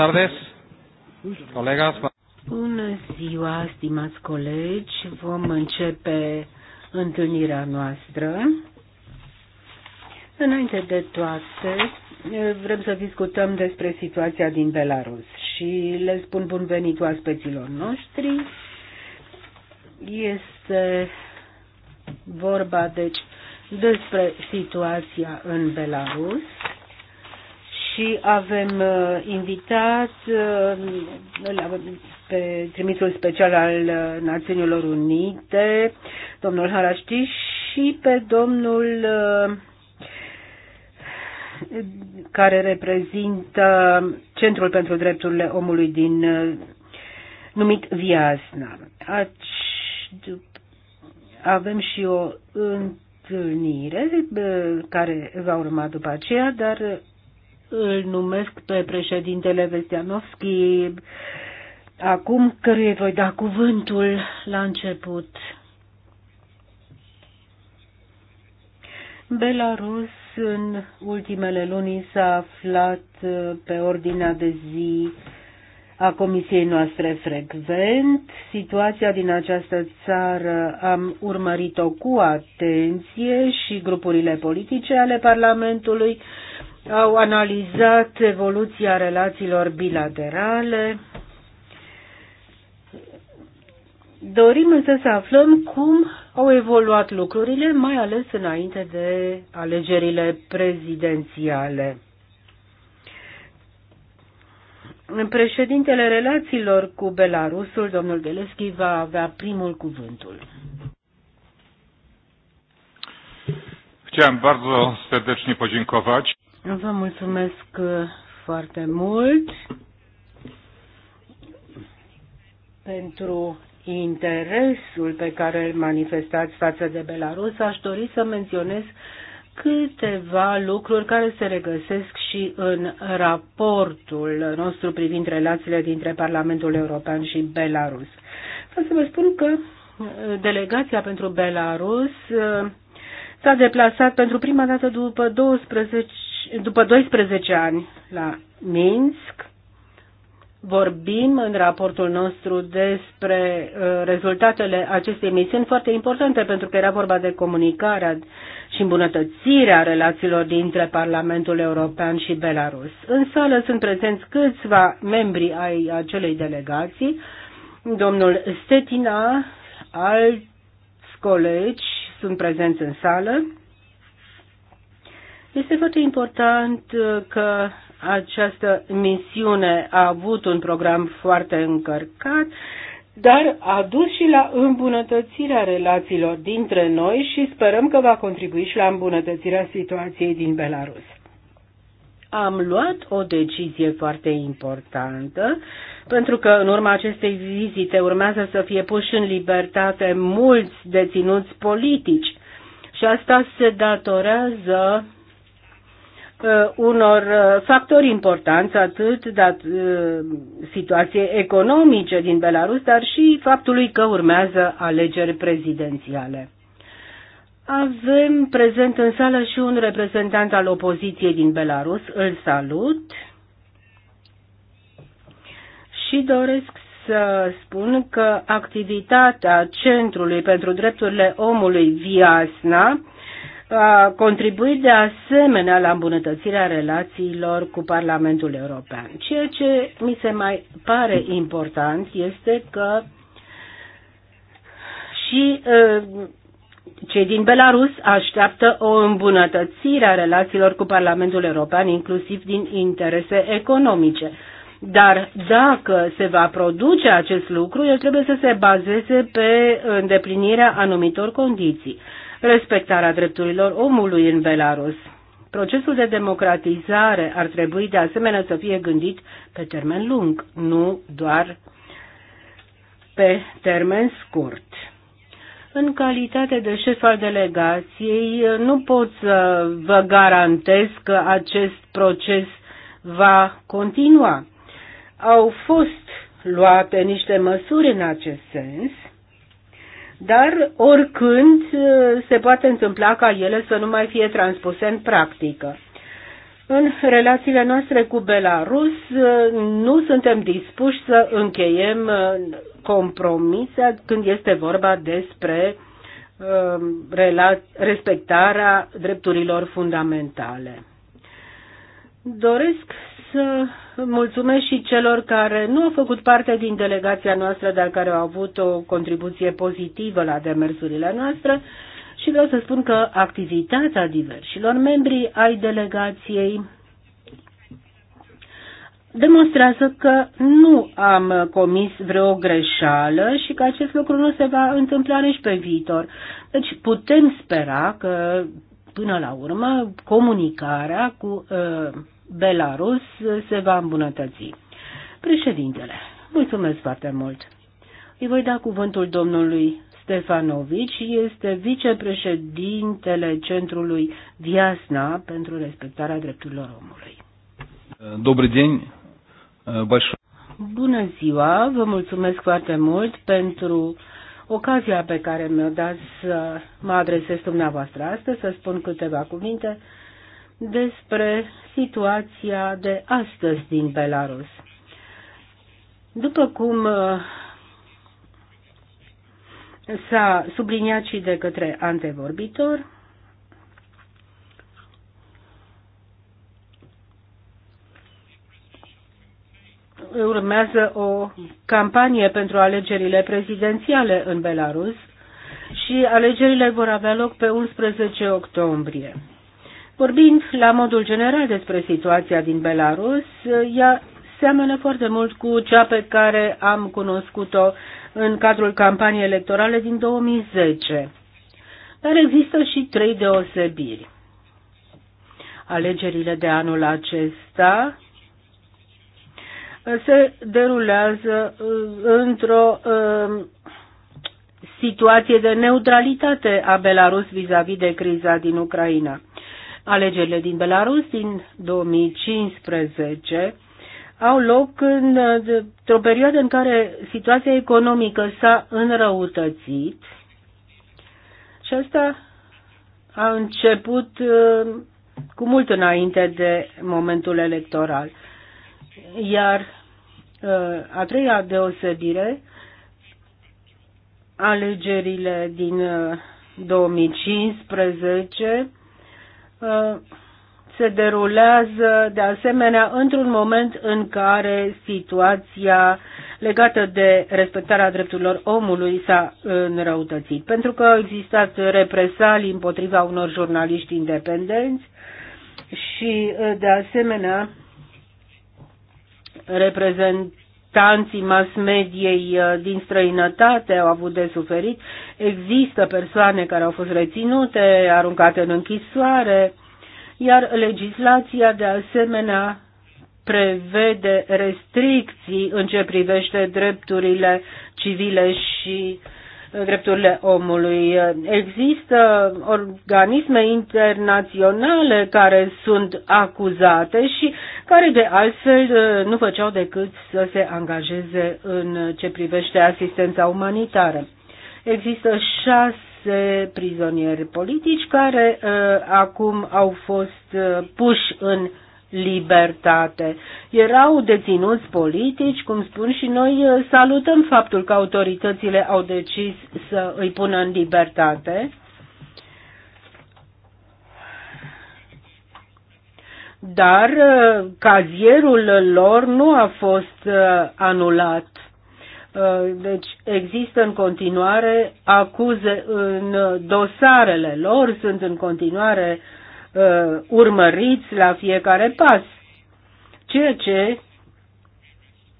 tardes, colegas. Bună ziua, stimați colegi. Vom începe întâlnirea noastră. Înainte de toate, vrem să discutăm despre situația din Belarus și le spun bun venit oaspeților noștri. Este vorba, deci, despre situația în Belarus și avem uh, uh pe trimisul special al uh, Națiunilor Unite, domnul Haraști și pe domnul uh, care reprezintă Centrul pentru Drepturile Omului din numit Viasna. Avem și o întâlnire care va urma după aceea, dar îl numesc pe președintele Vestianovski acum, căruia voi da cuvântul la început. Belarus în ultimele luni s-a aflat uh, pe ordinea de zi a comisiei noastre frecvent. Situația din această țară am urmărit-o cu atenție și grupurile politice ale Parlamentului au analizat evoluția relațiilor bilaterale. Dorim însă să aflăm cum au evoluat lucrurile, mai ales înainte de alegerile prezidențiale. Președintele relațiilor cu Belarusul, domnul Geleschi, va avea primul cuvântul. Chciałem bardzo serdecznie podziękować. Vă mulțumesc uh, foarte mult pentru interesul pe care îl manifestați față de Belarus. Aș dori să menționez câteva lucruri care se regăsesc și în raportul nostru privind relațiile dintre Parlamentul European și Belarus. Vreau să vă spun că uh, delegația pentru Belarus uh, s-a deplasat pentru prima dată după 12 după 12 ani la Minsk, vorbim în raportul nostru despre uh, rezultatele acestei misiuni foarte importante, pentru că era vorba de comunicarea și îmbunătățirea relațiilor dintre Parlamentul European și Belarus. În sală sunt prezenți câțiva membri ai acelei delegații, domnul Stetina, alți colegi sunt prezenți în sală, este foarte important uh, că această misiune a avut un program foarte încărcat, dar a dus și la îmbunătățirea relațiilor dintre noi și sperăm că va contribui și la îmbunătățirea situației din Belarus. Am luat o decizie foarte importantă, pentru că în urma acestei vizite urmează să fie puși în libertate mulți deținuți politici. Și asta se datorează Uh, unor uh, factori importanți, atât dat uh, situație economice din Belarus, dar și faptului că urmează alegeri prezidențiale. Avem prezent în sală și un reprezentant al opoziției din Belarus. Îl salut și doresc să spun că activitatea Centrului pentru Drepturile Omului Viasna a contribuit de asemenea la îmbunătățirea relațiilor cu Parlamentul European. Ceea ce mi se mai pare important este că și cei din Belarus așteaptă o îmbunătățire a relațiilor cu Parlamentul European, inclusiv din interese economice. Dar dacă se va produce acest lucru, el trebuie să se bazeze pe îndeplinirea anumitor condiții respectarea drepturilor omului în Belarus. Procesul de democratizare ar trebui de asemenea să fie gândit pe termen lung, nu doar pe termen scurt. În calitate de șef al delegației, nu pot să vă garantez că acest proces va continua. Au fost luate niște măsuri în acest sens, dar oricând uh, se poate întâmpla ca ele să nu mai fie transpuse în practică. În relațiile noastre cu Belarus uh, nu suntem dispuși să încheiem uh, compromise când este vorba despre respectarea drepturilor fundamentale. Doresc să mulțumesc și celor care nu au făcut parte din delegația noastră, dar care au avut o contribuție pozitivă la demersurile noastre și vreau să spun că activitatea diversilor membri ai delegației demonstrează că nu am comis vreo greșeală și că acest lucru nu se va întâmpla nici pe viitor. Deci putem spera că, până la urmă, comunicarea cu uh, Belarus se va îmbunătăți. Președintele, mulțumesc foarte mult. Îi voi da cuvântul domnului Stefanovici, este vicepreședintele Centrului Viasna pentru respectarea drepturilor omului. Bună ziua, vă mulțumesc foarte mult pentru ocazia pe care mi-o dați să mă adresez dumneavoastră astăzi, să spun câteva cuvinte despre situația de astăzi din Belarus. După cum uh, s-a subliniat și de către antevorbitor, urmează o campanie pentru alegerile prezidențiale în Belarus și alegerile vor avea loc pe 11 octombrie. Vorbind la modul general despre situația din Belarus, ea seamănă foarte mult cu cea pe care am cunoscut-o în cadrul campaniei electorale din 2010. Dar există și trei deosebiri. Alegerile de anul acesta se derulează uh, într-o uh, situație de neutralitate a Belarus vis-a-vis -vis de criza din Ucraina. Alegerile din Belarus din 2015 au loc într-o perioadă în care situația economică s-a înrăutățit și asta a început uh, cu mult înainte de momentul electoral. Iar uh, a treia deosebire, alegerile din 2015 uh, Uh, se derulează de asemenea într-un moment în care situația legată de respectarea drepturilor omului s-a înrăutățit. Pentru că au existat represalii împotriva unor jurnaliști independenți și uh, de asemenea reprezent reprezentanții mass mediei uh, din străinătate au avut de suferit. Există persoane care au fost reținute, aruncate în închisoare, iar legislația de asemenea prevede restricții în ce privește drepturile civile și drepturile omului. Există organisme internaționale care sunt acuzate și care de altfel uh, nu făceau decât să se angajeze în ce privește asistența umanitară. Există șase prizonieri politici care uh, acum au fost uh, puși în libertate. Erau deținuți politici, cum spun și noi eh, salutăm faptul că autoritățile au decis să îi pună în libertate. Dar eh, cazierul lor nu a fost eh, anulat. Deci există în continuare acuze în dosarele lor, sunt în continuare uh, uh, urmăriți la fiecare pas, ceea ce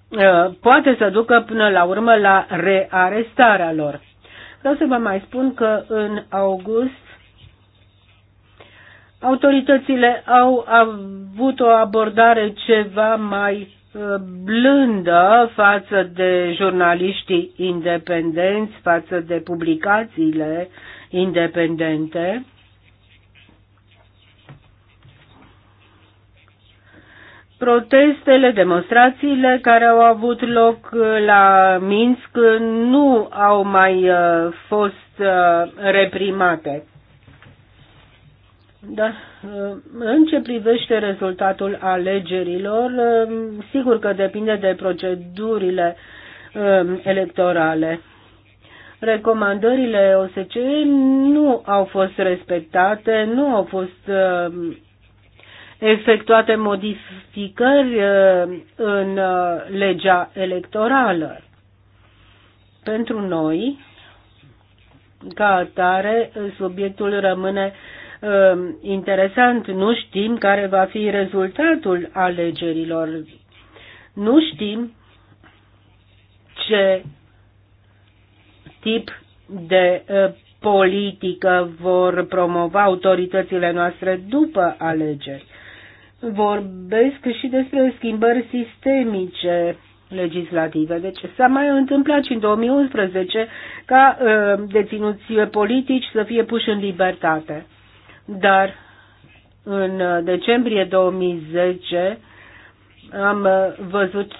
uh, poate să ducă până la urmă la rearestarea lor. Vreau să vă mai spun că în august autoritățile au avut o abordare ceva mai uh, blândă față de jurnaliștii independenți, față de publicațiile independente. Protestele, demonstrațiile care au avut loc uh, la Minsk nu au mai uh, fost uh, reprimate. Da. În ce privește rezultatul alegerilor, sigur că depinde de procedurile um, electorale. Recomandările OSCE nu au fost respectate, nu au fost um, efectuate modificări uh, în uh, legea electorală. Pentru noi, ca atare, subiectul rămâne uh, interesant. Nu știm care va fi rezultatul alegerilor. Nu știm ce tip de politică vor promova autoritățile noastre după alegeri vorbesc și despre schimbări sistemice legislative. Deci s-a mai întâmplat și în 2011 ca uh, deținuți politici să fie puși în libertate. Dar în uh, decembrie 2010 am uh, văzut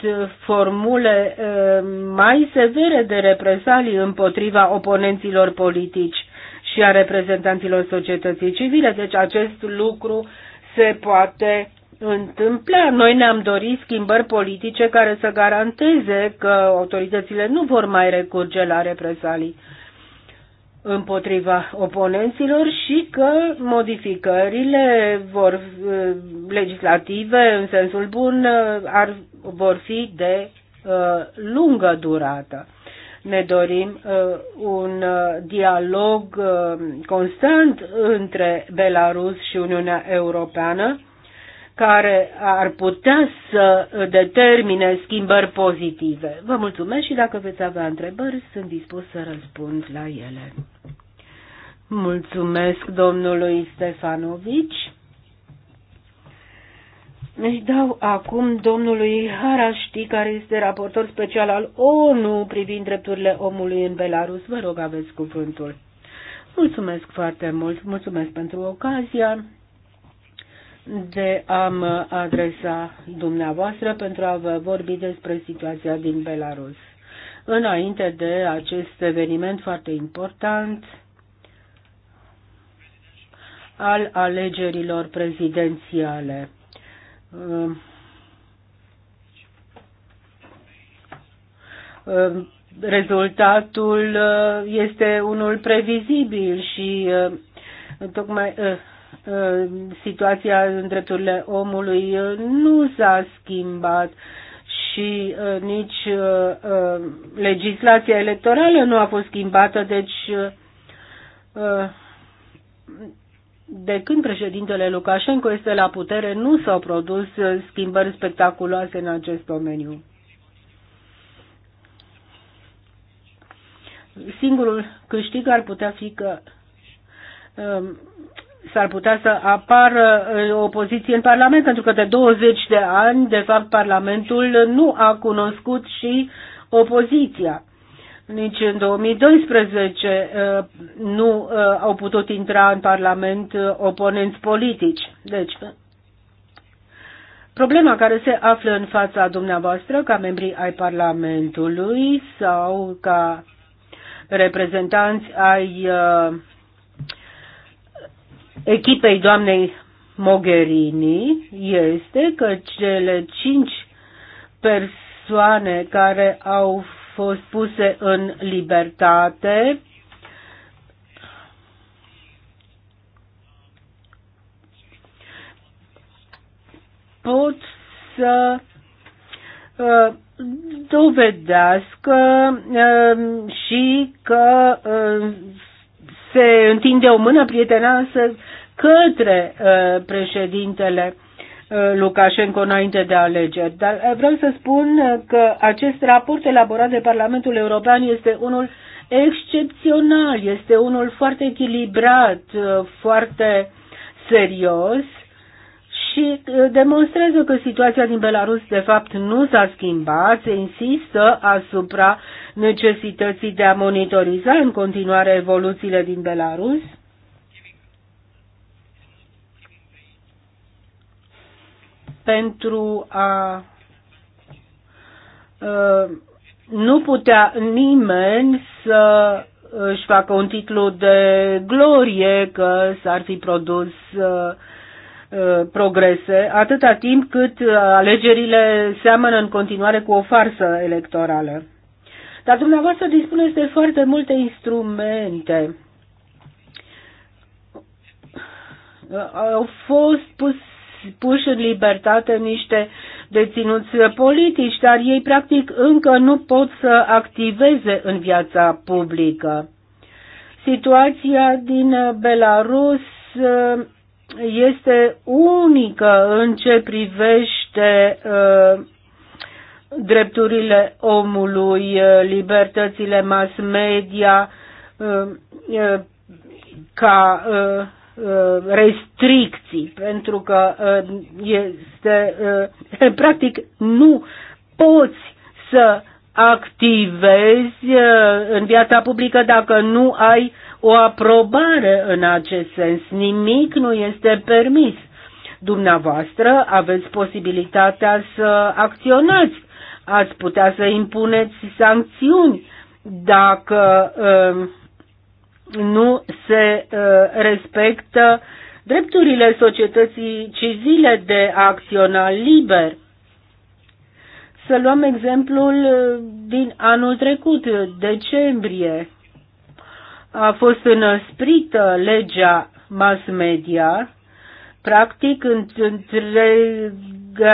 formule uh, mai severe de represalii împotriva oponenților politici și a reprezentanților societății civile. Deci acest lucru se poate întâmpla. Noi ne-am dorit schimbări politice care să garanteze că autoritățile nu vor mai recurge la represalii împotriva oponenților și că modificările vor, legislative în sensul bun ar, vor fi de uh, lungă durată. Ne dorim uh, un uh, dialog uh, constant între Belarus și Uniunea Europeană care ar putea să determine schimbări pozitive. Vă mulțumesc și dacă veți avea întrebări, sunt dispus să răspund la ele. Mulțumesc domnului Stefanovici. Îi dau acum domnului Haraști, care este raportor special al ONU privind drepturile omului în Belarus. Vă rog, aveți cuvântul. Mulțumesc foarte mult, mulțumesc pentru ocazia de a mă adresa dumneavoastră pentru a vă vorbi despre situația din Belarus. Înainte de acest eveniment foarte important al alegerilor prezidențiale Ehm, ehm, rezultatul ehm, este unul previzibil și tocmai situația în drepturile omului nu s-a schimbat și nici legislația electorală nu a fost schimbată, deci de când președintele Lukashenko este la putere, nu s-au produs schimbări spectaculoase în acest domeniu. Singurul câștig ar putea fi că um, s-ar putea să apară uh, o opoziție în Parlament, pentru că de 20 de ani, de fapt, Parlamentul nu a cunoscut și opoziția nici în 2012 uh, nu uh, au putut intra în Parlament uh, oponenți politici. Deci, problema care se află în fața dumneavoastră ca membri ai Parlamentului sau ca reprezentanți ai echipei doamnei Mogherini este că cele cinci persoane care au fost puse în libertate. Pot să uh, dovedească uh, și că uh, se întinde o mână prietenoasă către președintele Uh, Lukashenko înainte de alegeri. Dar uh, vreau să spun uh, că acest raport elaborat de Parlamentul European este unul excepțional, este unul foarte echilibrat, foarte serios și demonstrează că situația din Belarus de fapt nu s-a schimbat, se insistă asupra necesității de a monitoriza în continuare evoluțiile din Belarus pentru a nu putea nimeni să își facă un titlu de glorie că s-ar fi produs progrese, atâta timp cât alegerile seamănă în continuare cu o farsă electorală. Dar dumneavoastră dispuneți de foarte multe instrumente. Au fost pus puși în libertate niște deținuți politici, dar ei practic încă nu pot să activeze în viața publică. Situația din Belarus uh, este unică în ce privește uh, drepturile omului, uh, libertățile mass media, ca uh, Uh, restricții, pentru că uh, este, uh, practic nu poți să activezi în viața publică dacă nu ai o aprobare în acest sens. Nimic nu este permis. Dumneavoastră aveți posibilitatea să acționați, ați putea să impuneți sancțiuni dacă uh, nu se uh, respectă drepturile societății civile de a acționa liber. Să luăm exemplul uh, din anul trecut, decembrie. A fost înăsprită legea mass media, practic între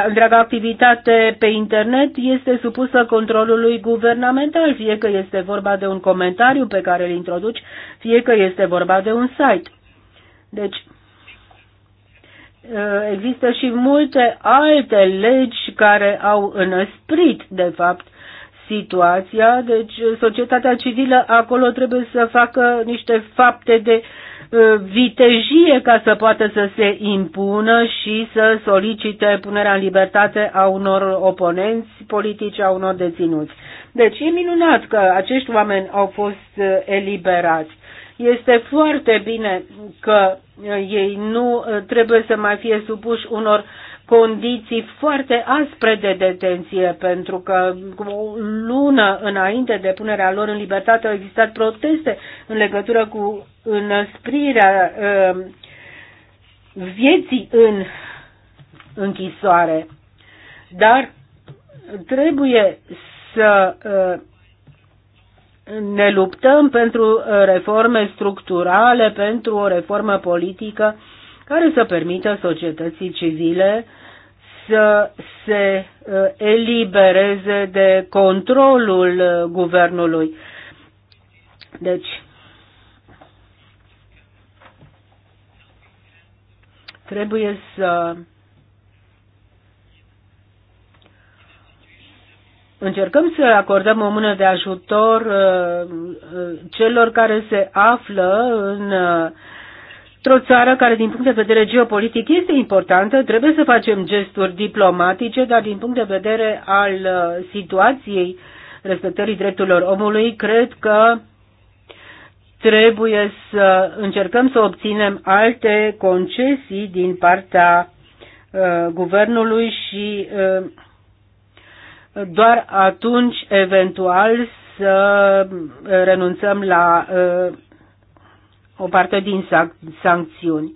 întreaga activitate pe internet este supusă controlului guvernamental, fie că este vorba de un comentariu pe care îl introduci, fie că este vorba de un site. Deci, uh, există și multe alte legi care au înăsprit, de fapt, situația, deci societatea civilă acolo trebuie să facă niște fapte de Uh, vitejie ca să poată să se impună și să solicite punerea în libertate a unor oponenți politici, a unor deținuți. Deci e minunat că acești oameni au fost uh, eliberați. Este foarte bine că uh, ei nu trebuie să mai fie supuși unor uh, condiții foarte aspre de detenție, pentru că o lună înainte de punerea lor în libertate au existat proteste în legătură cu înăsprirea uh, vieții în închisoare. Dar trebuie să uh, ne luptăm pentru uh, reforme structurale, pentru o reformă politică care să permită societății civile să se uh, elibereze de controlul uh, guvernului. Deci, trebuie să încercăm să acordăm o mână de ajutor uh, celor care se află în într-o țară care din punct de vedere geopolitic este importantă, trebuie să facem gesturi diplomatice, dar din punct de vedere al uh, situației respectării drepturilor omului, cred că trebuie să încercăm să obținem alte concesii din partea uh, guvernului și uh, doar atunci eventual să renunțăm la uh, o parte din sac- sancțiuni.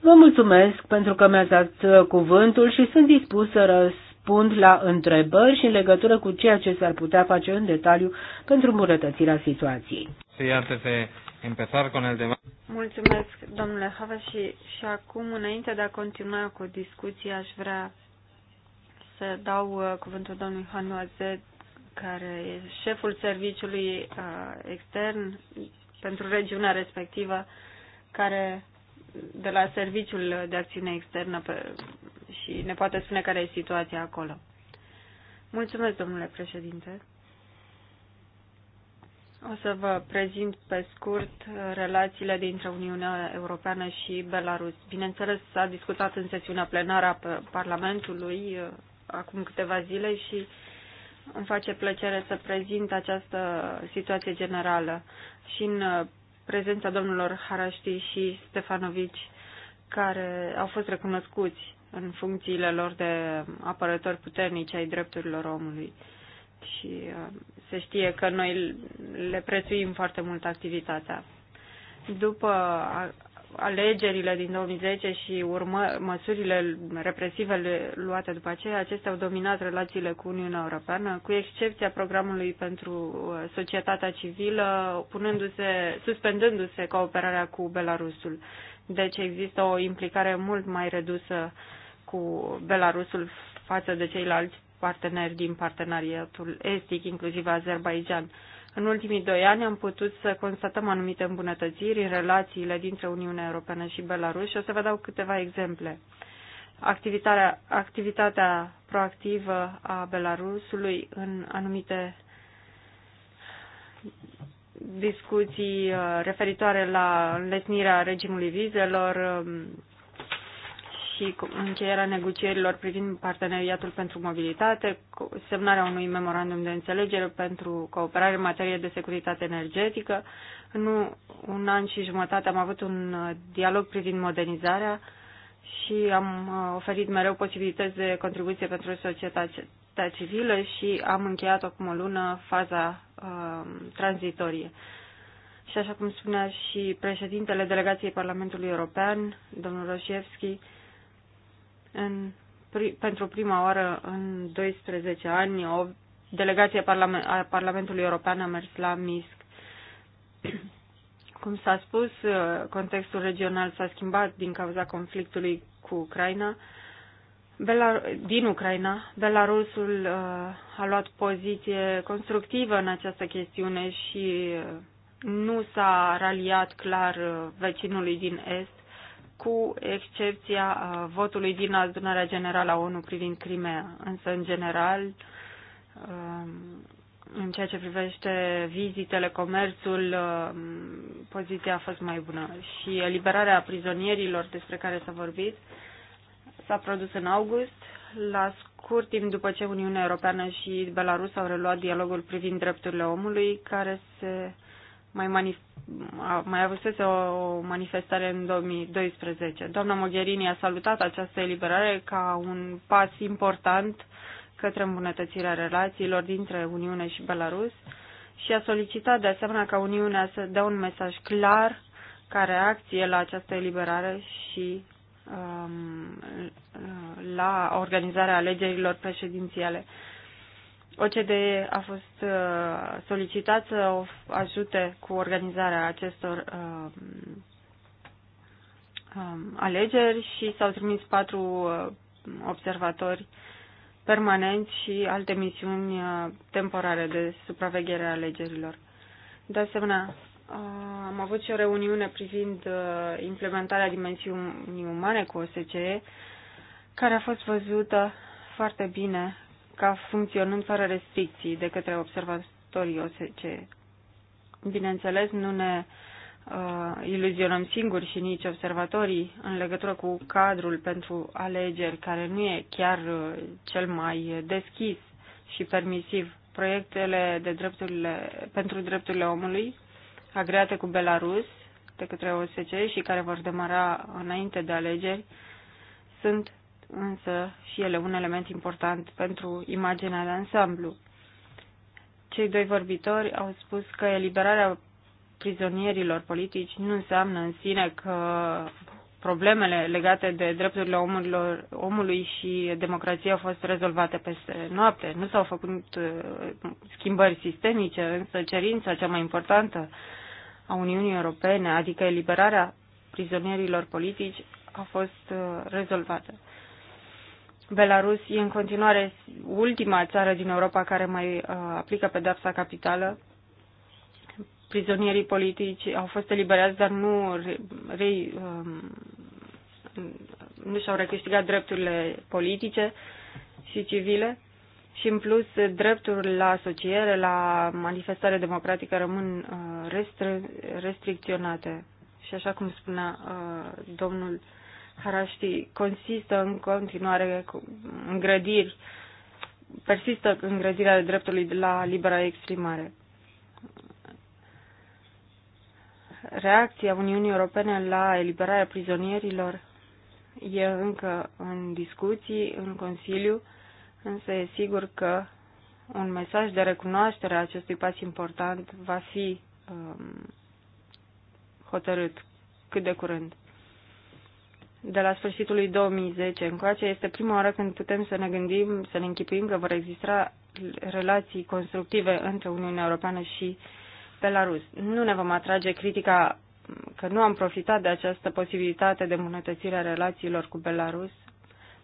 Vă mulțumesc pentru că mi-ați dat uh, cuvântul și sunt dispus să răspund la întrebări și în legătură cu ceea ce s-ar putea face în detaliu pentru îmbunătățirea situației. Mulțumesc, domnule Hava și, și acum, înainte de a continua cu discuția, aș vrea să dau uh, cuvântul domnului Hanoazet, care e șeful serviciului uh, extern pentru regiunea respectivă care de la Serviciul de Acțiune Externă pe, și ne poate spune care e situația acolo. Mulțumesc, domnule președinte. O să vă prezint pe scurt relațiile dintre Uniunea Europeană și Belarus. Bineînțeles, s-a discutat în sesiunea plenară a Parlamentului uh, acum câteva zile și îmi face plăcere să prezint această situație generală și în uh, prezența domnilor Haraști și Stefanovici, care au fost recunoscuți în funcțiile lor de apărători puternici ai drepturilor omului. Și uh, se știe că noi le prețuim foarte mult activitatea. După alegerile din 2010 și urmă, măsurile represive luate după aceea, acestea au dominat relațiile cu Uniunea Europeană, cu excepția programului pentru uh, societatea civilă, punându-se, suspendându-se cooperarea cu Belarusul. Deci există o implicare mult mai redusă cu Belarusul față de ceilalți parteneri din parteneriatul estic, inclusiv Azerbaijan. În ultimii doi ani am putut să constatăm anumite îmbunătățiri în relațiile dintre Uniunea Europeană și Belarus și o să vă dau câteva exemple. Activitatea, activitatea proactivă a Belarusului în anumite discuții uh, referitoare la înlesnirea regimului vizelor, um, și încheierea negocierilor privind parteneriatul pentru mobilitate, semnarea unui memorandum de înțelegere pentru cooperare în materie de securitate energetică. În un an și jumătate am avut un uh, dialog privind modernizarea și am uh, oferit mereu posibilități de contribuție pentru societatea civilă și am încheiat acum o lună faza uh, tranzitorie. Și așa cum spunea și președintele delegației Parlamentului European, domnul Roșievski, în, pri, pentru prima oară în 12 ani o delegație parlament, a Parlamentului European a mers la MISC. Cum s-a spus, contextul regional s-a schimbat din cauza conflictului cu Ucraina. Belar- din Ucraina, Belarusul uh, a luat poziție constructivă în această chestiune și uh, nu s-a raliat clar uh, vecinului din Est cu excepția uh, votului din adunarea generală a ONU privind Crimea. Însă, în general, um, în ceea ce privește vizitele, comerțul, um, poziția a fost mai bună. Și eliberarea prizonierilor despre care s-a vorbit s-a produs în august, la scurt timp după ce Uniunea Europeană și Belarus au reluat dialogul privind drepturile omului, care se mai, manif- mai avusese o manifestare în 2012. Doamna Mogherini a salutat această eliberare ca un pas important către îmbunătățirea relațiilor dintre Uniune și Belarus și a solicitat de asemenea ca Uniunea să dea un mesaj clar ca reacție la această eliberare și um, la organizarea alegerilor președințiale. Uh, OCDE a fost uh, solicitat să o ajute cu organizarea acestor um, um, alegeri și s-au trimis patru uh, observatori permanenți și alte misiuni uh, temporare de supraveghere a alegerilor. De asemenea, am avut și o reuniune privind implementarea dimensiunii umane cu OSCE, care a fost văzută foarte bine ca funcționând fără restricții de către observatorii OSCE. Bineînțeles, nu ne uh, iluzionăm singuri și nici observatorii în legătură cu cadrul pentru alegeri, care nu e chiar uh, cel mai deschis și permisiv. Proiectele de drepturile, pentru drepturile omului, agreate cu Belarus de către OSCE și care vor demara înainte de alegeri, sunt însă și ele un element important pentru imaginea de ansamblu. Cei doi vorbitori au spus că eliberarea prizonierilor politici nu înseamnă în sine că problemele legate de drepturile omurilor, omului și democrație au fost rezolvate peste noapte. Nu s-au făcut uh, schimbări sistemice, însă cerința cea mai importantă a Uniunii Europene, adică eliberarea prizonierilor politici, a fost uh, rezolvată. Belarus e în continuare ultima țară din Europa care mai uh, aplică pedepsa capitală. Prizonierii politici au fost eliberați, dar nu, re, um, nu și-au recâștigat drepturile politice și civile și în plus drepturile la asociere, la manifestare democratică rămân uh, restri- restricționate. Și așa cum spunea uh, domnul Haraști consistă în continuare în grădiri, persistă în grădirea dreptului la libera exprimare. Reacția Uniunii Europene la eliberarea prizonierilor e încă în discuții, în Consiliu, însă e sigur că un mesaj de recunoaștere a acestui pas important va fi um, hotărât cât de curând de la sfârșitul lui 2010 încoace, este prima oară când putem să ne gândim, să ne închipuim că vor exista relații constructive între Uniunea Europeană și Belarus. Nu ne vom atrage critica că nu am profitat de această posibilitate de îmbunătățire a relațiilor cu Belarus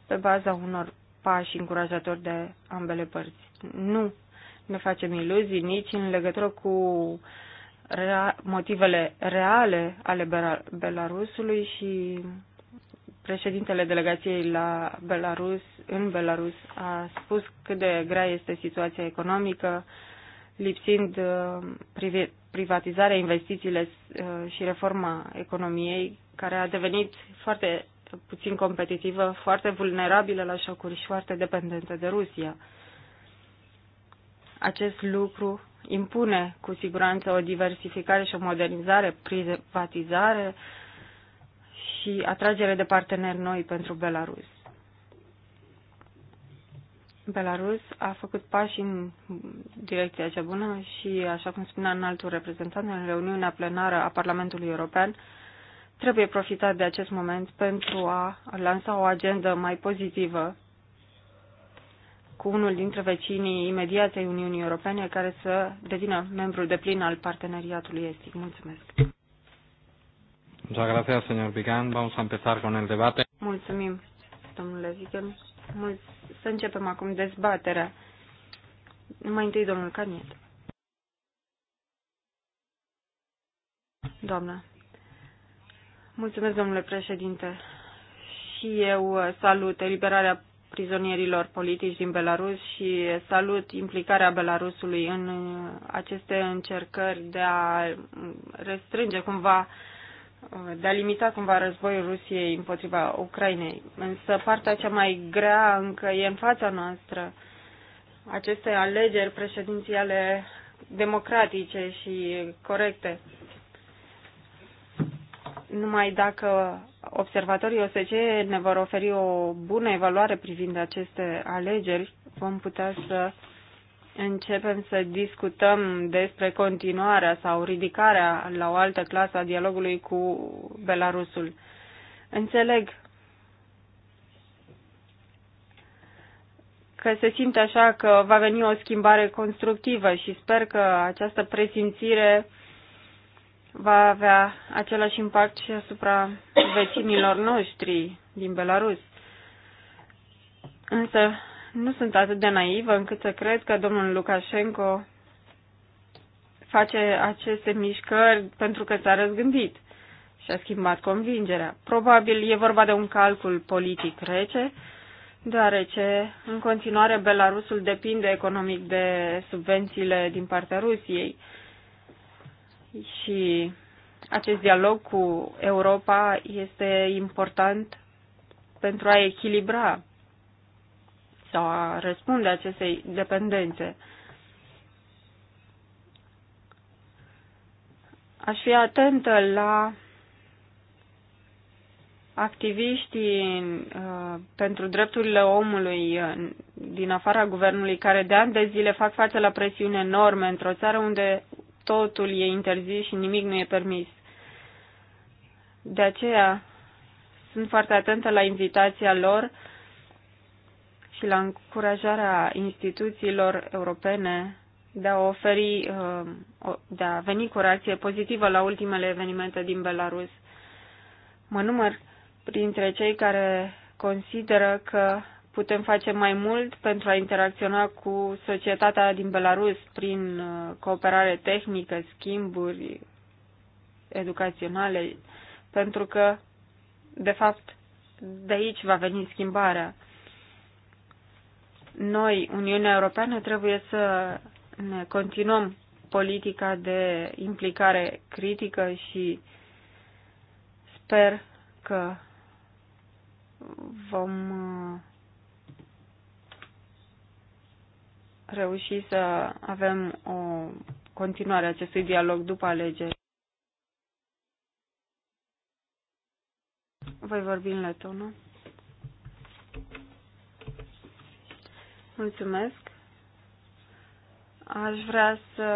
pe baza unor pași încurajatori de ambele părți. Nu ne facem iluzii nici în legătură cu rea motivele reale ale Belarusului și președintele delegației la Belarus, în Belarus a spus cât de grea este situația economică, lipsind uh, privatizarea, investițiile uh, și reforma economiei, care a devenit foarte puțin competitivă, foarte vulnerabilă la șocuri și foarte dependentă de Rusia. Acest lucru impune cu siguranță o diversificare și o modernizare, privatizare, uh, și atragere de parteneri noi pentru Belarus. Belarus a făcut pași în direcția cea bună și, așa cum spunea în altul reprezentant, în reuniunea plenară a Parlamentului European, trebuie profitat de acest moment pentru a lansa o agendă mai pozitivă cu unul dintre vecinii imediatei ai Uniunii Europene care să devină membru de plin al parteneriatului estic. Mulțumesc! Muchas gracias, señor Vigan. Vamos a empezar con el debate. Mulțumim, domnule Vigan. Mul- să începem acum dezbaterea. Mai întâi, domnul Caniet. Doamna. Mulțumesc, domnule președinte. Și eu uh, salut eliberarea prizonierilor politici din Belarus și salut implicarea Belarusului în uh, aceste încercări de a mm, restrânge cumva uh, de a limita cumva războiul Rusiei împotriva Ucrainei. Însă partea cea mai grea încă e în fața noastră. Aceste alegeri președințiale democratice și corecte. Numai dacă observatorii OSCE ne vor oferi o bună evaluare privind aceste alegeri, vom putea să începem să discutăm despre continuarea sau ridicarea la o altă clasă a dialogului cu Belarusul. Înțeleg că se simte așa că va veni o schimbare constructivă și sper că această presimțire va avea același impact și asupra vecinilor noștri din Belarus. Însă nu sunt atât de naivă încât să cred că domnul Lukashenko face aceste mișcări pentru că s-a răzgândit și a schimbat convingerea. Probabil e vorba de un calcul politic rece, deoarece în continuare Belarusul depinde economic de subvențiile din partea Rusiei și acest dialog cu Europa este important pentru a echilibra sau a răspunde acestei dependențe. Aș fi atentă la activiștii uh, pentru drepturile omului uh, din afara guvernului, care de ani de zile fac față la presiuni enorme într-o țară unde totul e interzis și nimic nu e permis. De aceea sunt foarte atentă la invitația lor și la încurajarea instituțiilor europene de a oferi, uh, de a veni cu reacție pozitivă la ultimele evenimente din Belarus. Mă număr printre cei care consideră că putem face mai mult pentru a interacționa cu societatea din Belarus prin uh, cooperare tehnică, schimburi educaționale, pentru că, de fapt, de aici va veni schimbarea noi, Uniunea Europeană, trebuie să ne continuăm politica de implicare critică și sper că vom uh, reuși să avem o continuare a acestui dialog după alegeri. Voi vorbi în letonă. Mulțumesc. Aș vrea să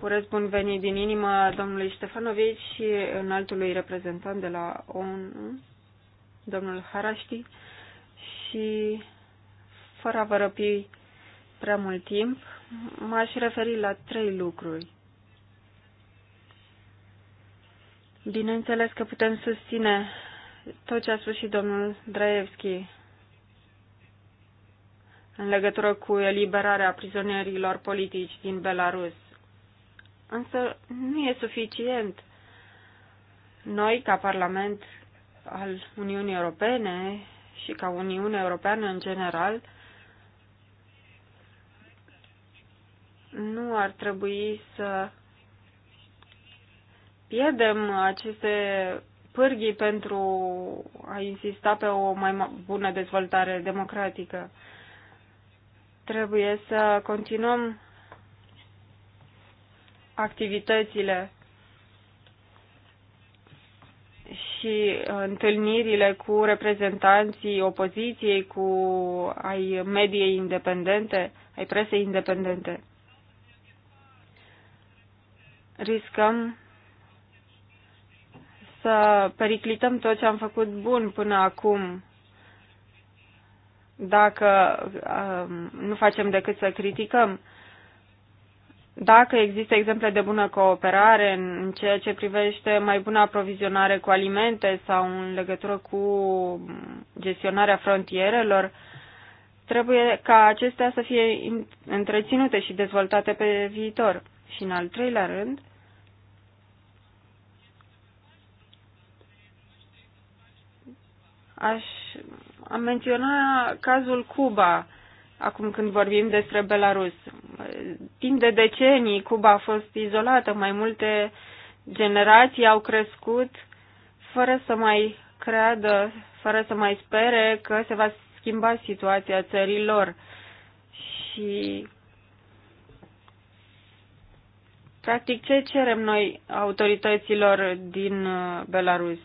urez bun venit din inimă domnului Ștefanovici și înaltului reprezentant de la ONU, domnul Haraști, și fără a vă răpi prea mult timp, m-aș referi la trei lucruri. Bineînțeles că putem susține tot ce a spus și domnul Draevski în legătură cu eliberarea prizonierilor politici din Belarus. Însă nu e suficient. Noi, ca Parlament al Uniunii Europene și ca Uniunea Europeană în general, nu ar trebui să pierdem aceste pârghii pentru a insista pe o mai bună dezvoltare democratică. Trebuie să continuăm activitățile și uh, întâlnirile cu reprezentanții opoziției, cu ai mediei independente, ai presei independente. Riscăm să periclităm tot ce am făcut bun până acum dacă um, nu facem decât să criticăm. Dacă există exemple de bună cooperare în ceea ce privește mai bună aprovizionare cu alimente sau în legătură cu gestionarea frontierelor, trebuie ca acestea să fie întreținute și dezvoltate pe viitor. Și în al treilea rând, aș am menționat cazul Cuba acum când vorbim despre Belarus. Timp de decenii Cuba a fost izolată, mai multe generații au crescut fără să mai creadă, fără să mai spere că se va schimba situația țărilor. Și practic ce cerem noi autorităților din uh, Belarus?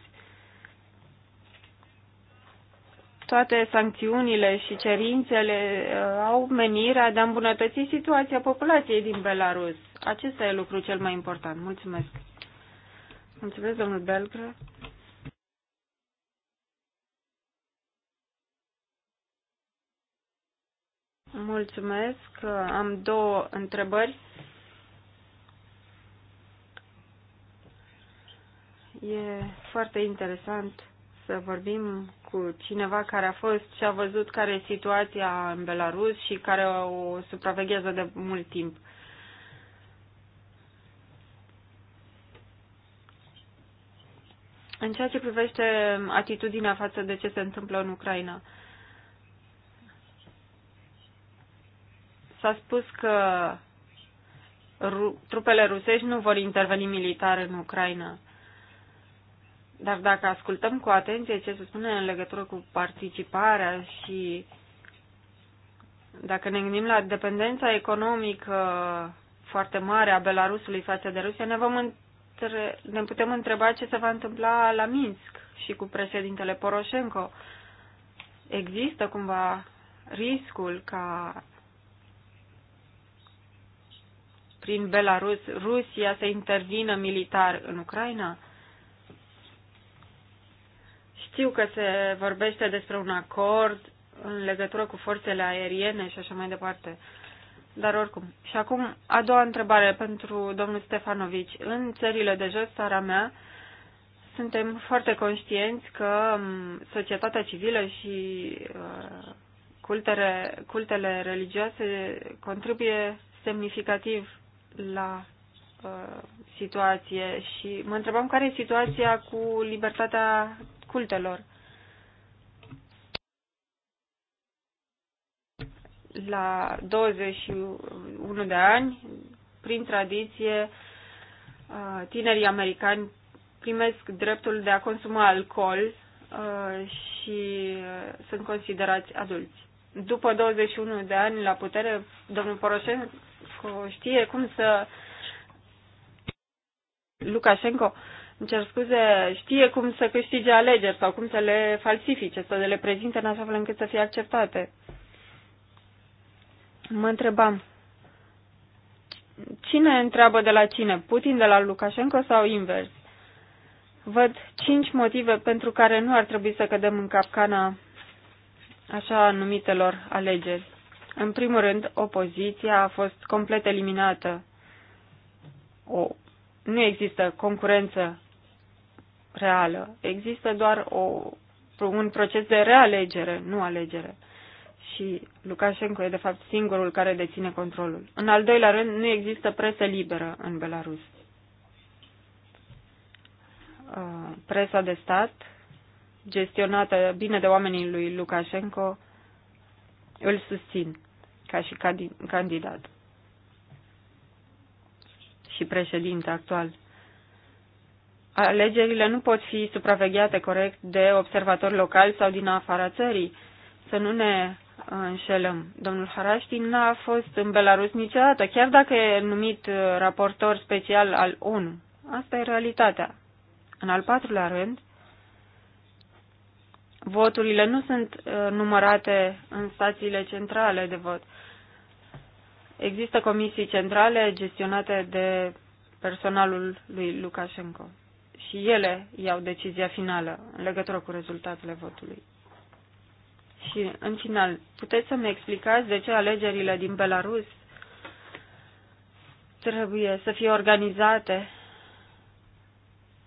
toate sancțiunile și cerințele uh, au menirea de a îmbunătăți situația populației din Belarus. Acesta e lucru cel mai important. Mulțumesc. Mulțumesc, domnul Belgră. Mulțumesc. Am două întrebări. E foarte interesant să vorbim cu cineva care a fost și a văzut care e situația în Belarus și care o supraveghează de mult timp. În ceea ce privește atitudinea față de ce se întâmplă în Ucraina, s-a spus că trupele rusești nu vor interveni militar în Ucraina. Dar dacă ascultăm cu atenție ce se spune în legătură cu participarea și dacă ne gândim la dependența economică foarte mare a Belarusului față de Rusia, ne, vom între... ne putem întreba ce se va întâmpla la Minsk și cu președintele Poroșenko. Există cumva riscul ca prin Belarus Rusia să intervină militar în Ucraina? Știu că se vorbește despre un acord în legătură cu forțele aeriene și așa mai departe. Dar oricum. Și acum, a doua întrebare pentru domnul Stefanovici. În țările de jos, țara mea, suntem foarte conștienți că societatea civilă și uh, cultele, cultele religioase contribuie semnificativ la uh, situație și mă întrebam care e situația cu libertatea cultelor. La 21 de ani, prin tradiție, uh, tinerii americani primesc dreptul de a consuma alcool uh, și uh, sunt considerați adulți. După 21 de ani la putere, domnul Poroșenco știe cum să Lukashenko îmi cer scuze, știe cum să câștige alegeri sau cum să le falsifice, să le prezinte în așa fel încât să fie acceptate. Mă întrebam, cine întreabă de la cine, Putin de la Lukashenko sau invers? Văd cinci motive pentru care nu ar trebui să cădem în capcana așa numitelor alegeri. În primul rând, opoziția a fost complet eliminată. O, nu există concurență reală. Există doar o, un proces de realegere, nu alegere. Și Lukashenko e de fapt singurul care deține controlul. În al doilea rând, nu există presă liberă în Belarus. Uh, presa de stat, gestionată bine de oamenii lui Lukashenko, îl susțin ca și candidat și președinte actual alegerile nu pot fi supravegheate corect de observatori locali sau din afara țării. Să nu ne uh, înșelăm. Domnul Haraștin n-a fost în Belarus niciodată, chiar dacă e numit uh, raportor special al ONU. Asta e realitatea. În al patrulea rând, voturile nu sunt uh, numărate în stațiile centrale de vot. Există comisii centrale gestionate de personalul lui Lukashenko și ele iau decizia finală în legătură cu rezultatele votului. Și, în final, puteți să-mi explicați de ce alegerile din Belarus trebuie să fie organizate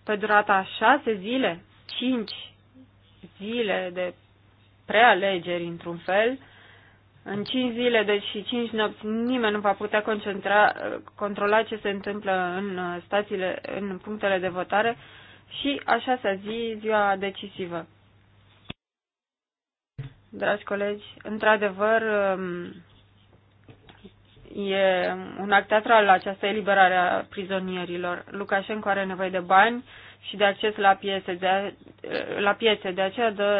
pe durata șase zile, cinci zile de prealegeri, într-un fel, în cinci zile, deci și cinci nopți, nimeni nu va putea concentra, controla ce se întâmplă în uh, stațiile, în punctele de votare și a șasea zi, ziua decisivă. Dragi colegi, într-adevăr um, e un act teatral această eliberare a prizonierilor. Lukashenko are nevoie de bani și de acces la piețe, de, a, la piețe, de aceea dă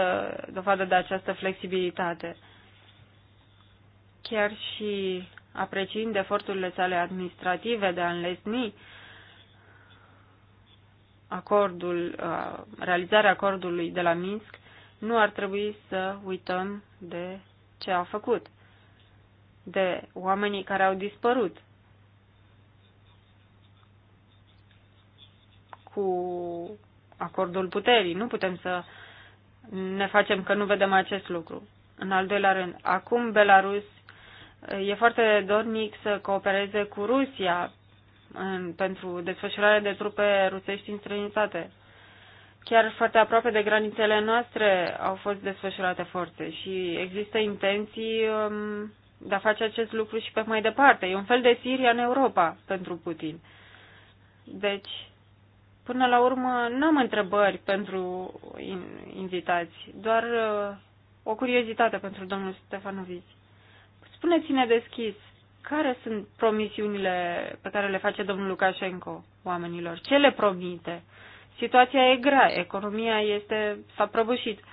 dovadă de această flexibilitate chiar și apreciind eforturile sale administrative de a înlesni acordul, uh, realizarea acordului de la Minsk, nu ar trebui să uităm de ce a făcut, de oamenii care au dispărut, cu acordul puterii. Nu putem să ne facem că nu vedem acest lucru. În al doilea rând, acum Belarus e foarte dornic să coopereze cu Rusia în, pentru desfășurarea de trupe rusești în Chiar foarte aproape de granițele noastre au fost desfășurate forțe și există intenții um, de a face acest lucru și pe mai departe. E un fel de Siria în Europa pentru Putin. Deci, până la urmă, nu am întrebări pentru invitați, doar uh, o curiozitate pentru domnul Stefanovici. Spuneți-ne deschis, care sunt promisiunile pe care le face domnul Lukashenko oamenilor? Ce le promite? Situația e grea, economia este, s-a prăbușit.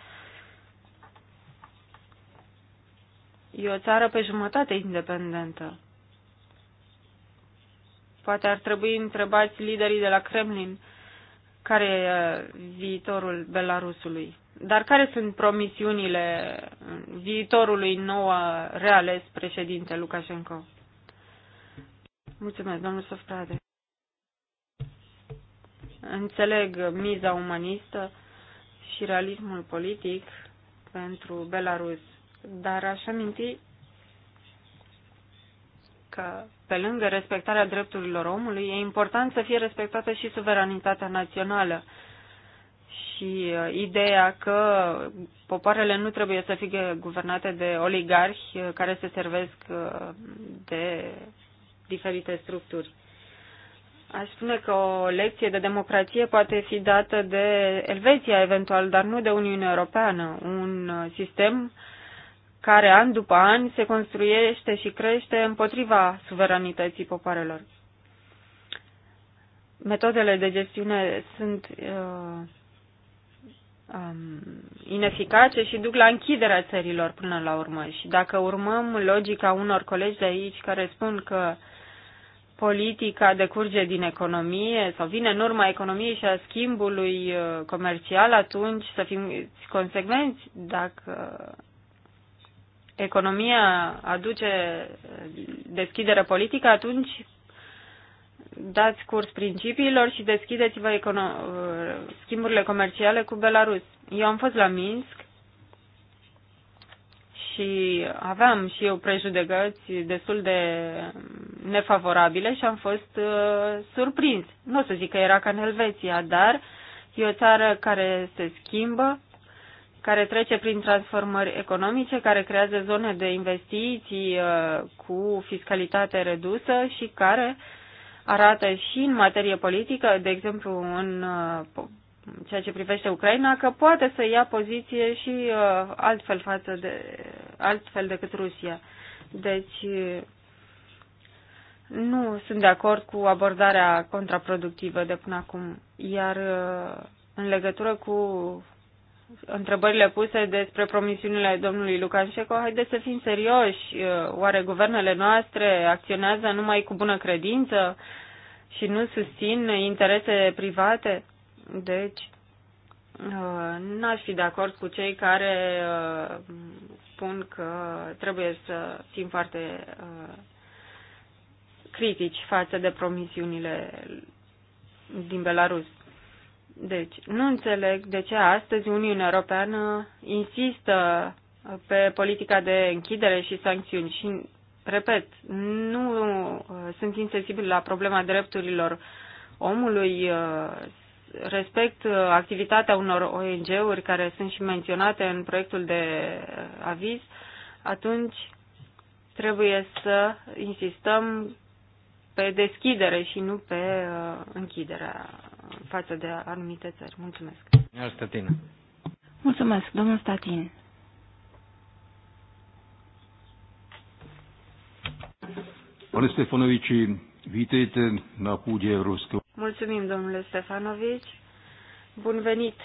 E o țară pe jumătate independentă. Poate ar trebui întrebați liderii de la Kremlin care e viitorul Belarusului. Dar care sunt promisiunile viitorului nou reales președinte Lukashenko? Mulțumesc, domnul Sofrade. Înțeleg miza umanistă și realismul politic pentru Belarus, dar aș aminti că, pe lângă respectarea drepturilor omului, e important să fie respectată și suveranitatea națională și uh, ideea că popoarele nu trebuie să fie guvernate de oligarhi uh, care se servesc uh, de diferite structuri. Aș spune că o lecție de democrație poate fi dată de Elveția, eventual, dar nu de Uniunea Europeană. Un sistem care an după an se construiește și crește împotriva suveranității popoarelor. Metodele de gestiune sunt uh, um, ineficace și duc la închiderea țărilor până la urmă. Și dacă urmăm logica unor colegi de aici care spun că politica decurge din economie sau vine în urma economiei și a schimbului uh, comercial, atunci să fim consecvenți. Dacă economia aduce deschidere politică, atunci dați curs principiilor și deschideți-vă schimburile comerciale cu Belarus. Eu am fost la Minsk și aveam și eu prejudecăți destul de nefavorabile și am fost uh, surprins. Nu o să zic că era ca în Elveția, dar e o țară care se schimbă, care trece prin transformări economice, care creează zone de investiții uh, cu fiscalitate redusă și care uh, arată și în materie politică, de exemplu în uh, ceea ce privește Ucraina, că poate să ia poziție și uh, altfel, față de, altfel decât Rusia. Deci uh, nu sunt de acord cu abordarea contraproductivă de până acum. Iar în legătură cu întrebările puse despre promisiunile domnului Lukashenko, haideți să fim serioși. Oare guvernele noastre acționează numai cu bună credință și nu susțin interese private? Deci, uh, n-aș fi de acord cu cei care uh, spun că trebuie să fim foarte uh, critici față de promisiunile din Belarus. Deci, nu înțeleg de ce astăzi Uniunea Europeană insistă pe politica de închidere și sancțiuni și, repet, nu uh, sunt insensibil la problema drepturilor omului, uh, respect uh, activitatea unor ONG-uri care sunt și menționate în proiectul de aviz, atunci trebuie să insistăm pe deschidere și nu pe închiderea față de anumite țări. Mulțumesc. Statin. Mulțumesc, domnul Statin. Domnule Stefanoviči, vitejte na půdě Evropského. Mulțumim, domnule Stefanovici. Bun venit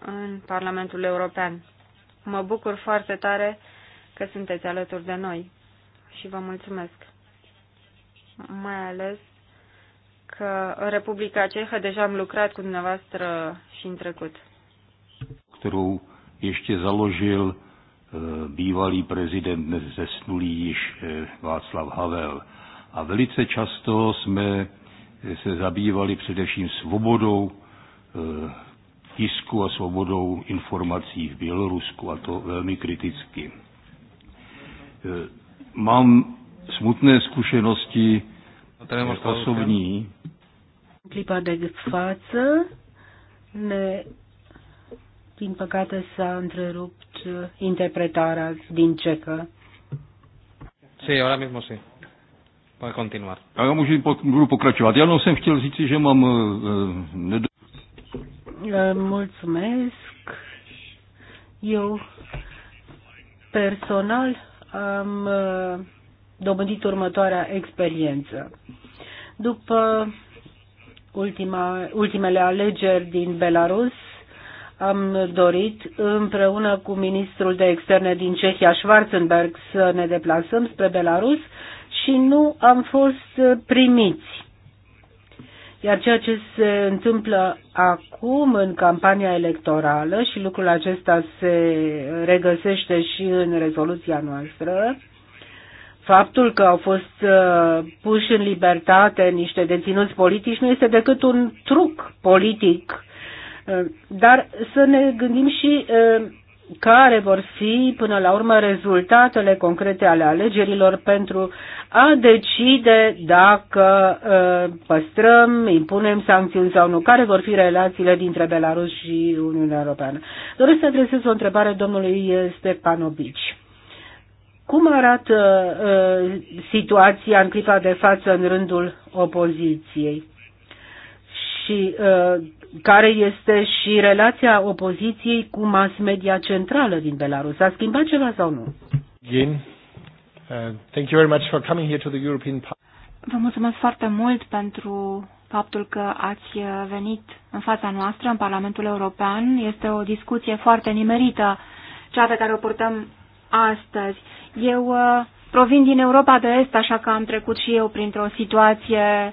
în Parlamentul European. Mă bucur foarte tare că sunteți alături de noi și vă mulțumesc. Mai ales că în Republica Cehă deja am lucrat cu dumneavoastră și în trecut. Kterou ještě založil eh, bývalý prezident dnes zesnulý již eh, Václav Havel. A velice často jsme eh, se zabývali především svobodou tisku a svobodou informací v Bělorusku, a to velmi kriticky. Mám smutné zkušenosti tenemos osobní. În clipa de față, ne, din păcate s-a întrerupt interpretarea din cecă. Sí, ahora mismo sí. Puede continuar. Já můžu, budu pokračovat. Já jsem chtěl říci, že mám... Uh, uh Mulțumesc. Eu personal am uh, dobândit următoarea experiență. După ultima, ultimele alegeri din Belarus, am dorit împreună cu ministrul de externe din Cehia, Schwarzenberg, să ne deplasăm spre Belarus și nu am fost primiți. Iar ceea ce se întâmplă acum în campania electorală și lucrul acesta se regăsește și în rezoluția noastră, Faptul că au fost uh, puși în libertate niște deținuți politici nu este decât un truc politic. Uh, dar să ne gândim și uh, care vor fi până la urmă rezultatele concrete ale alegerilor pentru a decide dacă păstrăm, impunem sancțiuni sau nu, care vor fi relațiile dintre Belarus și Uniunea Europeană. Doresc să adresez o întrebare domnului Stepanovici. Cum arată uh, situația în clipa de față în rândul opoziției? Și uh, care este și relația opoziției cu mass media centrală din Belarus? S-a schimbat ceva sau nu? Uh, thank you very much for coming here to the European Vă mulțumesc foarte mult pentru faptul că ați venit în fața noastră, în Parlamentul European. Este o discuție foarte nimerită, cea pe care o purtăm astăzi. Eu uh, provin din Europa de Est, așa că am trecut și eu printr-o situație,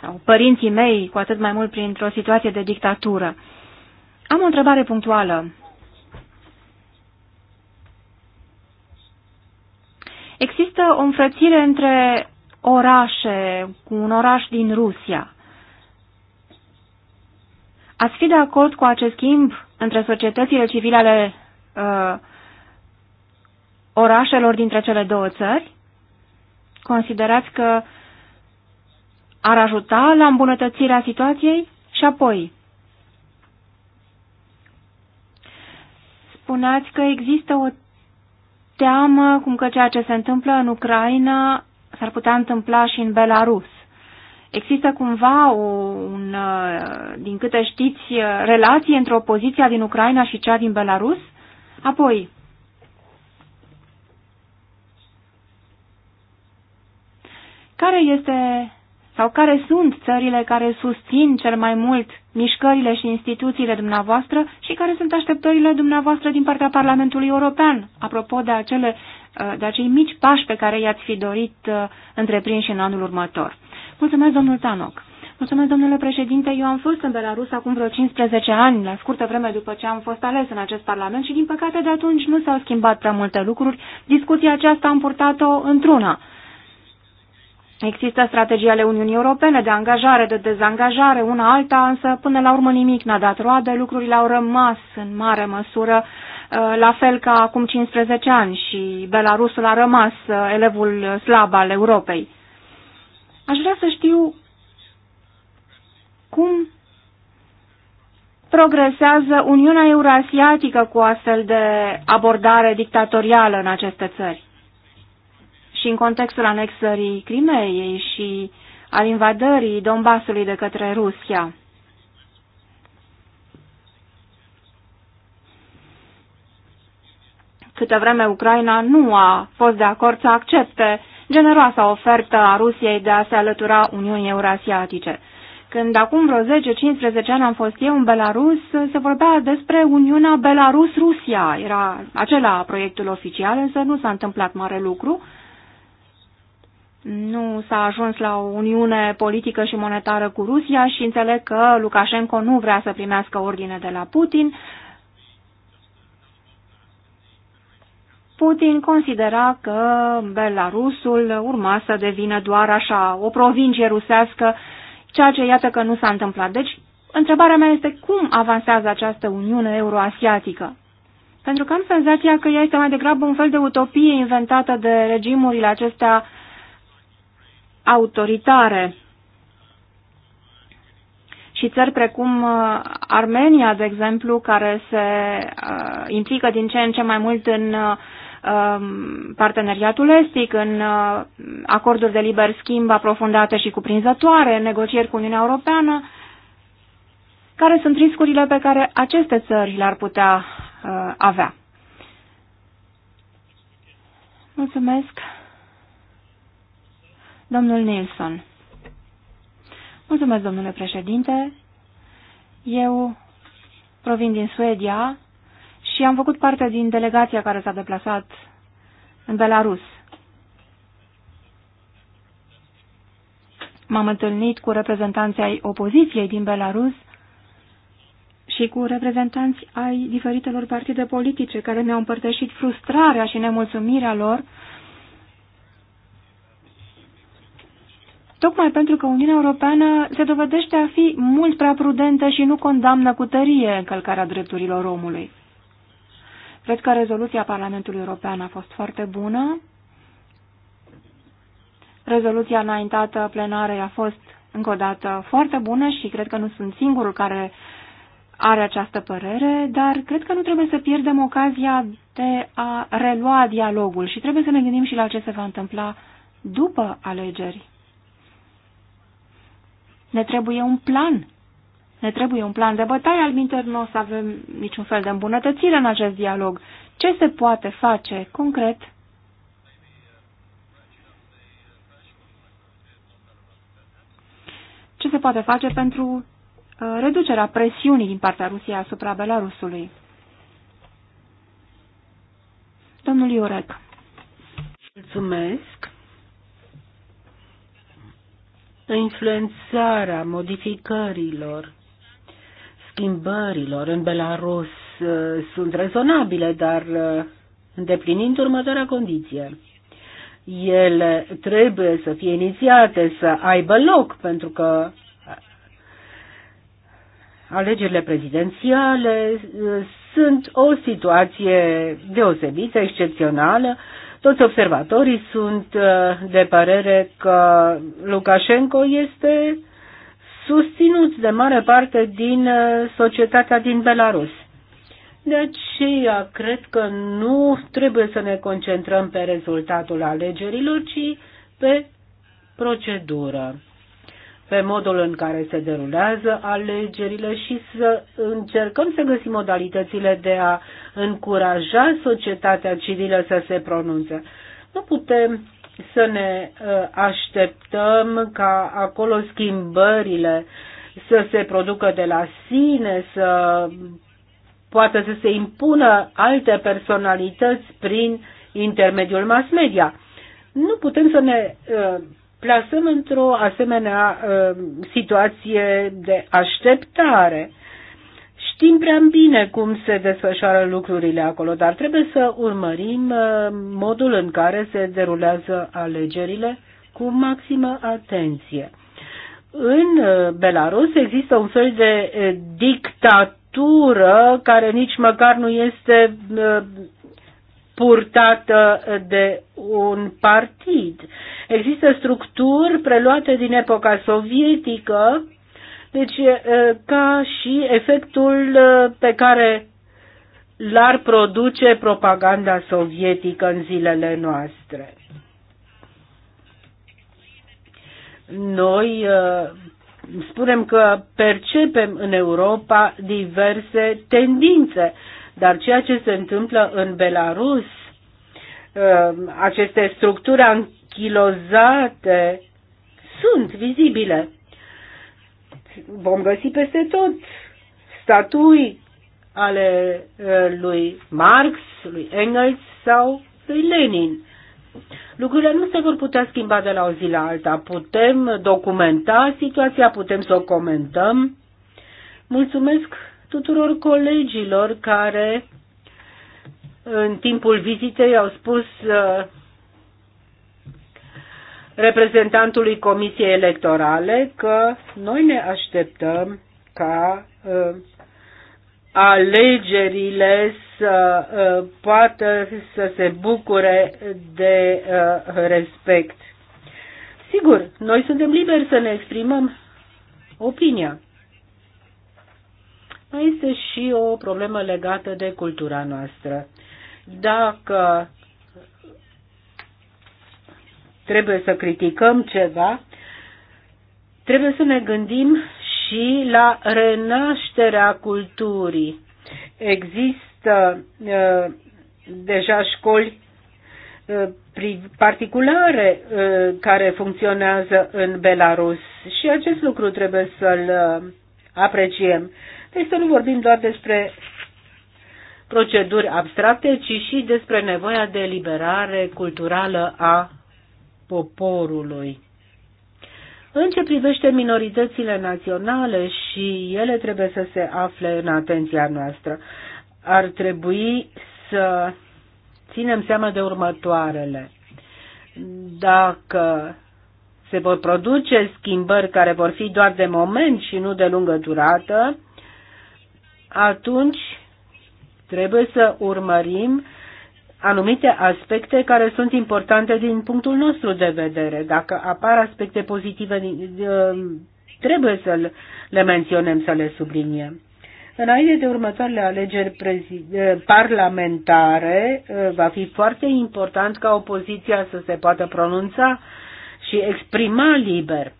sau părinții mei, cu atât mai mult printr-o situație de dictatură. Am o întrebare punctuală. Există o înfrățire între orașe, cu un oraș din Rusia. Ați fi de acord cu acest schimb între societățile civile ale uh, orașelor dintre cele două țări? Considerați că ar ajuta la îmbunătățirea situației? Și apoi, spuneați că există o teamă cum că ceea ce se întâmplă în Ucraina s-ar putea întâmpla și în Belarus. Există cumva o, un, uh, din câte știți, uh, relație între opoziția din Ucraina și cea din Belarus? Apoi, Care este sau care sunt țările care susțin cel mai mult mișcările și instituțiile dumneavoastră și care sunt așteptările dumneavoastră din partea Parlamentului European, apropo de, acele, uh, de acei mici pași pe care i-ați fi dorit uh, întreprinși în anul următor. Mulțumesc, domnul Tanoc. Mulțumesc, domnule președinte. Eu am fost în Belarus acum vreo 15 ani, la scurtă vreme după ce am fost ales în acest parlament și, din păcate, de atunci nu s-au schimbat prea multe lucruri. Discuția aceasta am purtat-o într-una. Există strategii ale Uniunii Europene de angajare, de dezangajare, una alta, însă până la urmă nimic n-a dat roade, lucrurile au rămas în mare măsură uh, la fel ca acum 15 ani și Belarusul a rămas uh, elevul slab al Europei. Aș vrea să știu cum progresează Uniunea Eurasiatică cu astfel de abordare dictatorială în aceste țări și în contextul anexării Crimeei și al invadării Donbasului de către Rusia. Câte vreme Ucraina nu a fost de acord să accepte generoasa ofertă a Rusiei de a se alătura Uniunii Eurasiatice. Când acum vreo 10-15 ani am fost eu în Belarus, se vorbea despre Uniunea Belarus-Rusia. Era acela proiectul oficial, însă nu s-a întâmplat mare lucru nu s-a ajuns la o uniune politică și monetară cu Rusia și înțeleg că Lukashenko nu vrea să primească ordine de la Putin. Putin considera că Belarusul urma să devină doar așa o provincie rusească, ceea ce iată că nu s-a întâmplat. Deci, întrebarea mea este cum avansează această Uniune Euroasiatică? Pentru că am senzația că ea este mai degrabă un fel de utopie inventată de regimurile acestea uh, autoritare. Și țări precum uh, Armenia, de exemplu, care se uh, implică din ce în ce mai mult în uh, um, parteneriatul estic, în acorduri de liber schimb aprofundate și cuprinzătoare, în negocieri cu Uniunea Europeană, care sunt riscurile pe care aceste țări le-ar putea avea. Mulțumesc! Domnul Nilsson. Mulțumesc, domnule președinte. Eu provin din Suedia și am făcut parte din delegația care s-a deplasat în Belarus. M-am întâlnit cu reprezentanții ai opoziției din Belarus și cu reprezentanții ai diferitelor partide politice care mi-au împărtășit frustrarea și nemulțumirea lor tocmai pentru că Uniunea Europeană se dovedește a fi mult prea prudentă și nu condamnă cu tărie încălcarea drepturilor omului. Cred că rezoluția Parlamentului European a fost foarte bună. Rezoluția înaintată plenarei a fost încă o dată foarte bună și cred că nu sunt singurul care are această părere, dar cred că nu trebuie să pierdem ocazia de a relua dialogul și trebuie să ne gândim și la ce se va întâmpla după alegeri. Ne trebuie un plan. Ne trebuie un plan de bătaie, al minter nu o să avem niciun fel de îmbunătățire în acest dialog. Ce se poate face concret? Ce se poate face pentru uh, reducerea presiunii din partea Rusiei asupra Belarusului? Domnul Iurec. Mulțumesc influențarea modificărilor, schimbărilor în Belarus uh, sunt rezonabile, dar uh, îndeplinind următoarea condiție. Ele trebuie să fie inițiate, să aibă loc, pentru că alegerile prezidențiale uh, sunt o situație deosebită, excepțională, toți observatorii sunt uh, de părere că Lukashenko este susținut de mare parte din uh, societatea din Belarus. De aceea cred că nu trebuie să ne concentrăm pe rezultatul alegerilor, ci pe procedură pe modul în care se derulează alegerile și să încercăm să găsim modalitățile de a încuraja societatea civilă să se pronunțe. Nu putem să ne uh, așteptăm ca acolo schimbările să se producă de la sine, să poată să se impună alte personalități prin intermediul mass media. Nu putem să ne uh, plasăm într-o asemenea uh, situație de așteptare. Știm prea bine cum se desfășoară lucrurile acolo, dar trebuie să urmărim uh, modul în care se derulează alegerile cu maximă atenție. În uh, Belarus există un fel de dictatură care nici măcar nu este purtată de un partid. Există structuri preluate din epoca sovietică, deci ca și efectul pe care l-ar produce propaganda sovietică în zilele noastre. Noi spunem că percepem în Europa diverse tendințe, dar ceea ce se întâmplă în Belarus, aceste structuri anchilozate sunt vizibile. Vom găsi peste tot statui ale uh, lui Marx, lui Engels sau lui Lenin. Lucrurile nu se vor putea schimba de la o zi la alta. Putem documenta situația, putem să o comentăm. Mulțumesc tuturor colegilor care în timpul vizitei au spus uh, reprezentantului Comisiei Electorale că noi ne așteptăm ca uh, alegerile să uh, poată să se bucure de uh, respect. Sigur, noi suntem liberi să ne exprimăm opinia. Mai este și o problemă legată de cultura noastră. Dacă trebuie să criticăm ceva, trebuie să ne gândim și la renașterea culturii. Există uh, deja școli uh, particulare uh, care funcționează în Belarus și acest lucru trebuie să-l apreciem. Deci să nu vorbim doar despre proceduri abstracte, ci și despre nevoia de liberare culturală a poporului. În ce privește minoritățile naționale și ele trebuie să se afle în atenția noastră, ar trebui să ținem seama de următoarele. Dacă se vor produce schimbări care vor fi doar de moment și nu de lungă durată, atunci trebuie să urmărim anumite aspecte care sunt importante din punctul nostru de vedere. Dacă apar aspecte pozitive, uh, trebuie să le menționăm, să le subliniem. Înainte de următoarele alegeri uh, parlamentare, uh, va fi foarte important ca opoziția să se poată pronunța și exprima liber.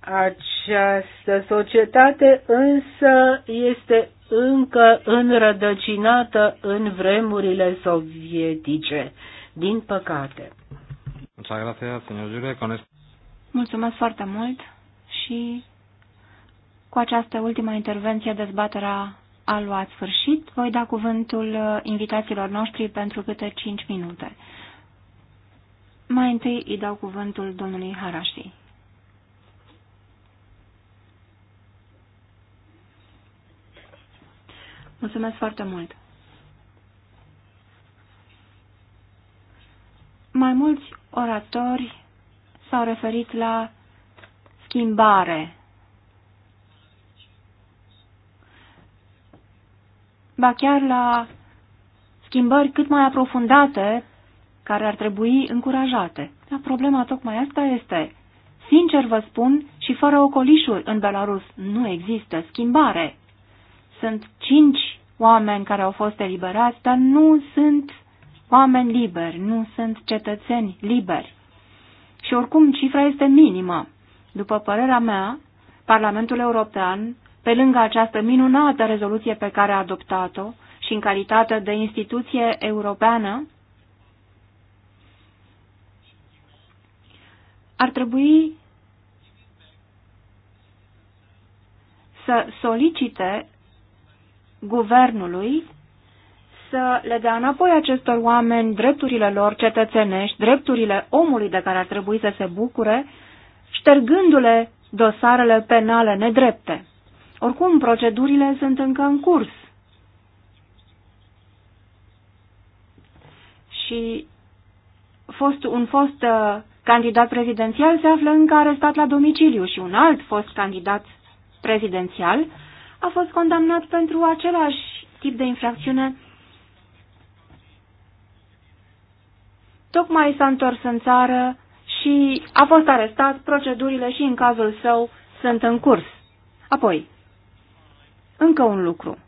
Această societate însă este încă înrădăcinată în vremurile sovietice, din păcate. Mulțumesc foarte mult și cu această ultimă intervenție dezbaterea a luat sfârșit. Voi da cuvântul invitațiilor noștri pentru câte 5 minute. Mai întâi îi dau cuvântul domnului Harashi. Mulțumesc foarte mult! Mai mulți oratori s-au referit la schimbare. Ba chiar la schimbări cât mai aprofundate care ar trebui încurajate. Dar problema tocmai asta este, sincer vă spun și fără ocolișuri, în Belarus nu există schimbare. Sunt cinci oameni care au fost eliberați, dar nu sunt oameni liberi, nu sunt cetățeni liberi. Și oricum cifra este minimă. După părerea mea, Parlamentul European, pe lângă această minunată rezoluție pe care a adoptat-o și în calitate de instituție europeană, ar trebui să solicite guvernului să le dea înapoi acestor oameni drepturile lor cetățenești, drepturile omului de care ar trebui să se bucure, ștergându-le dosarele penale nedrepte. Oricum, procedurile sunt încă în curs. Și fost, un fost uh, candidat prezidențial se află încă arestat la domiciliu și un alt fost candidat prezidențial a fost condamnat pentru același tip de infracțiune. Tocmai s-a întors în țară și a fost arestat, procedurile și în cazul său sunt în curs. Apoi, încă un lucru.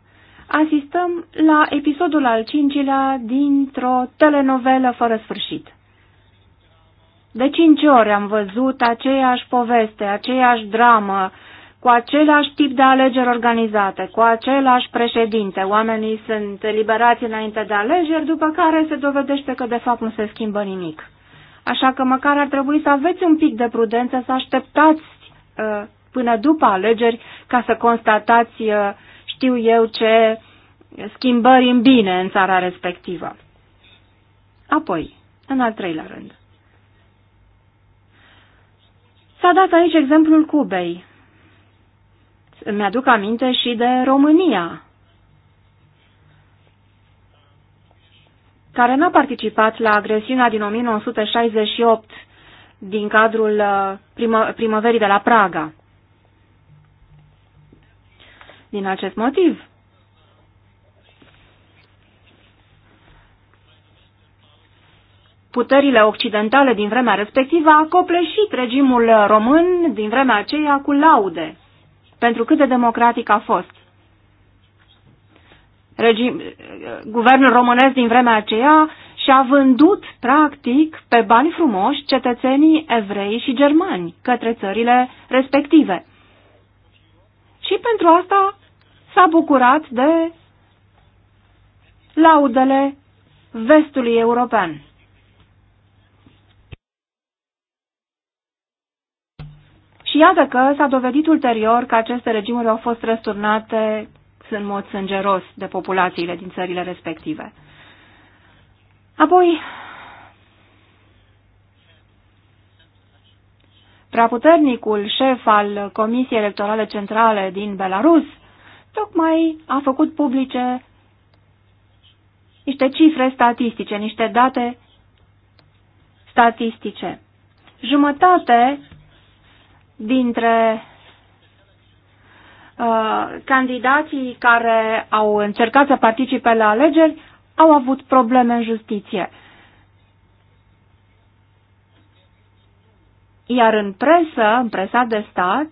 Asistăm la episodul al cincilea dintr-o telenovelă fără sfârșit. De cinci ori am văzut aceeași poveste, aceeași dramă, cu același tip de alegeri organizate, cu același președinte. Oamenii sunt eliberați înainte de alegeri, după care se dovedește că de fapt nu se schimbă nimic. Așa că măcar ar trebui să aveți un pic de prudență, să așteptați uh, până după alegeri ca să constatați, uh, știu eu, ce schimbări în bine în țara respectivă. Apoi, în al treilea rând. S-a dat aici exemplul Cubei îmi aduc aminte și de România, care n-a participat la agresiunea din 1968 din cadrul uh, primă, primăverii de la Praga. Din acest motiv, puterile occidentale din vremea respectivă a copleșit regimul român din vremea aceea cu laude pentru cât de democratic a fost. Regim, guvernul românesc din vremea aceea și-a vândut, practic, pe bani frumoși cetățenii evrei și germani către țările respective. Și pentru asta s-a bucurat de laudele vestului european. Și iată că s-a dovedit ulterior că aceste regimuri au fost răsturnate în mod sângeros de populațiile din țările respective. Apoi, praputernicul șef al Comisiei Electorale Centrale din Belarus tocmai a făcut publice niște cifre statistice, niște date statistice. Jumătate dintre uh, candidații care au încercat să participe la alegeri au avut probleme în justiție. Iar în presă, în presa de stat,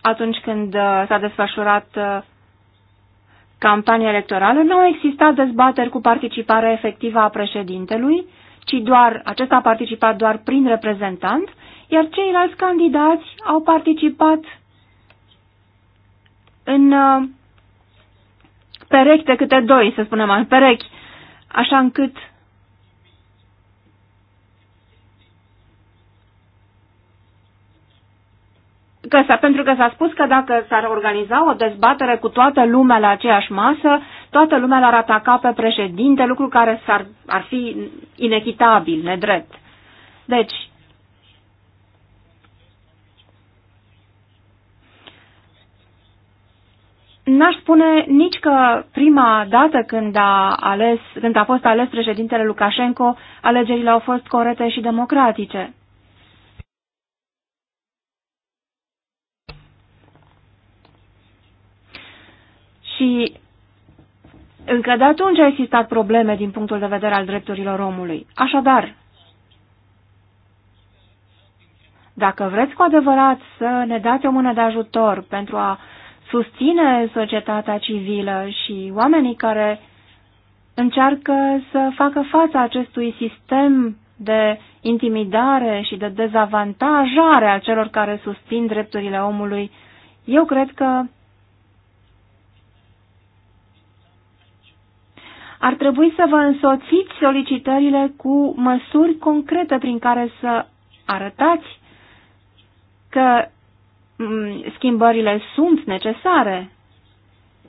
atunci când uh, s-a desfășurat uh, campania electorală, nu au existat dezbateri cu participare efectivă a președintelui, ci doar acesta a participat doar prin reprezentant, iar ceilalți candidați au participat în uh, perechi de câte doi, să spunem, în perechi, așa încât că s-a, pentru că s-a spus că dacă s-ar organiza o dezbatere cu toată lumea la aceeași masă, toată lumea l-ar ataca pe președinte, lucru care s-ar, ar fi inechitabil, nedrept. Deci, N-aș spune nici că prima dată când a, ales, când a fost ales președintele Lukashenko, alegerile au fost corete și democratice. Și încă de atunci a existat probleme din punctul de vedere al drepturilor omului. Așadar, dacă vreți cu adevărat să ne dați o mână de ajutor pentru a susține societatea civilă și oamenii care încearcă să facă față acestui sistem de intimidare și de dezavantajare a celor care susțin drepturile omului, eu cred că ar trebui să vă însoțiți solicitările cu măsuri concrete prin care să arătați că schimbările sunt necesare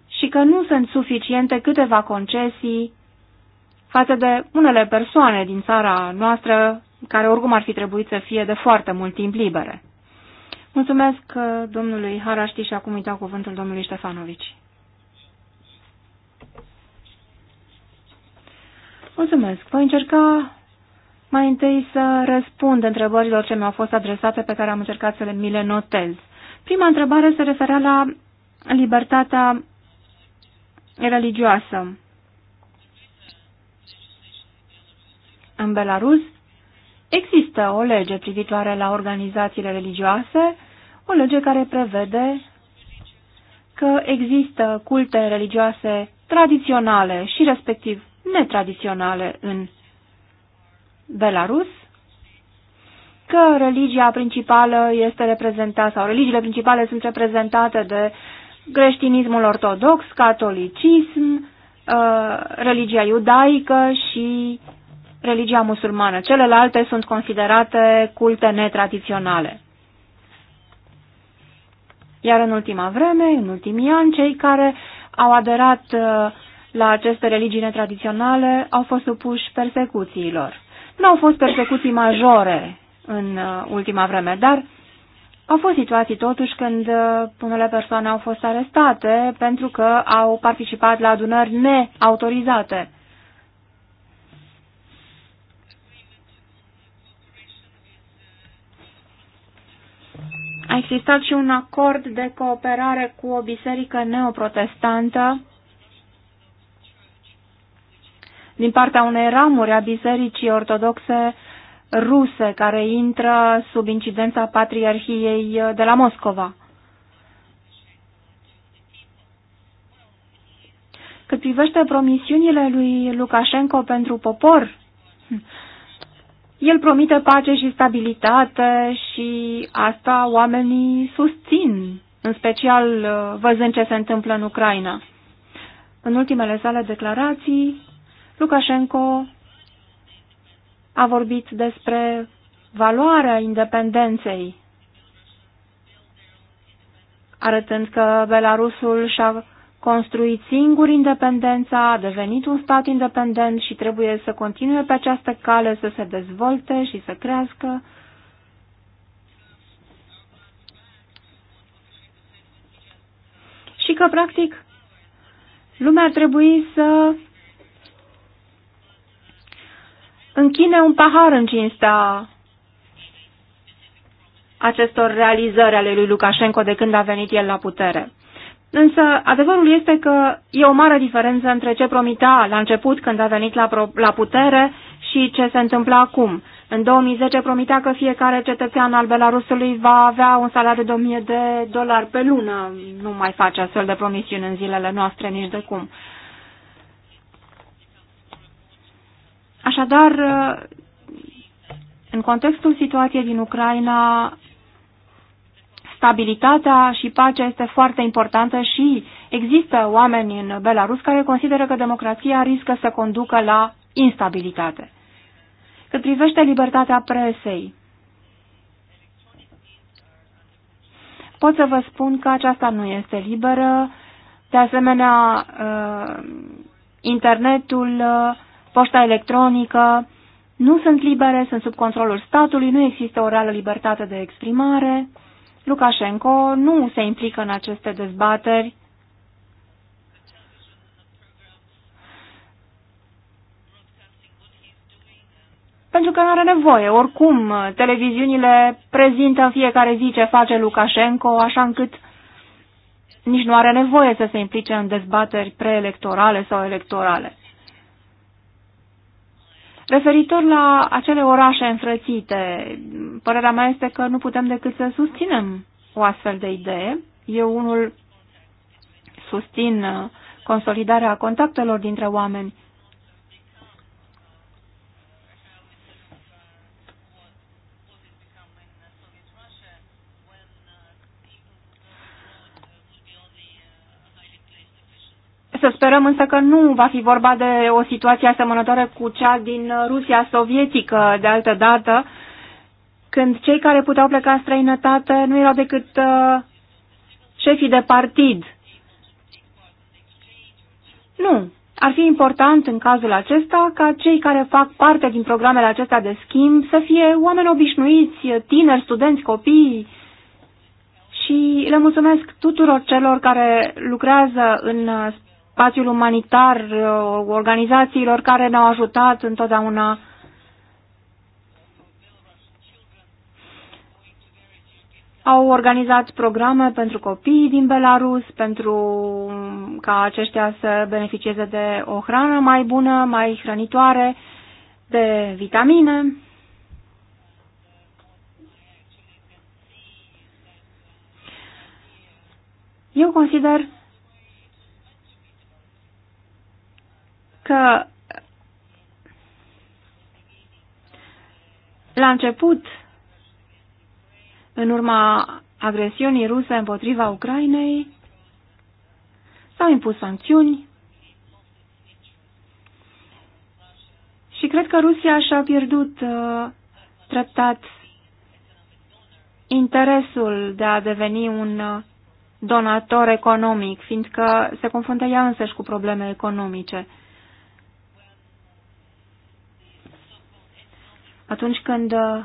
și că nu sunt suficiente câteva concesii față de unele persoane din țara noastră care oricum ar fi trebuit să fie de foarte mult timp libere. Mulțumesc uh, domnului Haraști și acum îi dau cuvântul domnului Ștefanovici. Mulțumesc. Voi încerca mai întâi să răspund întrebărilor ce mi-au fost adresate pe care am încercat să le, mi le notez. Prima întrebare se referea la libertatea religioasă. În Belarus există o lege privitoare la organizațiile religioase, o lege care prevede că există culte religioase tradiționale și respectiv netradiționale în Belarus că religia principală este reprezentată sau religiile principale sunt reprezentate de creștinismul ortodox, catolicism, uh, religia iudaică și religia musulmană. Celelalte sunt considerate culte netradiționale. Iar în ultima vreme, în ultimii ani, cei care au aderat uh, la aceste religii netradiționale au fost supuși persecuțiilor. Nu au fost persecuții majore, în uh, ultima vreme, dar au fost situații totuși când uh, unele persoane au fost arestate pentru că au participat la adunări neautorizate. A existat și un acord de cooperare cu o biserică neoprotestantă din partea unei ramuri a bisericii ortodoxe ruse care intră sub incidența Patriarhiei uh, de la Moscova. Cât privește promisiunile lui Lukashenko pentru popor, el promite pace și stabilitate și asta oamenii susțin, în special uh, văzând ce se întâmplă în Ucraina. În ultimele sale declarații, Lukashenko a vorbit despre valoarea independenței, arătând că Belarusul și-a construit singur independența, a devenit un stat independent și trebuie să continue pe această cale să se dezvolte și să crească. Și că, practic, lumea ar trebui să închine un pahar în cinsta acestor realizări ale lui Lukashenko de când a venit el la putere. Însă adevărul este că e o mare diferență între ce promita la început când a venit la, pro- la putere și ce se întâmplă acum. În 2010 promitea că fiecare cetățean al Belarusului va avea un salariu de 1000 de dolari pe lună. Nu mai face astfel de promisiuni în zilele noastre nici de cum. Așadar, în contextul situației din Ucraina, stabilitatea și pacea este foarte importantă și există oameni în Belarus care consideră că democrația riscă să conducă la instabilitate. Cât privește libertatea presei, pot să vă spun că aceasta nu este liberă. De asemenea, uh, internetul uh, poșta electronică nu sunt libere, sunt sub controlul statului, nu există o reală libertate de exprimare. Lukashenko nu se implică în aceste dezbateri. Pentru că nu are nevoie. Oricum, televiziunile prezintă în fiecare zi ce face Lukashenko, așa încât nici nu are nevoie să se implice în dezbateri preelectorale sau electorale. Referitor la acele orașe înfrățite, părerea mea este că nu putem decât să susținem o astfel de idee. Eu unul susțin uh, consolidarea contactelor dintre oameni Să sperăm însă că nu va fi vorba de o situație asemănătoare cu cea din Rusia sovietică de altă dată, când cei care puteau pleca în străinătate nu erau decât uh, șefii de partid. Nu. Ar fi important în cazul acesta ca cei care fac parte din programele acestea de schimb să fie oameni obișnuiți, tineri, studenți, copii, și le mulțumesc tuturor celor care lucrează în spațiul umanitar, uh, organizațiilor care ne-au ajutat întotdeauna. Au organizat programe pentru copii din Belarus, pentru um, ca aceștia să beneficieze de o hrană mai bună, mai hrănitoare, de vitamine. Eu consider că la început, în urma agresiunii ruse împotriva Ucrainei, s-au impus sancțiuni și cred că Rusia și-a pierdut uh, treptat interesul de a deveni un uh, donator economic, fiindcă se confruntă ea însăși cu probleme economice. atunci când uh,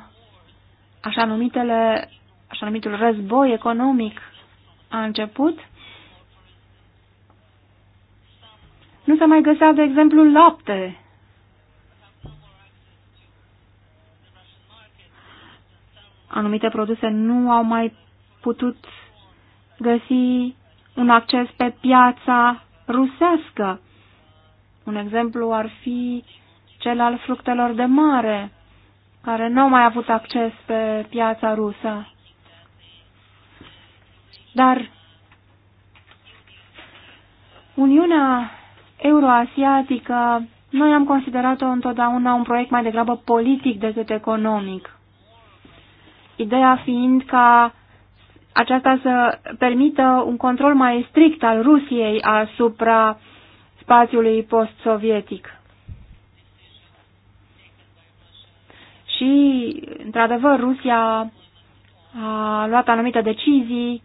așa, numitele, așa numitul război economic a început, nu se mai găsea, de exemplu, lapte. Anumite produse nu au mai putut găsi un acces pe piața rusească. Un exemplu ar fi cel al fructelor de mare care nu au mai avut acces pe piața rusă. Dar Uniunea Euroasiatică, noi am considerat-o întotdeauna un proiect mai degrabă politic decât economic. Ideea fiind ca aceasta să permită un control mai strict al Rusiei asupra spațiului post-sovietic. și, într-adevăr, Rusia a luat anumite decizii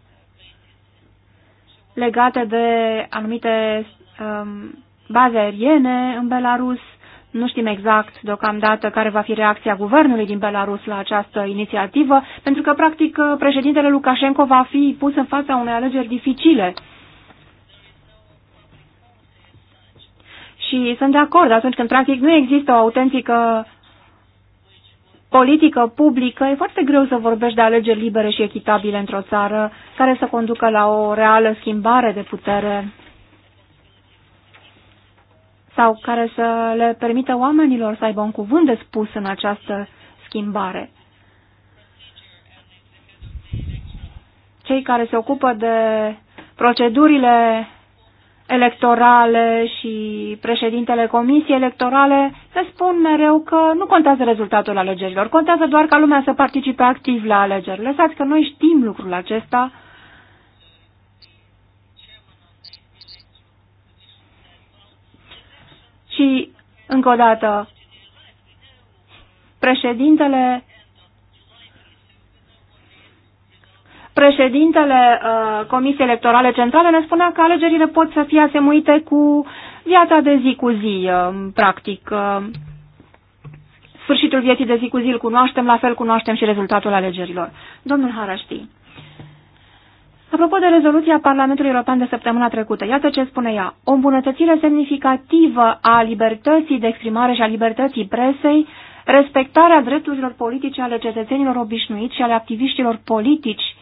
legate de anumite um, baze aeriene în Belarus. Nu știm exact deocamdată care va fi reacția guvernului din Belarus la această inițiativă, pentru că, practic, președintele Lukashenko va fi pus în fața unei alegeri dificile. Și sunt de acord atunci când, practic, nu există o autentică politică publică, e foarte greu să vorbești de alegeri libere și echitabile într-o țară care să conducă la o reală schimbare de putere sau care să le permită oamenilor să aibă un cuvânt de spus în această schimbare. Cei care se ocupă de procedurile electorale și președintele comisiei electorale se spun mereu că nu contează rezultatul alegerilor, contează doar ca lumea să participe activ la alegeri. Lăsați că noi știm lucrul acesta. Și, încă o dată, președintele președintele uh, Comisiei Electorale Centrale ne spunea că alegerile pot să fie asemuite cu viața de zi cu zi, uh, practic. Uh, sfârșitul vieții de zi cu zi îl cunoaștem, la fel cunoaștem și rezultatul alegerilor. Domnul Haraști, apropo de rezoluția Parlamentului European de săptămâna trecută, iată ce spune ea. O îmbunătățire semnificativă a libertății de exprimare și a libertății presei respectarea drepturilor politice ale cetățenilor obișnuiți și ale activiștilor politici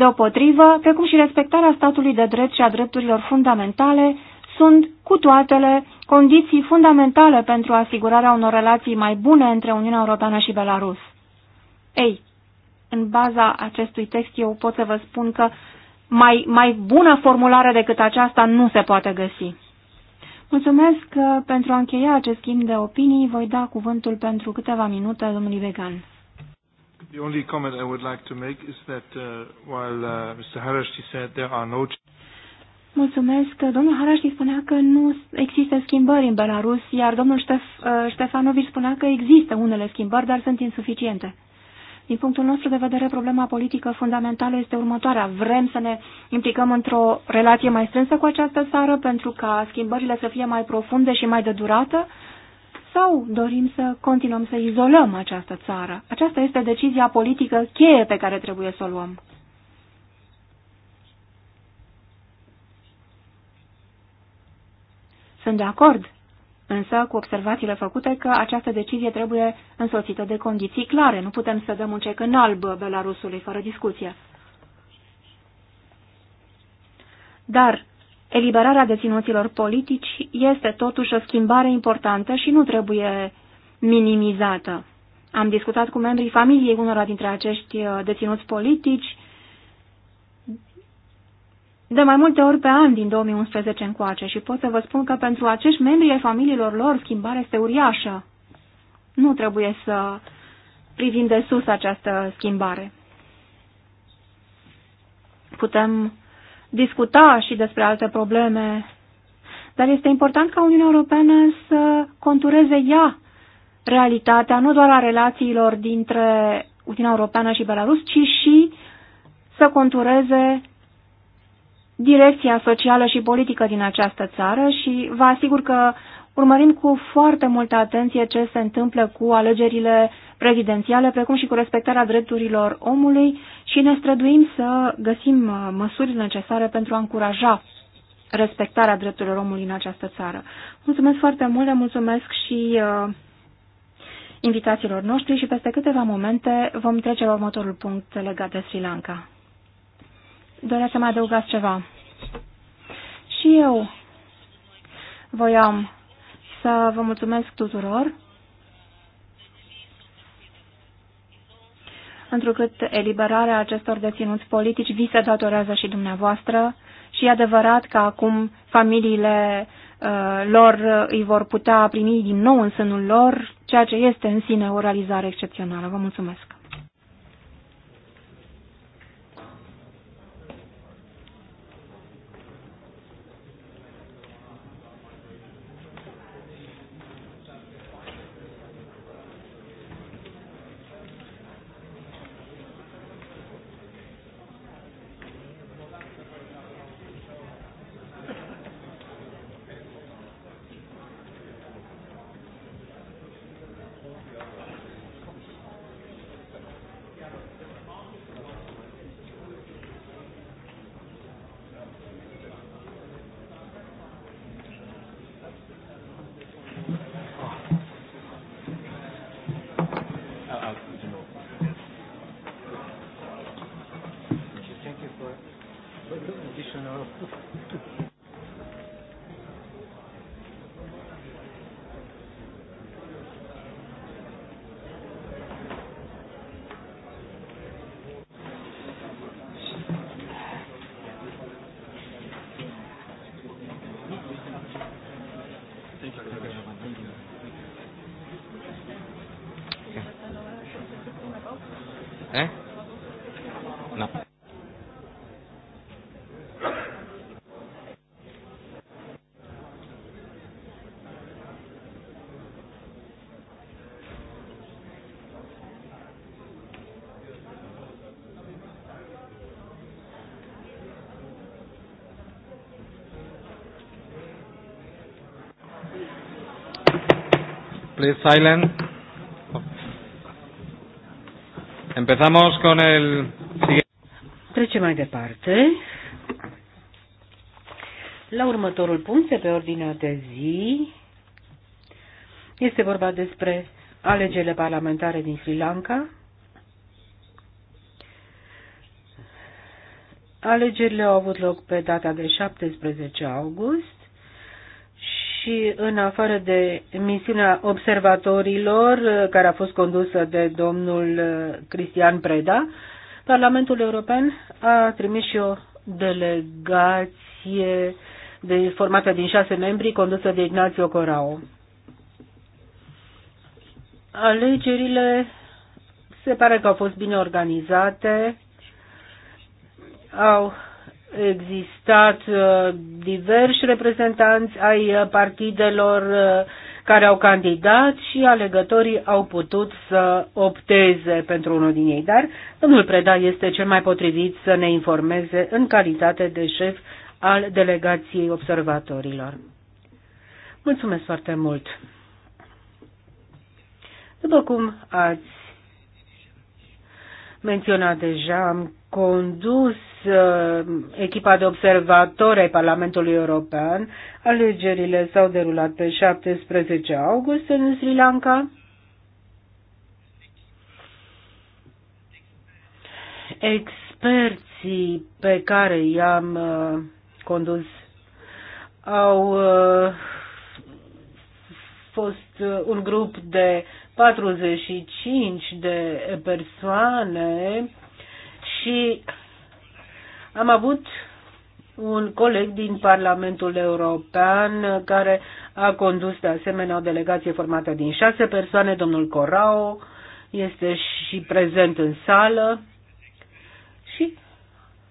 Deopotrivă, precum și respectarea statului de drept și a drepturilor fundamentale, sunt cu toatele condiții fundamentale pentru asigurarea unor relații mai bune între Uniunea Europeană și Belarus. Ei, în baza acestui text eu pot să vă spun că mai, mai bună formulare decât aceasta nu se poate găsi. Mulțumesc că uh, pentru a încheia acest schimb de opinii voi da cuvântul pentru câteva minute domnului Vegan. The only comment I would like to make is that uh, while uh, Mr. Harashi said there are no Mulțumesc. Domnul Haraști spunea că nu există schimbări în Belarus, iar domnul Ștef, uh, Ștefanovici spunea că există unele schimbări, dar sunt insuficiente. Din punctul nostru de vedere, problema politică fundamentală este următoarea. Vrem să ne implicăm într-o relație mai strânsă cu această țară pentru ca schimbările să fie mai profunde și mai de durată sau dorim să continuăm să izolăm această țară? Aceasta este decizia politică cheie pe care trebuie să o luăm. Sunt de acord, însă cu observațiile făcute că această decizie trebuie însoțită de condiții clare. Nu putem să dăm un cec în alb Belarusului, fără discuție. Dar Eliberarea deținuților politici este totuși o schimbare importantă și nu trebuie minimizată. Am discutat cu membrii familiei unora dintre acești uh, deținuți politici de mai multe ori pe an din 2011 încoace și pot să vă spun că pentru acești membri ai familiilor lor schimbarea este uriașă. Nu trebuie să privim de sus această schimbare. Putem discuta și despre alte probleme, dar este important ca Uniunea Europeană să contureze ea realitatea, nu doar a relațiilor dintre Uniunea Europeană și Belarus, ci și să contureze direcția socială și politică din această țară și vă asigur că urmărim cu foarte multă atenție ce se întâmplă cu alegerile prezidențiale, precum și cu respectarea drepturilor omului și ne străduim să găsim uh, măsurile necesare pentru a încuraja respectarea drepturilor omului în această țară. Mulțumesc foarte mult, le mulțumesc și uh, invitațiilor noștri și peste câteva momente vom trece la următorul punct legat de Sri Lanka. Doreați să mai adăugați ceva? Și eu voiam să vă mulțumesc tuturor întrucât eliberarea acestor deținuți politici vi se datorează și dumneavoastră și e adevărat că acum familiile uh, lor uh, îi vor putea primi din nou în sânul lor, ceea ce este în sine o realizare excepțională. Vă mulțumesc! Please silent. Empezamos con el siguiente. Trecem mai departe. La următorul punct de pe ordinea de zi este vorba despre alegerile parlamentare din Sri Lanka. Alegerile au avut loc pe data de 17 august și în afară de misiunea observatorilor uh, care a fost condusă de domnul uh, Cristian Preda, Parlamentul European a trimis și o delegație de, formată din șase membri condusă de Ignazio Corao. Alegerile se pare că au fost bine organizate, au existat uh, diversi reprezentanți ai uh, partidelor uh, care au candidat și alegătorii au putut să opteze pentru unul din ei. Dar domnul Preda este cel mai potrivit să ne informeze în calitate de șef al delegației observatorilor. Mulțumesc foarte mult! După cum ați menționat deja, am condus uh, echipa de observatori ai Parlamentului European. Alegerile s-au derulat pe 17 august în Sri Lanka. Experții pe care i-am uh, condus au uh, fost un grup de 45 de persoane și am avut un coleg din Parlamentul European care a condus de asemenea o delegație formată din șase persoane, domnul Corao este și prezent în sală și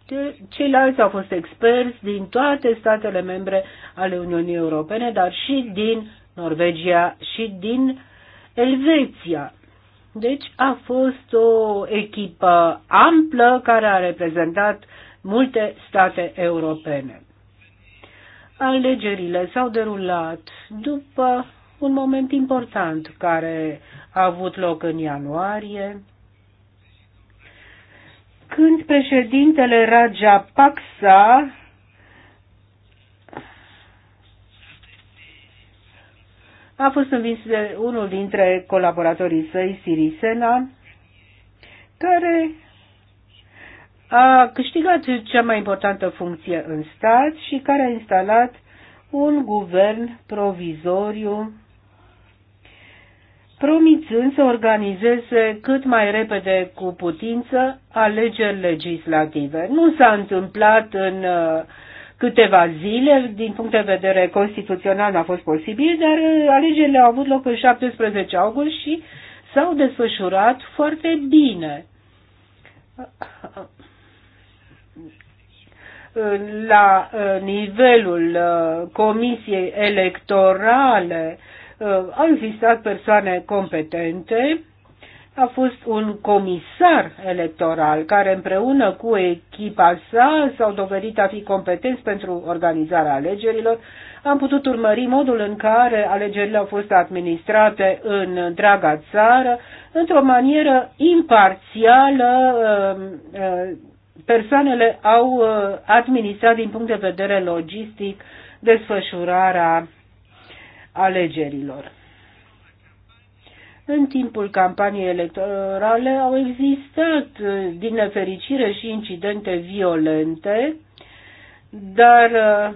de ceilalți au fost experți din toate statele membre ale Uniunii Europene, dar și din Norvegia și din Elveția. Deci a fost o echipă amplă care a reprezentat multe state europene. Alegerile s-au derulat după un moment important care a avut loc în ianuarie, când președintele Rajapaksa a fost învins de unul dintre colaboratorii săi, Sirisena, care a câștigat cea mai importantă funcție în stat și care a instalat un guvern provizoriu promițând să organizeze cât mai repede cu putință alegeri legislative. Nu s-a întâmplat în uh, câteva zile, din punct de vedere constituțional n-a fost posibil, dar uh, alegerile au avut loc în 17 august și s-au desfășurat foarte bine. La uh, nivelul uh, comisiei electorale au existat persoane competente a fost un comisar electoral care împreună cu echipa sa s-au dovedit a fi competenți pentru organizarea alegerilor. Am putut urmări modul în care alegerile au fost administrate în întreaga țară, într-o manieră imparțială. Um, uh, persoanele au uh, administrat din punct de vedere logistic desfășurarea alegerilor. În timpul campaniei electorale au existat, din nefericire, și incidente violente, dar uh,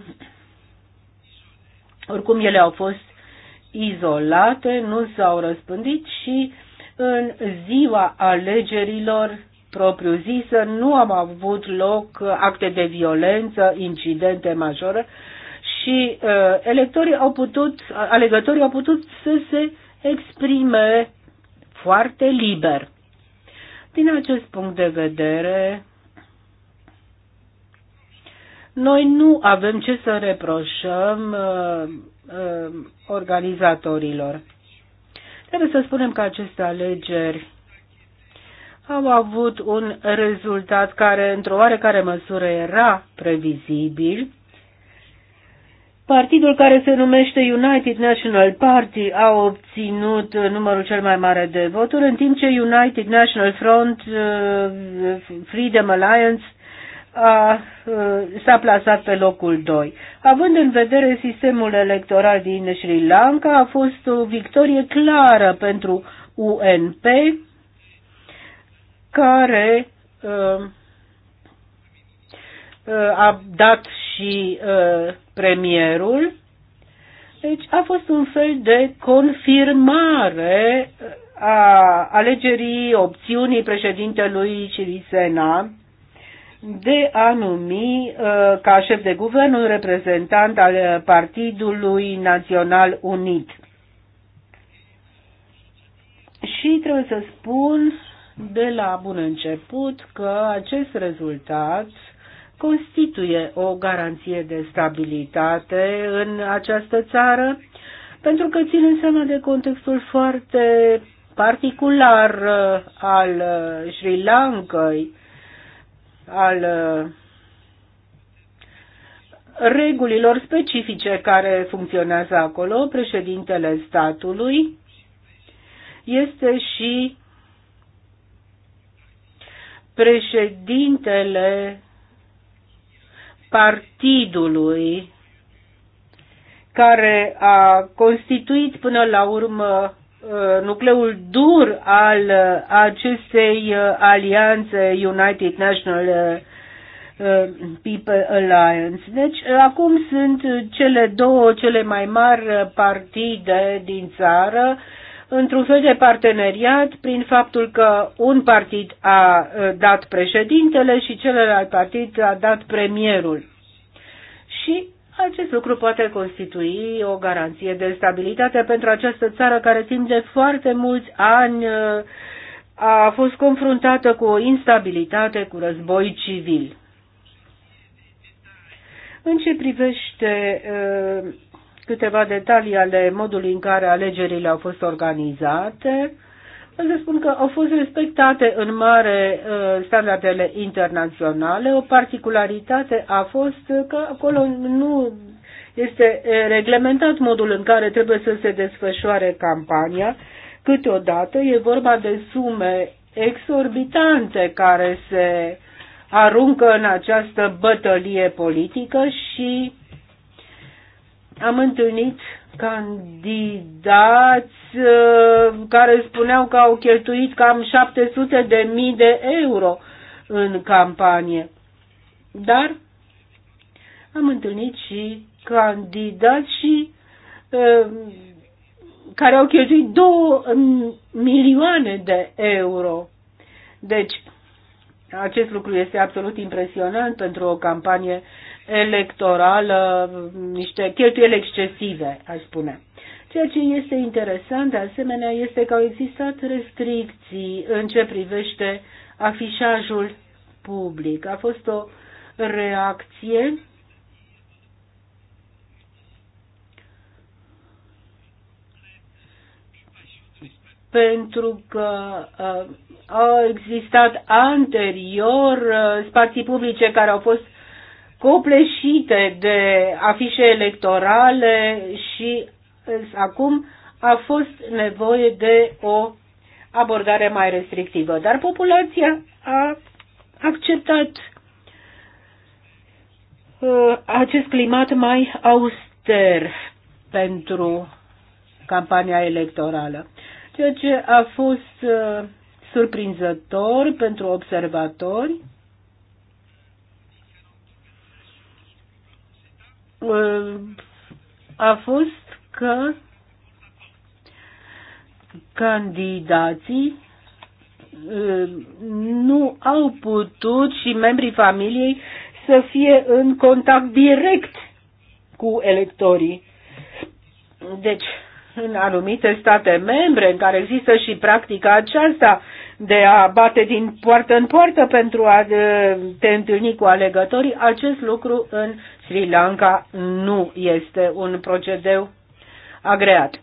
oricum ele au fost izolate, nu s-au răspândit și în ziua alegerilor propriu zisă nu am avut loc acte de violență, incidente majore și uh, electorii au putut, alegătorii au putut să se exprime foarte liber. Din acest punct de vedere, noi nu avem ce să reproșăm uh, uh, organizatorilor. Trebuie să spunem că aceste alegeri au avut un rezultat care, într-o oarecare măsură, era previzibil, Partidul care se numește United National Party a obținut uh, numărul cel mai mare de voturi, în timp ce United National Front, uh, Freedom Alliance, a, uh, s-a plasat pe locul 2. Având în vedere sistemul electoral din Sri Lanka, a fost o victorie clară pentru UNP, care a dat și uh, premierul. Deci a fost un fel de confirmare ă, a alegerii opțiunii președintelui Cirisena de a numi uh, ca șef de guvern un reprezentant al Partidului Național Unit. Și trebuie să spun de la bun început că acest rezultat uh, constituie o garanție de stabilitate în această țară, pentru că ține seama de contextul foarte particular uh, al uh, Sri Lankai, al uh, regulilor specifice care funcționează acolo, președintele statului este și președintele partidului care a constituit până la urmă uh, nucleul dur al uh, acestei uh, alianțe United National People Alliance. Deci acum sunt cele două cele mai mari partide din țară într-un fel de parteneriat prin faptul că un partid a uh, dat președintele și celălalt partid a dat premierul. Și acest lucru poate constitui o garanție de stabilitate pentru această țară care timp de foarte mulți ani uh, a fost confruntată cu o instabilitate, cu război civil. În ce privește uh, câteva detalii ale modului în care alegerile au fost organizate. Vreau să spun că au fost respectate în mare uh, standardele internaționale. O particularitate a fost că acolo nu este uh, reglementat modul în care trebuie să se desfășoare campania. Câteodată e vorba de sume exorbitante care se aruncă în această bătălie politică și am întâlnit candidați uh, care spuneau că au cheltuit cam 700 de mii de euro în campanie. Dar am întâlnit și candidați și uh, care au cheltuit 2 milioane de euro. Deci, acest lucru este absolut impresionant pentru o campanie uh, electorală, niște cheltuieli excesive, aș spune. Ceea ce este interesant, de asemenea, este că au existat restricții în ce privește afișajul public. A fost o reacție pentru că uh, au existat anterior uh, spații publice care au fost copleșite de afișe electorale și acum a fost nevoie de o abordare mai restrictivă. Dar populația a acceptat uh, acest climat mai auster pentru campania electorală, ceea ce a fost uh, surprinzător pentru observatori a fost că candidații uh, nu au putut și membrii familiei să fie în contact direct cu electorii. Deci, în anumite state membre în care există și practica aceasta de a bate din poartă în poartă pentru a uh, te întâlni cu alegătorii, acest lucru în Sri Lanka nu este un procedeu agreat.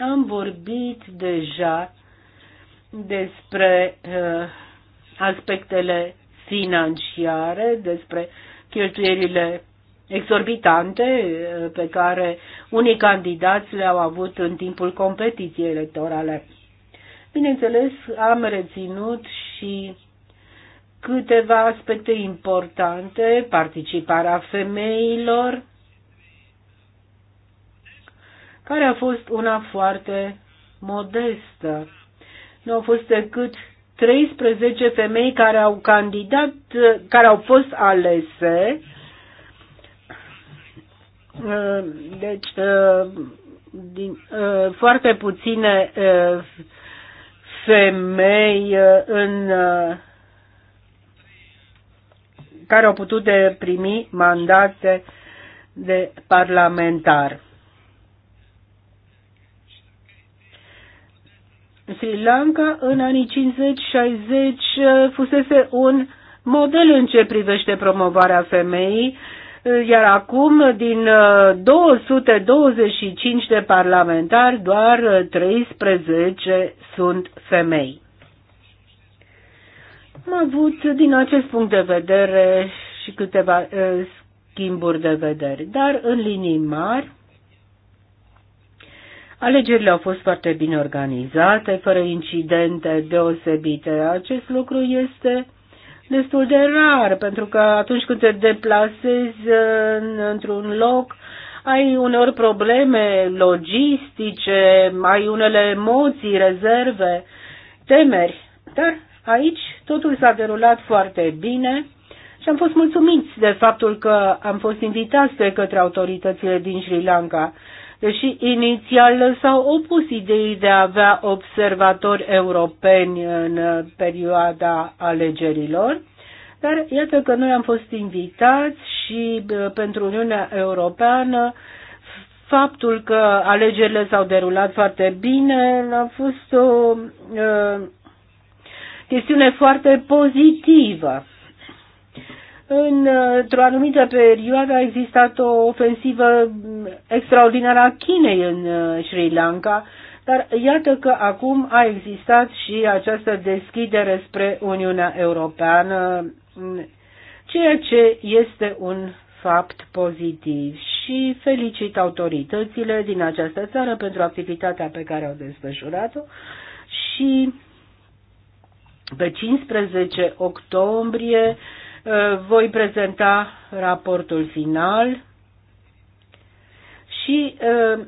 Am vorbit deja despre uh, aspectele financiare, despre cheltuielile exorbitante uh, pe care unii candidați le-au avut în timpul competiției electorale. Bineînțeles, am reținut și câteva aspecte importante, participarea femeilor, care a fost una foarte modestă. Nu au fost decât 13 femei care au candidat, care au fost alese. Uh, deci, uh, din, uh, foarte puține femei în care au putut de primi mandate de parlamentar. Sri Lanka în anii 50-60 fusese un model în ce privește promovarea femeii, iar acum din 225 de parlamentari doar 13 sunt femei. Am avut din acest punct de vedere și câteva uh, schimburi de vedere, dar în linii mari Alegerile au fost foarte bine organizate, fără incidente deosebite. Acest lucru este destul de rar, pentru că atunci când te deplasezi în, într-un loc, ai uneori probleme logistice, ai unele emoții, rezerve, temeri. Dar aici Totul s-a derulat foarte bine și am fost mulțumiți de faptul că am fost invitați de către autoritățile din Sri Lanka, deși inițial s-au opus ideii de a avea observatori europeni în perioada alegerilor. Dar iată că noi am fost invitați și pentru Uniunea Europeană faptul că alegerile s-au derulat foarte bine a fost o uh, chestiune foarte pozitivă. Într-o anumită perioadă a existat o ofensivă extraordinară a Chinei în uh, Sri Lanka, dar iată că acum a existat și această deschidere spre Uniunea Europeană, ceea ce este un fapt pozitiv și felicit autoritățile din această țară pentru activitatea pe care au desfășurat-o și pe 15 octombrie uh, voi prezenta raportul final și uh,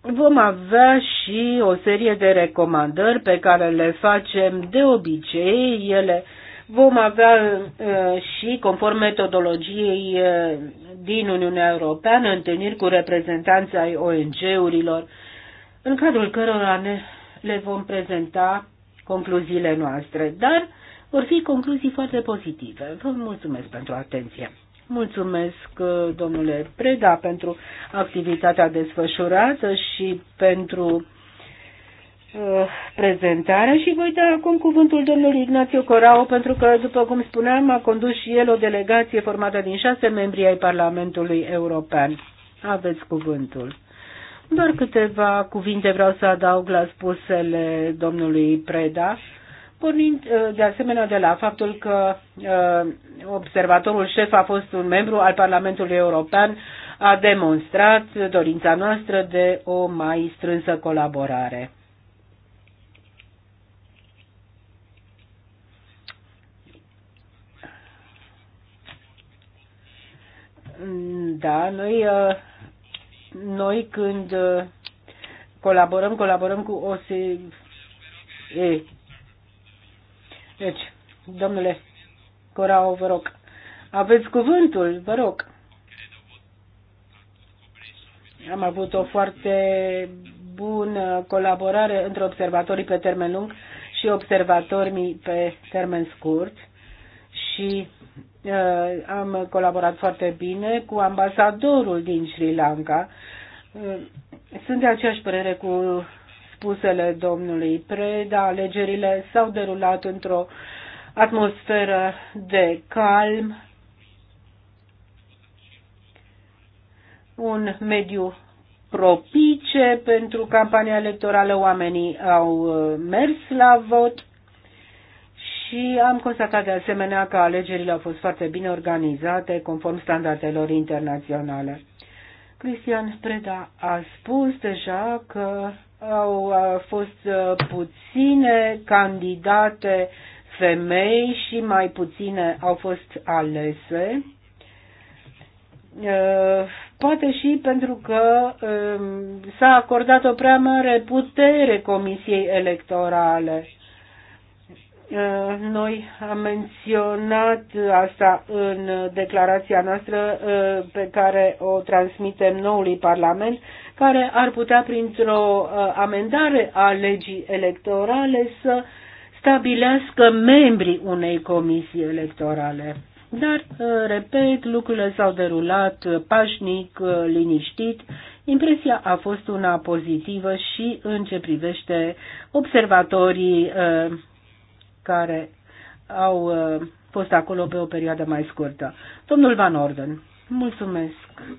vom avea și o serie de recomandări pe care le facem de obicei. Ele vom avea uh, și, conform metodologiei din Uniunea Europeană, întâlniri cu reprezentanții ONG-urilor, în cadrul cărora ne, le vom prezenta concluziile noastre, dar vor fi concluzii foarte pozitive. Vă mulțumesc pentru atenție. Mulțumesc, domnule Preda, pentru activitatea desfășurată și pentru uh, prezentarea și voi da acum cuvântul domnului Ignațiu Corau, pentru că, după cum spuneam, a condus și el o delegație formată din șase membri ai Parlamentului European. Aveți cuvântul. Doar câteva cuvinte vreau să adaug la spusele domnului Preda, pornind uh, de asemenea de la faptul că uh, observatorul șef a fost un membru al Parlamentului European, a demonstrat dorința noastră de o mai strânsă colaborare. Da, noi uh, noi când uh, colaborăm, colaborăm cu OSE. Deci, domnule Corao, vă rog, aveți cuvântul, vă rog. Am avut o foarte bună colaborare între observatorii pe termen lung și observatorii pe termen scurt și Uh, am colaborat foarte bine cu ambasadorul din Sri Lanka. Uh, sunt de aceeași părere cu spusele domnului Preda. Alegerile s-au derulat într-o atmosferă de calm, un mediu propice pentru campania electorală. Oamenii au uh, mers la vot și am constatat de asemenea că alegerile au fost foarte bine organizate conform standardelor internaționale. Cristian Preda a spus deja că au fost uh, puține candidate femei și mai puține au fost alese. Uh, poate și pentru că um, s-a acordat o prea mare putere Comisiei Electorale Eh, noi am menționat asta în declarația noastră eh, pe care o transmitem noului Parlament, care ar putea printr-o eh, amendare a legii electorale să stabilească membrii unei comisii electorale. Dar, repet, lucrurile s-au derulat pașnic, liniștit. Impresia a fost una pozitivă și în ce privește observatorii care au uh, fost acolo pe o perioadă mai scurtă. Domnul Van Orden, mulțumesc. Uh,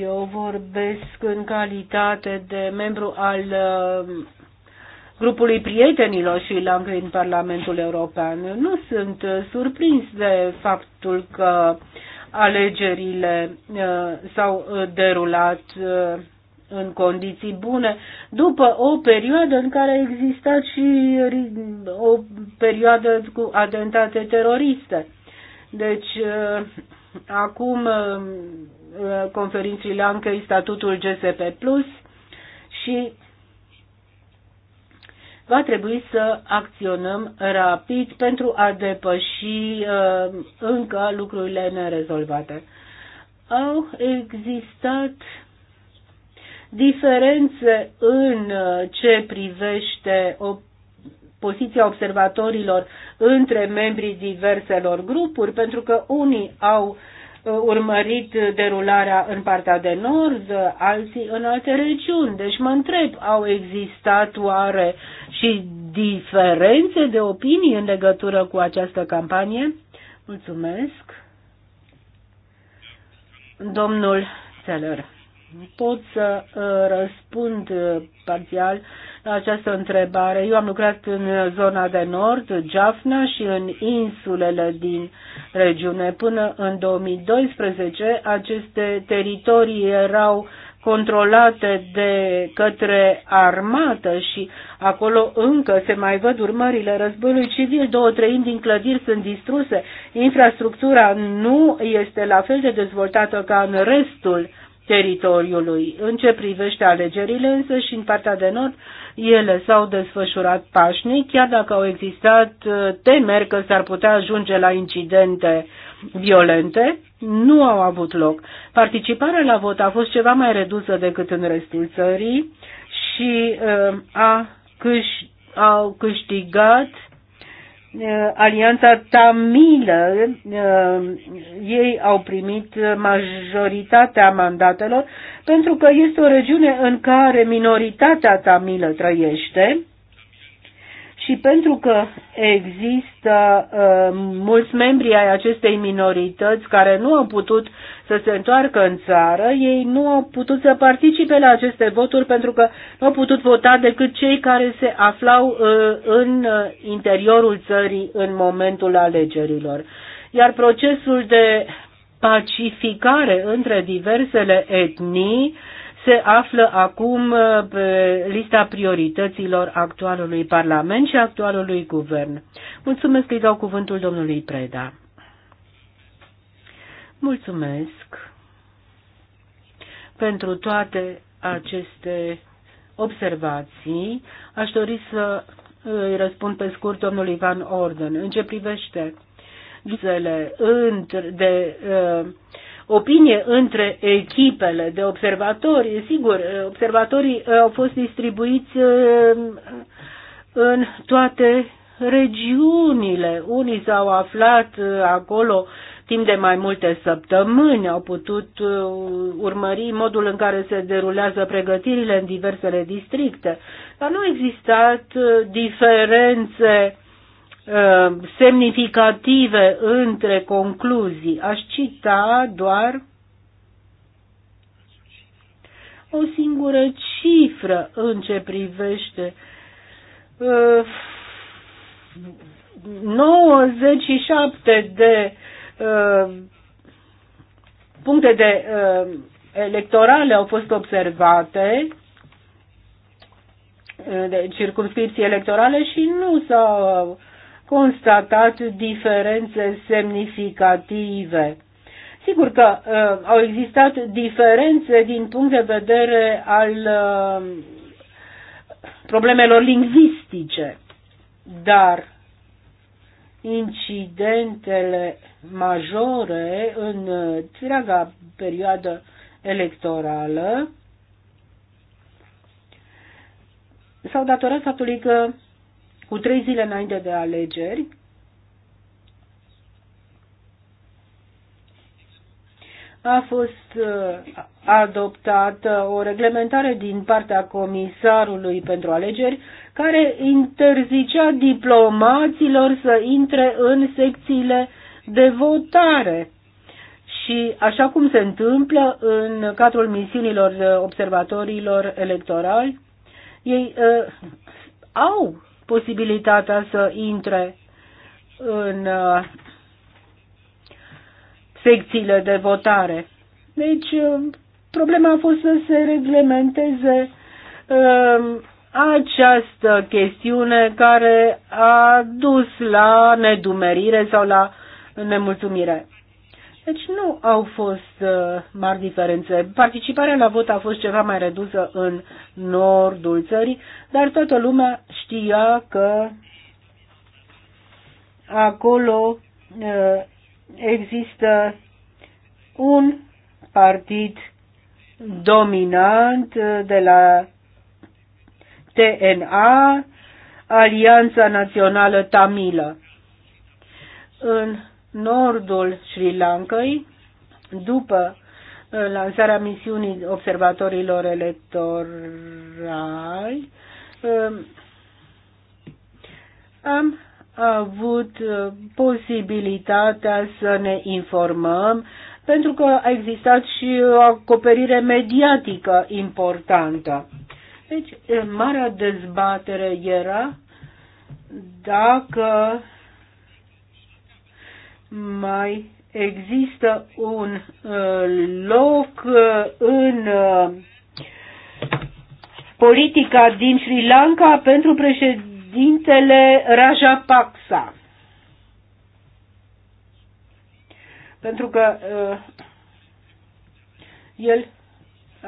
eu vorbesc în calitate de membru al uh, grupului prietenilor și lang în Parlamentul European. Nu sunt surprins de faptul că alegerile s-au derulat în condiții bune, după o perioadă în care a existat și o perioadă cu atentate teroriste. Deci, uh, acum uh, conferințele Sri Lankai statutul GSP Plus și va trebui să acționăm rapid pentru a depăși uh, încă lucrurile nerezolvate. Au existat diferențe în uh, ce privește o poziția observatorilor între membrii diverselor grupuri, pentru că unii au uh, urmărit derularea în partea de nord, alții în alte regiuni. Deci mă întreb, au existat oare și diferențe de opinii în legătură cu această campanie? Mulțumesc. Domnul Țelăr pot să uh, răspund uh, parțial la această întrebare. Eu am lucrat în zona de nord, Jaffna și în insulele din regiune. Până în 2012 aceste teritorii erau controlate de către armată și acolo încă se mai văd urmările războiului civil, două treimi din clădiri sunt distruse, infrastructura nu este la fel de dezvoltată ca în restul teritoriului. În ce privește alegerile însă și în partea de nord, ele s-au desfășurat pașnic, chiar dacă au existat uh, temeri că s-ar putea ajunge la incidente violente, nu au avut loc. Participarea la vot a fost ceva mai redusă decât în restul țării și uh, a câș- au câștigat Uh, Alianța Tamilă, uh, ei au primit majoritatea mandatelor pentru că este o regiune în care minoritatea tamilă trăiește și pentru că există uh, mulți membri ai acestei minorități care nu au putut să se întoarcă în țară, ei nu au putut să participe la aceste voturi pentru că nu au putut vota decât cei care se aflau uh, în uh, interiorul țării în momentul alegerilor. Iar procesul de pacificare între diversele etnii uh, se află acum uh, pe lista priorităților actualului Parlament și actualului Guvern. Mulțumesc, îi dau cuvântul domnului Preda. Mulțumesc pentru toate aceste observații. Aș dori să uh, îi răspund pe scurt domnului Van Orden. În ce privește vizele de uh, opinie între echipele de observatori. Sigur, eh, observatorii eh, au fost distribuiți eh, în toate regiunile. Unii s-au aflat acolo timp de mai multe săptămâni, au putut urmări modul în care se derulează pregătirile în diversele districte. Dar nu au existat diferențe Uh, semnificative între concluzii. Aș cita doar o singură cifră în ce privește 97 uh, de uh, puncte de electorale au fost observate de circunscripții electorale și nu s-au constatat diferențe semnificative. Sigur că uh, au existat diferențe din punct de vedere al uh, problemelor lingvistice, dar incidentele majore în întreaga perioadă electorală s-au datorat faptului că cu trei zile înainte de alegeri, a fost uh, adoptată o reglementare din partea comisarului pentru alegeri care interzicea diplomaților să intre în secțiile de votare. Și așa cum se întâmplă în cadrul misiunilor uh, observatorilor electorali, ei uh, au posibilitatea să intre în uh, secțiile de votare. Deci, uh, problema a fost să se reglementeze uh, această chestiune care a dus la nedumerire sau la nemulțumire. Deci nu au fost uh, mari diferențe. Participarea la vot a fost ceva mai redusă în nordul țării, dar toată lumea știa că acolo uh, există un partid dominant uh, de la TNA, Alianța Națională Tamilă. În nordul Sri Lankai după uh, lansarea misiunii observatorilor electorali um, am avut uh, posibilitatea să ne informăm pentru că a existat și o acoperire mediatică importantă. Deci, uh, marea dezbatere era dacă mai există un uh, loc uh, în uh, politica din Sri Lanka pentru președintele Rajapaksa. Pentru că uh, el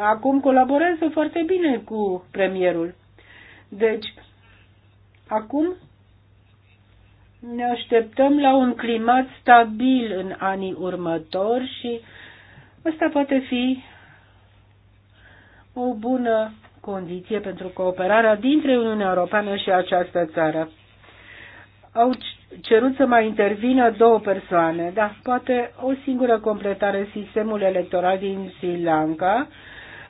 acum colaborează foarte bine cu premierul. Deci, acum ne așteptăm la un climat stabil în anii următori și asta poate fi o bună condiție pentru cooperarea dintre Uniunea Europeană și această țară. Au cerut să mai intervină două persoane, dar poate o singură completare sistemul electoral din Sri Lanka,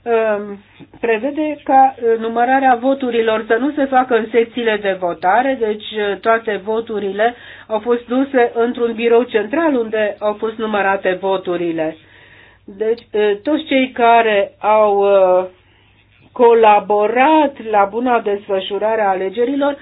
Um, prevede ca uh, numărarea voturilor să nu se facă în secțiile de votare, deci uh, toate voturile au fost duse într-un birou central unde au fost numărate voturile. Deci uh, toți cei care au colaborat la buna desfășurare a alegerilor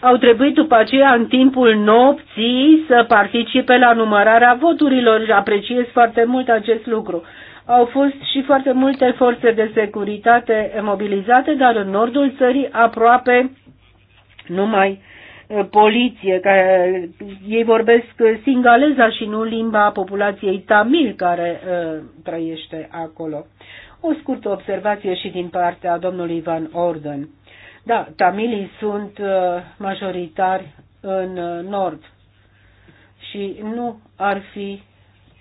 au trebuit după aceea în timpul nopții să participe la numărarea voturilor și apreciez foarte mult acest lucru au fost și foarte multe forțe de securitate mobilizate, dar în nordul țării aproape numai uh, poliție, care uh, ei vorbesc uh, singaleza și nu limba populației tamil care uh, trăiește acolo. O scurtă observație și din partea domnului Ivan Orden. Da, tamilii sunt uh, majoritari în uh, nord și nu ar fi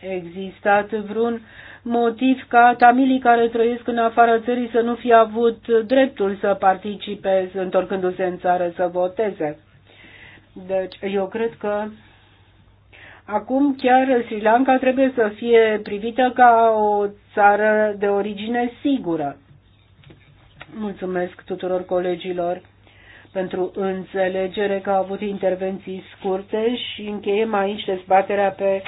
existat vreun motiv ca tamilii care trăiesc în afara țării să nu fi avut dreptul să participe întorcându-se în țară să voteze. Deci eu cred că acum chiar Sri Lanka trebuie să fie privită ca o țară de origine sigură. Mulțumesc tuturor colegilor pentru înțelegere că au avut intervenții scurte și încheiem aici dezbaterea pe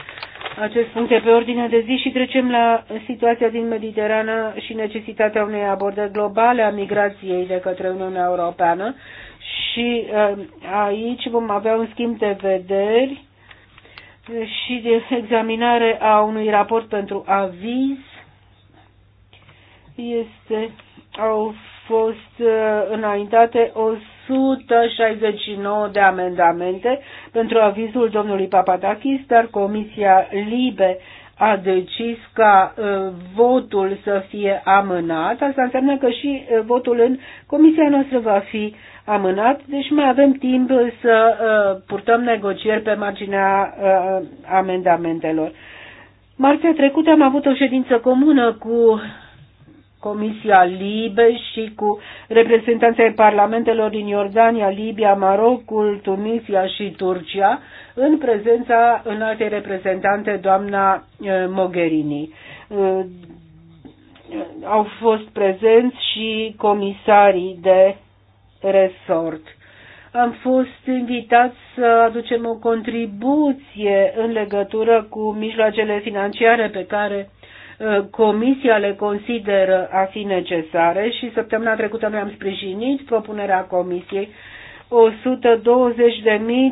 acest punct de pe ordinea de zi și trecem la situația din Mediterana și necesitatea unei abordări globale a migrației de către Uniunea Europeană. Și uh, aici vom avea un schimb de vederi și de examinare a unui raport pentru aviz. Este, au fost uh, înaintate o 169 de amendamente pentru avizul domnului Papadakis, dar Comisia Libe a decis ca uh, votul să fie amânat. Asta înseamnă că și uh, votul în comisia noastră va fi amânat, deci mai avem timp să uh, purtăm negocieri pe marginea uh, amendamentelor. Marțea trecută am avut o ședință comună cu Comisia Libe și cu reprezentanții ai parlamentelor din Iordania, Libia, Marocul, Tunisia și Turcia, în prezența alte reprezentante, doamna eh, Mogherini. Eh, au fost prezenți și comisarii de resort. Am fost invitați să aducem o contribuție în legătură cu mijloacele financiare pe care Uh, comisia le consideră a fi necesare și săptămâna trecută noi am sprijinit propunerea Comisiei 120.000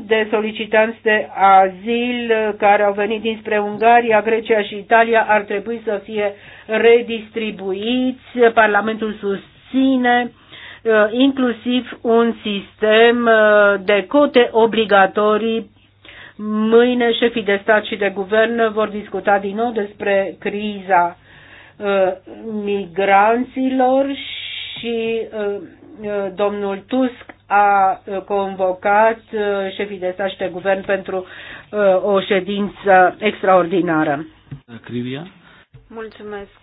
de solicitanți de azil uh, care au venit dinspre Ungaria, Grecia și Italia ar trebui să fie redistribuiți. Parlamentul susține uh, inclusiv un sistem de cote obligatorii Mâine șefii de stat și de guvern vor discuta din nou despre criza uh, migranților și uh, uh, domnul Tusk a convocat șefii de stat și de guvern pentru o ședință extraordinară. Mulțumesc.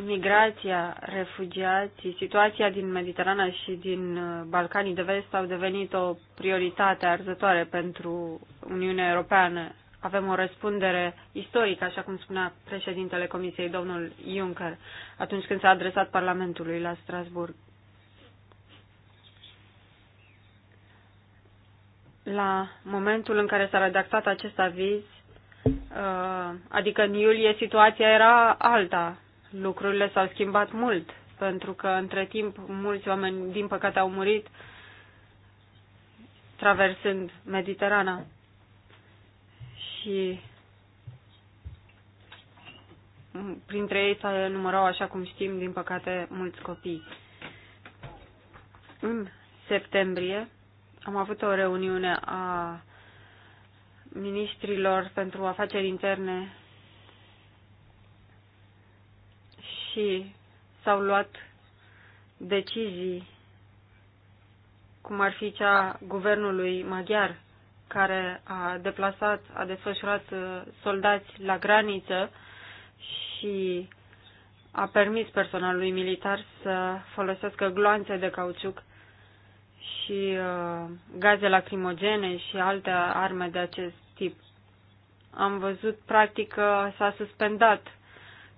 migrația, refugiații, situația din Mediterana și din uh, Balcanii de Vest au devenit o prioritate arzătoare pentru Uniunea Europeană. Avem o răspundere istorică, așa cum spunea președintele Comisiei, domnul Juncker, atunci când s-a adresat Parlamentului la Strasburg. La momentul în care s-a redactat acest aviz, uh, adică în iulie, situația era alta lucrurile s-au schimbat mult, pentru că între timp mulți oameni, din păcate, au murit traversând Mediterana. Și printre ei se numărau, așa cum știm, din păcate, mulți copii. În septembrie am avut o reuniune a ministrilor pentru afaceri interne și s-au luat decizii, cum ar fi cea guvernului maghiar, care a deplasat, a desfășurat uh, soldați la graniță și a permis personalului militar să folosească gloanțe de cauciuc și uh, gaze lacrimogene și alte arme de acest tip. Am văzut, practic, s-a suspendat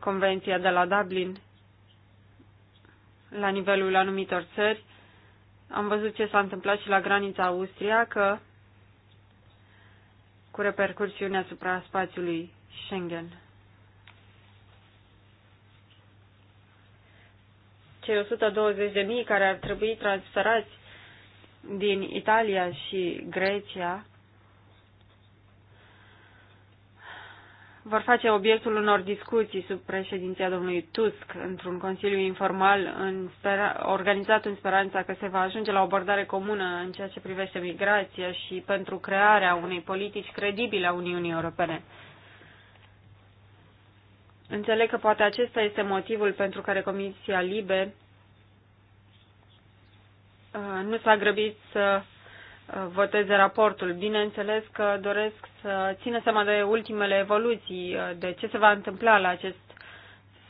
Convenția de la Dublin la nivelul anumitor țări. Am văzut ce s-a întâmplat și la granița austriacă cu repercursiune asupra spațiului Schengen. Cei 120.000 care ar trebui transferați din Italia și Grecia vor face obiectul unor discuții sub președinția domnului Tusk într-un consiliu informal în spera, organizat în speranța că se va ajunge la o abordare comună în ceea ce privește migrația și pentru crearea unei politici credibile a Uniunii Europene. Înțeleg că poate acesta este motivul pentru care Comisia Libe uh, nu s-a grăbit să voteze raportul. Bineînțeles că doresc să țină seama de ultimele evoluții, de ce se va întâmpla la acest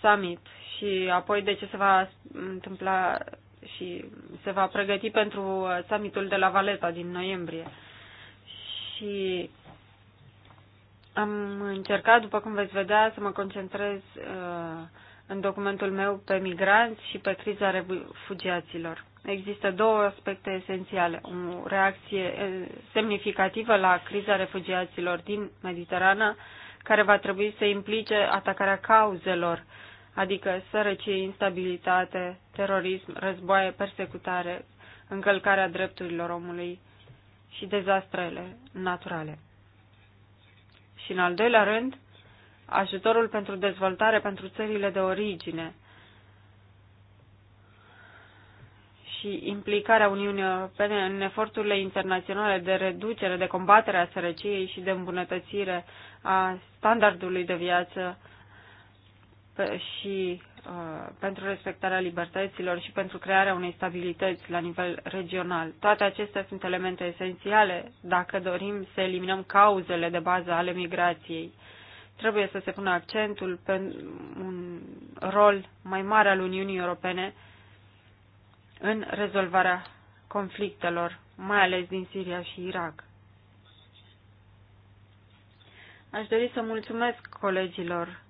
summit și apoi de ce se va întâmpla și se va pregăti pentru summitul de la Valeta din noiembrie. Și am încercat, după cum veți vedea, să mă concentrez uh, în documentul meu pe migranți și pe criza refugiaților. Există două aspecte esențiale. O reacție eh, semnificativă la criza refugiaților din Mediterana, care va trebui să implice atacarea cauzelor, adică sărăcie, instabilitate, terorism, războaie, persecutare, încălcarea drepturilor omului și dezastrele naturale. Și în al doilea rând, ajutorul pentru dezvoltare pentru țările de origine, și implicarea Uniunii Europene în eforturile internaționale de reducere, de combatere a sărăciei și de îmbunătățire a standardului de viață și uh, pentru respectarea libertăților și pentru crearea unei stabilități la nivel regional. Toate acestea sunt elemente esențiale dacă dorim să eliminăm cauzele de bază ale migrației. Trebuie să se pună accentul pe un rol mai mare al Uniunii Europene în rezolvarea conflictelor, mai ales din Siria și Irak. Aș dori să mulțumesc colegilor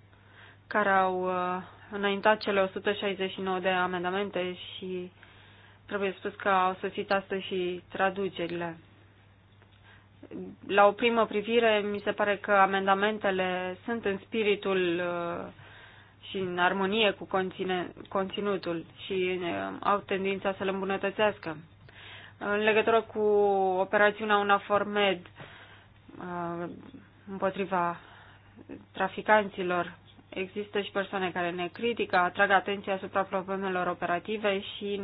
care au uh, înaintat cele 169 de amendamente și trebuie spus că au sosit astăzi și traducerile. La o primă privire, mi se pare că amendamentele sunt în spiritul uh, și în armonie cu conține, conținutul și au tendința să le îmbunătățească. În legătură cu operațiunea UNAFOR Med uh, împotriva traficanților, există și persoane care ne critică, atrag atenția asupra problemelor operative și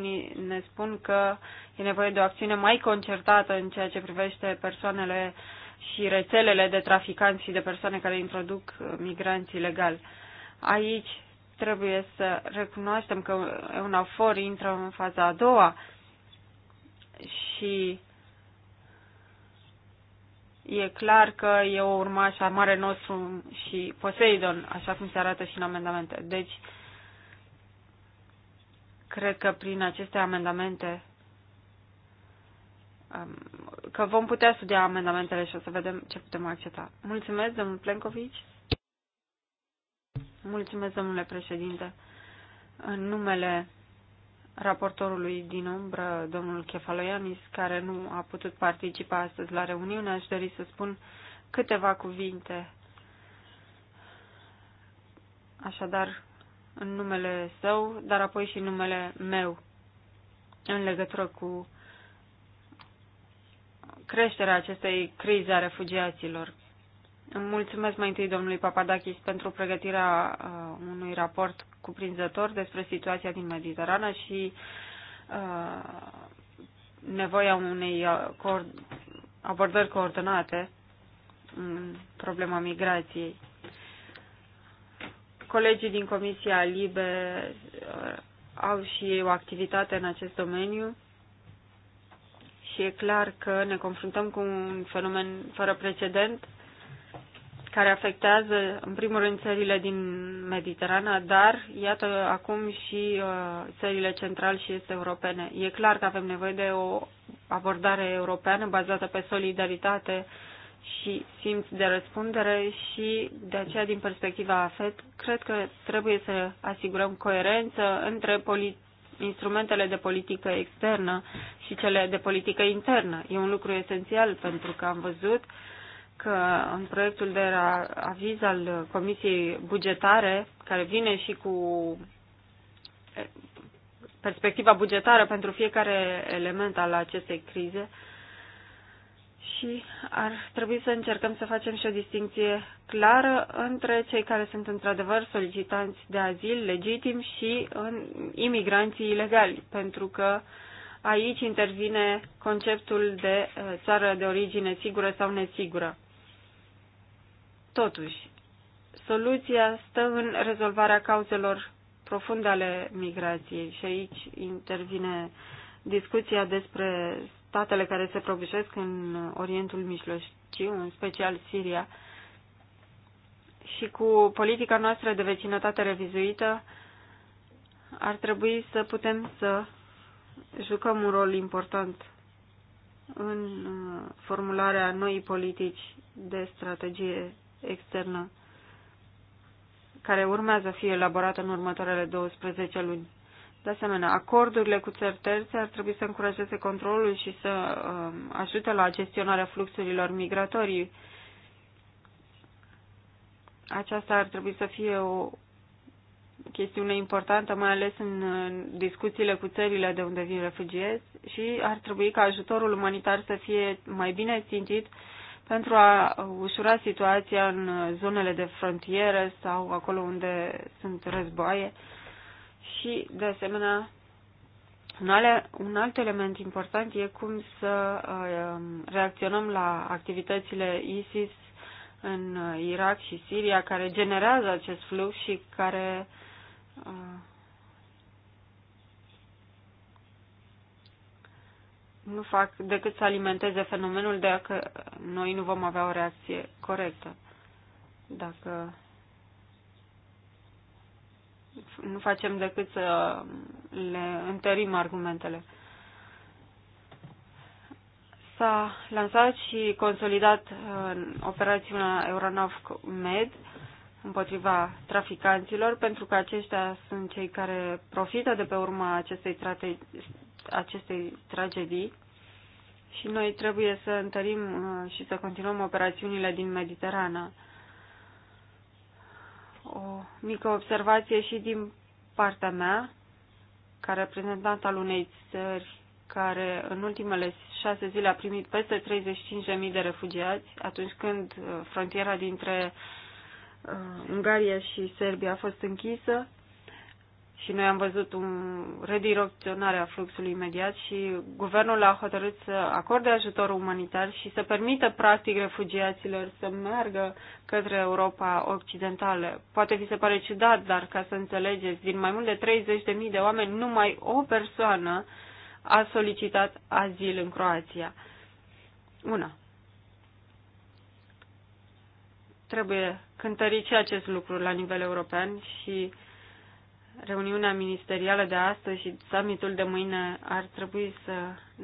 ne spun că e nevoie de o acțiune mai concertată în ceea ce privește persoanele și rețelele de traficanți și de persoane care introduc migranți ilegali. Aici trebuie să recunoaștem că un afor intră în faza a doua și e clar că e o urmașă a mare nostru și Poseidon, așa cum se arată și în amendamente. Deci, cred că prin aceste amendamente um, că vom putea studia amendamentele și o să vedem ce putem accepta. Mulțumesc, domnul Plencovici. Mulțumesc, domnule președinte. În numele raportorului din umbră, domnul Chefaloianis, care nu a putut participa astăzi la reuniune, aș dori să spun câteva cuvinte. Așadar, în numele său, dar apoi și în numele meu, în legătură cu creșterea acestei crize a refugiaților, Mulțumesc mai întâi domnului Papadakis pentru pregătirea uh, unui raport cuprinzător despre situația din Mediterana și uh, nevoia unei uh, abordări coordonate în problema migrației. Colegii din Comisia Libe uh, au și ei o activitate în acest domeniu și e clar că ne confruntăm cu un fenomen fără precedent uh, care afectează, în primul rând, țările din Mediterana, dar, iată, acum și uh, țările central și este europene. E clar că avem nevoie de o abordare europeană bazată pe solidaritate și simț de răspundere și, de aceea, din perspectiva AFET, cred că trebuie să asigurăm coerență între politici instrumentele de politică externă și cele de politică internă. E un lucru esențial pentru că am văzut uh, că în proiectul de aviz al Comisiei Bugetare, care vine și cu eh, perspectiva bugetară pentru fiecare element al acestei crize, și ar trebui să încercăm să facem și o distinție clară între cei care sunt într-adevăr solicitanți de azil legitim și în imigranții ilegali, pentru că aici intervine conceptul de eh, țară de origine sigură sau nesigură. Totuși, soluția stă în rezolvarea cauzelor profunde ale migrației și aici intervine discuția despre statele care se prăbușesc în Orientul Mijlociu, în special Siria, și cu politica noastră de vecinătate revizuită ar trebui să putem să jucăm un rol important în formularea noii politici de strategie externă care urmează să fi elaborată în următoarele 12 luni. De asemenea, acordurile cu țări terțe ar trebui să încurajeze controlul și să uh, ajute la gestionarea fluxurilor migratorii. Aceasta ar trebui să fie o chestiune importantă, mai ales în discuțiile cu țările de unde vin refugiezi și ar trebui ca ajutorul umanitar să fie mai bine țintit uh, pentru a ușura situația în zonele de frontieră sau acolo unde sunt războaie. Și, de asemenea, un alt element important e cum să uh, um, reacționăm la activitățile ISIS în Irak și Siria, care generează acest flux și care uh, nu fac decât să alimenteze fenomenul de că noi nu vom avea o reacție corectă. Dacă nu facem decât să le întărim argumentele. S-a lansat și consolidat uh, operațiunea Euronav Med împotriva traficanților, pentru că aceștia sunt cei care profită de pe urma acestei acestei tragedii și noi trebuie să întărim uh, și să continuăm operațiunile din Mediterana. O mică observație și din partea mea, ca reprezentant al unei țări care în ultimele șase zile a primit peste 35.000 de refugiați, atunci când uh, frontiera dintre uh, Ungaria și Serbia a fost închisă, și noi am văzut o redirecționare a fluxului imediat și guvernul a hotărât să acorde ajutor umanitar și să permită practic refugiaților să meargă către Europa Occidentală. Poate vi se pare ciudat, dar ca să înțelegeți, din mai mult de 30.000 de oameni, numai o persoană a solicitat azil în Croația. Una. Trebuie cântărit și acest lucru la nivel european și reuniunea ministerială de astăzi și summitul de mâine ar trebui să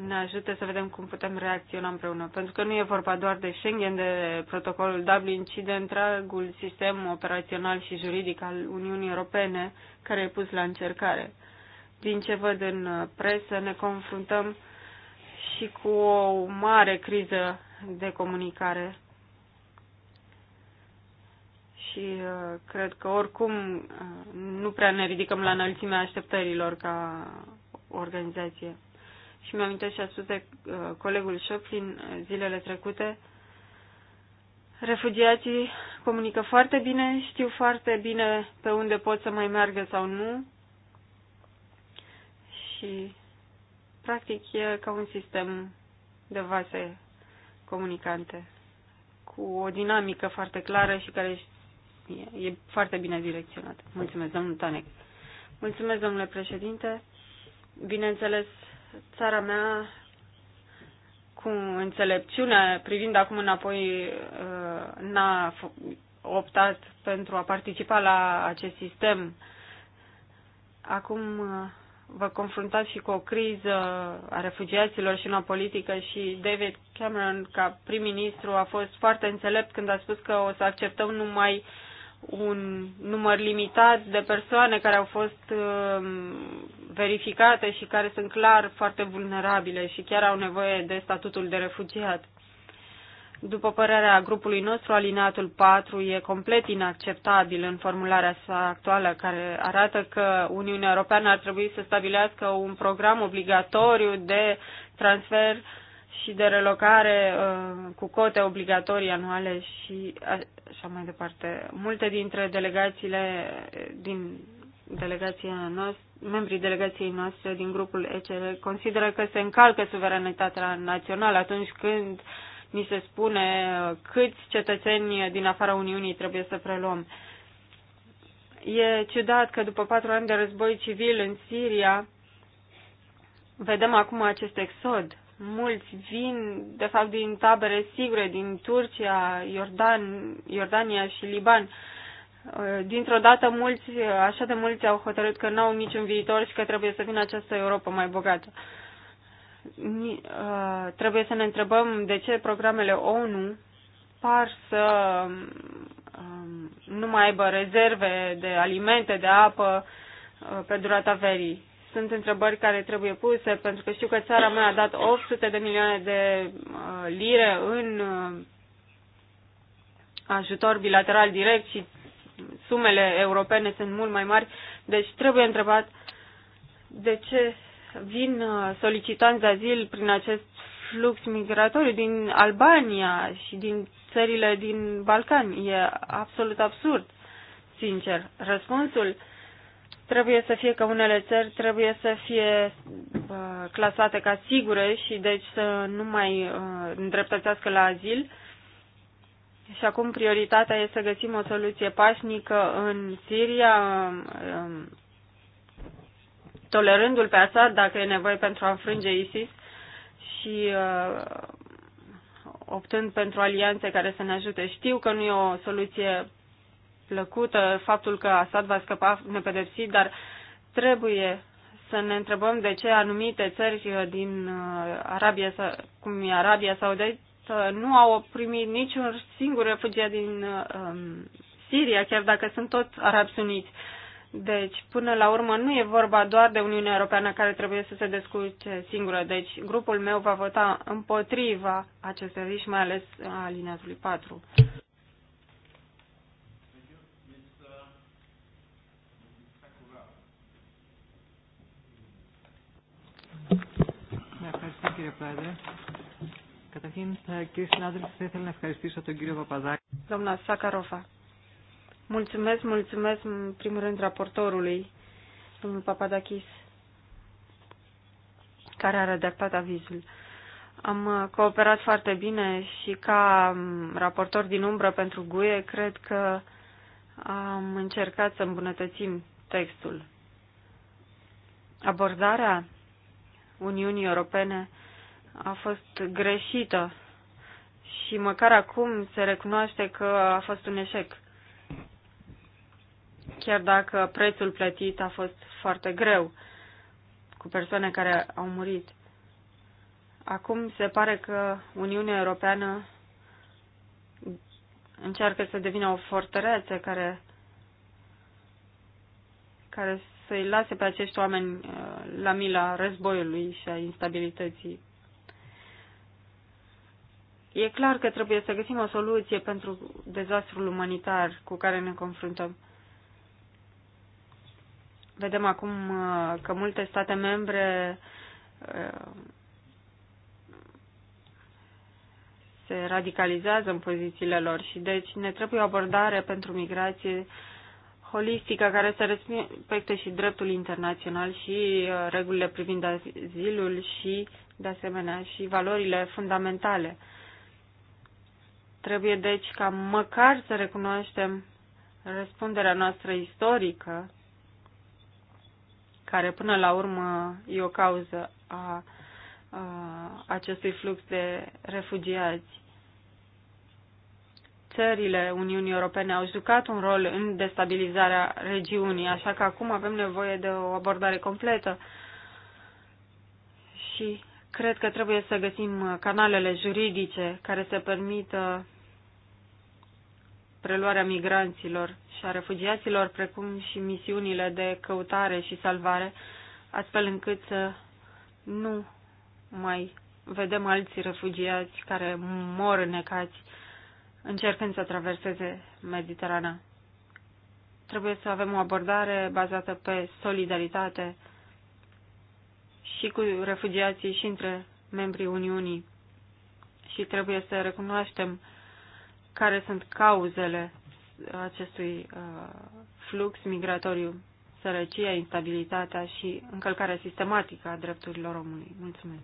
ne ajute să vedem cum putem reacționa împreună. Pentru că nu e vorba doar de Schengen, de protocolul Dublin, ci de întregul sistem operațional și juridic al Uniunii Europene care e pus la încercare. Din ce văd în presă, ne confruntăm și cu o mare criză de comunicare și uh, cred că oricum uh, nu prea ne ridicăm la înălțimea așteptărilor ca organizație. Și mi-am și a spus de uh, colegul Șoplin zilele trecute, refugiații comunică foarte bine, știu foarte bine pe unde pot să mai meargă sau nu și practic e ca un sistem de vase comunicante cu o dinamică foarte clară și care e foarte bine direcționat. Mulțumesc, domnul Tanec. Mulțumesc, domnule președinte. Bineînțeles, țara mea, cu înțelepciune, privind acum înapoi, uh, n-a optat pentru a participa la acest sistem. Acum uh, vă confruntați și cu o criză a refugiaților și una politică și David Cameron, ca prim-ministru, a fost foarte înțelept când a spus că o să acceptăm numai uh, un număr limitat de persoane care au fost um, verificate și care sunt clar foarte vulnerabile și chiar au nevoie de statutul de refugiat. După părerea grupului nostru, alineatul 4 e complet inacceptabil în formularea sa actuală, care arată că Uniunea Europeană ar trebui să stabilească un program obligatoriu de transfer uh, și de relocare uh, cu cote obligatorii anuale și așa mai departe. Multe dintre delegațiile din delegația noastră, membrii delegației noastre din grupul ECR consideră că se încalcă suveranitatea națională atunci când ni se spune uh, câți cetățeni din afara Uniunii trebuie să preluăm. E ciudat că după patru ani de război civil în Siria, vedem acum acest exod Mulți vin, de fapt, din tabere sigure, din Turcia, Iordan, Iordania și Liban. Uh, dintr-o dată, mulți, așa de mulți au hotărât că n-au niciun viitor și că trebuie să vină această Europa mai bogată. Uh, trebuie să ne întrebăm de ce programele ONU par să um, nu mai aibă rezerve de alimente, de apă uh, pe durata verii sunt întrebări care trebuie puse, pentru că știu că țara mea a dat 800 de milioane de uh, lire în uh, ajutor bilateral direct și sumele europene sunt mult mai mari, deci trebuie întrebat de ce vin uh, solicitanți de azil prin acest flux migratoriu din Albania și din țările din Balcani. E absolut absurd, sincer. Răspunsul uh, trebuie să fie că unele țări trebuie să fie uh, clasate ca sigure și deci să nu mai uh, îndreptățească la azil. Și acum prioritatea este să găsim o soluție pașnică în Siria, um, um, tolerându-l pe Assad dacă e nevoie pentru a înfrânge ISIS și uh, optând pentru alianțe care să ne ajute. Știu că nu e o soluție plăcută faptul că Assad va scăpa nepedepsit, dar trebuie să ne întrebăm de ce anumite țări uh, din uh, Arabia, cum e Arabia Saudită, nu au primit niciun singur refugiat din uh, um, Siria, chiar dacă sunt tot arabi suniți. Deci, până la urmă, nu e vorba doar de Uniunea Europeană care trebuie să se descurce singură. Deci, grupul meu va vota împotriva acestei și mai ales alineatului 4. Ευχαριστώ κύριε Πρόεδρε. Καταρχήν, κύριε συνάδελφοι, θα ήθελα να ευχαριστήσω τον κύριο Παπαδάκη. Δόμνα Σάκαροφα. Mulțumesc, mulțumesc în primul rând raportorului, domnul Papadakis, care a redactat avizul. Am uh, cooperat foarte bine și ca um, raportor din umbră pentru GUE, cred că am încercat să îmbunătățim textul. Abordarea Uniunii Europene a fost greșită și măcar acum se recunoaște că a fost un eșec. Chiar dacă prețul plătit a fost foarte greu cu persoane care au murit. Acum se pare că Uniunea Europeană încearcă să devină o fortăreață care, care să-i lase pe acești oameni uh, la mila războiului și a instabilității. E clar că trebuie să găsim o soluție pentru dezastrul umanitar cu care ne confruntăm. Vedem acum uh, că multe state membre uh, se radicalizează în pozițiile lor și deci ne trebuie o abordare pentru migrație uh, holistică care să respecte și dreptul internațional și uh, regulile privind azilul și, de asemenea, și valorile fundamentale. Trebuie, deci, ca măcar să recunoaștem răspunderea noastră istorică, care până la urmă e o cauză a, a acestui flux de refugiați țările Uniunii Europene au jucat un rol în destabilizarea regiunii, așa că acum avem nevoie de o abordare completă și cred că trebuie să găsim canalele juridice care să permită preluarea migranților și a refugiaților, precum și misiunile de căutare și salvare, astfel încât să nu mai vedem alți refugiați care mor necați încercând să traverseze Mediterana. Trebuie să avem o abordare bazată pe solidaritate și cu refugiații și între membrii Uniunii și trebuie să recunoaștem care sunt cauzele acestui uh, flux migratoriu, sărăcia, instabilitatea și încălcarea sistematică a drepturilor omului. Mulțumesc!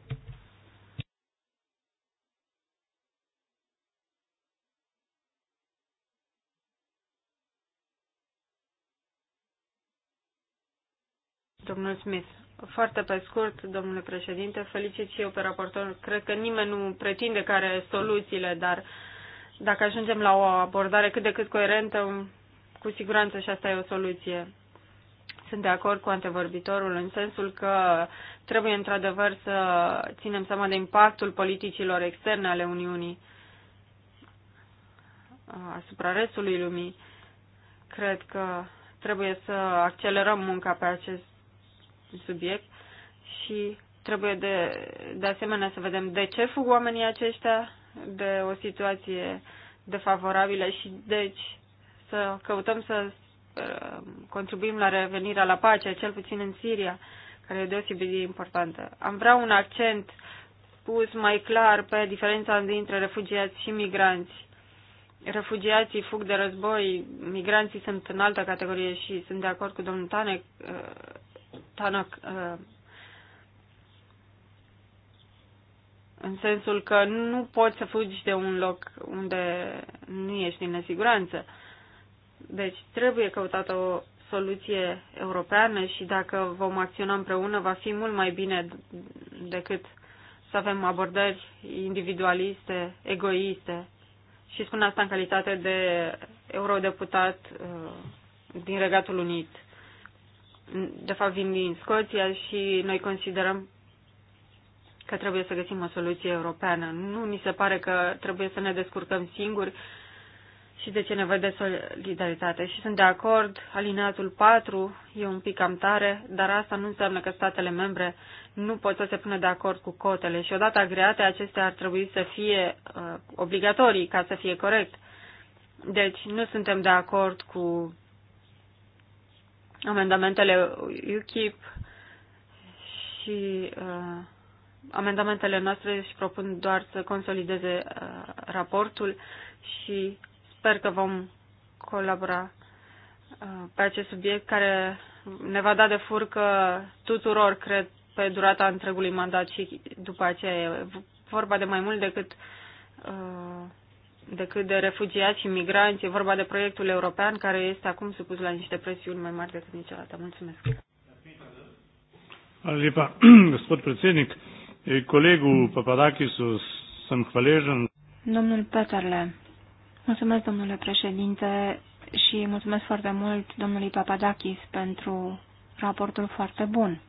Domnul Smith. Foarte pe scurt, domnule președinte, felicit și eu pe raportor. Cred că nimeni nu pretinde că are soluțiile, dar dacă ajungem la o abordare cât de cât coerentă, cu siguranță și asta e o soluție. Sunt de acord cu antevorbitorul în sensul că trebuie într-adevăr să ținem seama de impactul politicilor externe ale Uniunii asupra restului lumii. Cred că trebuie să accelerăm munca pe acest subiect și trebuie de, de asemenea să vedem de ce fug oamenii aceștia de o situație defavorabilă și deci să căutăm să uh, contribuim la revenirea la pace, cel puțin în Siria, care e deosebit de importantă. Am vrea un accent pus mai clar pe diferența dintre refugiați și migranți. Refugiații fug de război, migranții sunt în altă categorie și sunt de acord cu domnul Tanec, uh, Tanak, uh, în sensul că nu poți să fugi de un loc unde nu ești în nesiguranță. Deci trebuie căutată o soluție europeană și dacă vom acționa împreună va fi mult mai bine decât să avem abordări individualiste, egoiste. Și spun asta în calitate de eurodeputat uh, din Regatul Unit de fapt vin din Scoția și noi considerăm că trebuie să găsim o soluție europeană. Nu mi se pare că trebuie să ne descurcăm singuri și de ce nevoie de solidaritate. Și sunt de acord, alineatul 4 e un pic cam tare, dar asta nu înseamnă că statele membre nu pot să se pună de acord cu cotele și odată agreate acestea ar trebui să fie uh, obligatorii ca să fie corect. Deci nu suntem de acord cu amendamentele UKIP și uh, amendamentele noastre își propun doar să consolideze uh, raportul și sper că vom colabora uh, pe acest subiect care ne va da de furcă tuturor, cred, pe durata întregului mandat și după aceea e vorba de mai mult decât uh, decât de refugiați și migranți. E vorba de proiectul european care este acum supus la niște presiuni mai mari decât niciodată. Mulțumesc. Hvala lepa, gospod predsednik. Kolegu Papadakisu sem hvaležen. Domnul Petarle, mulțumesc domnule președinte și mulțumesc foarte mult domnului Papadakis pentru raportul foarte bun.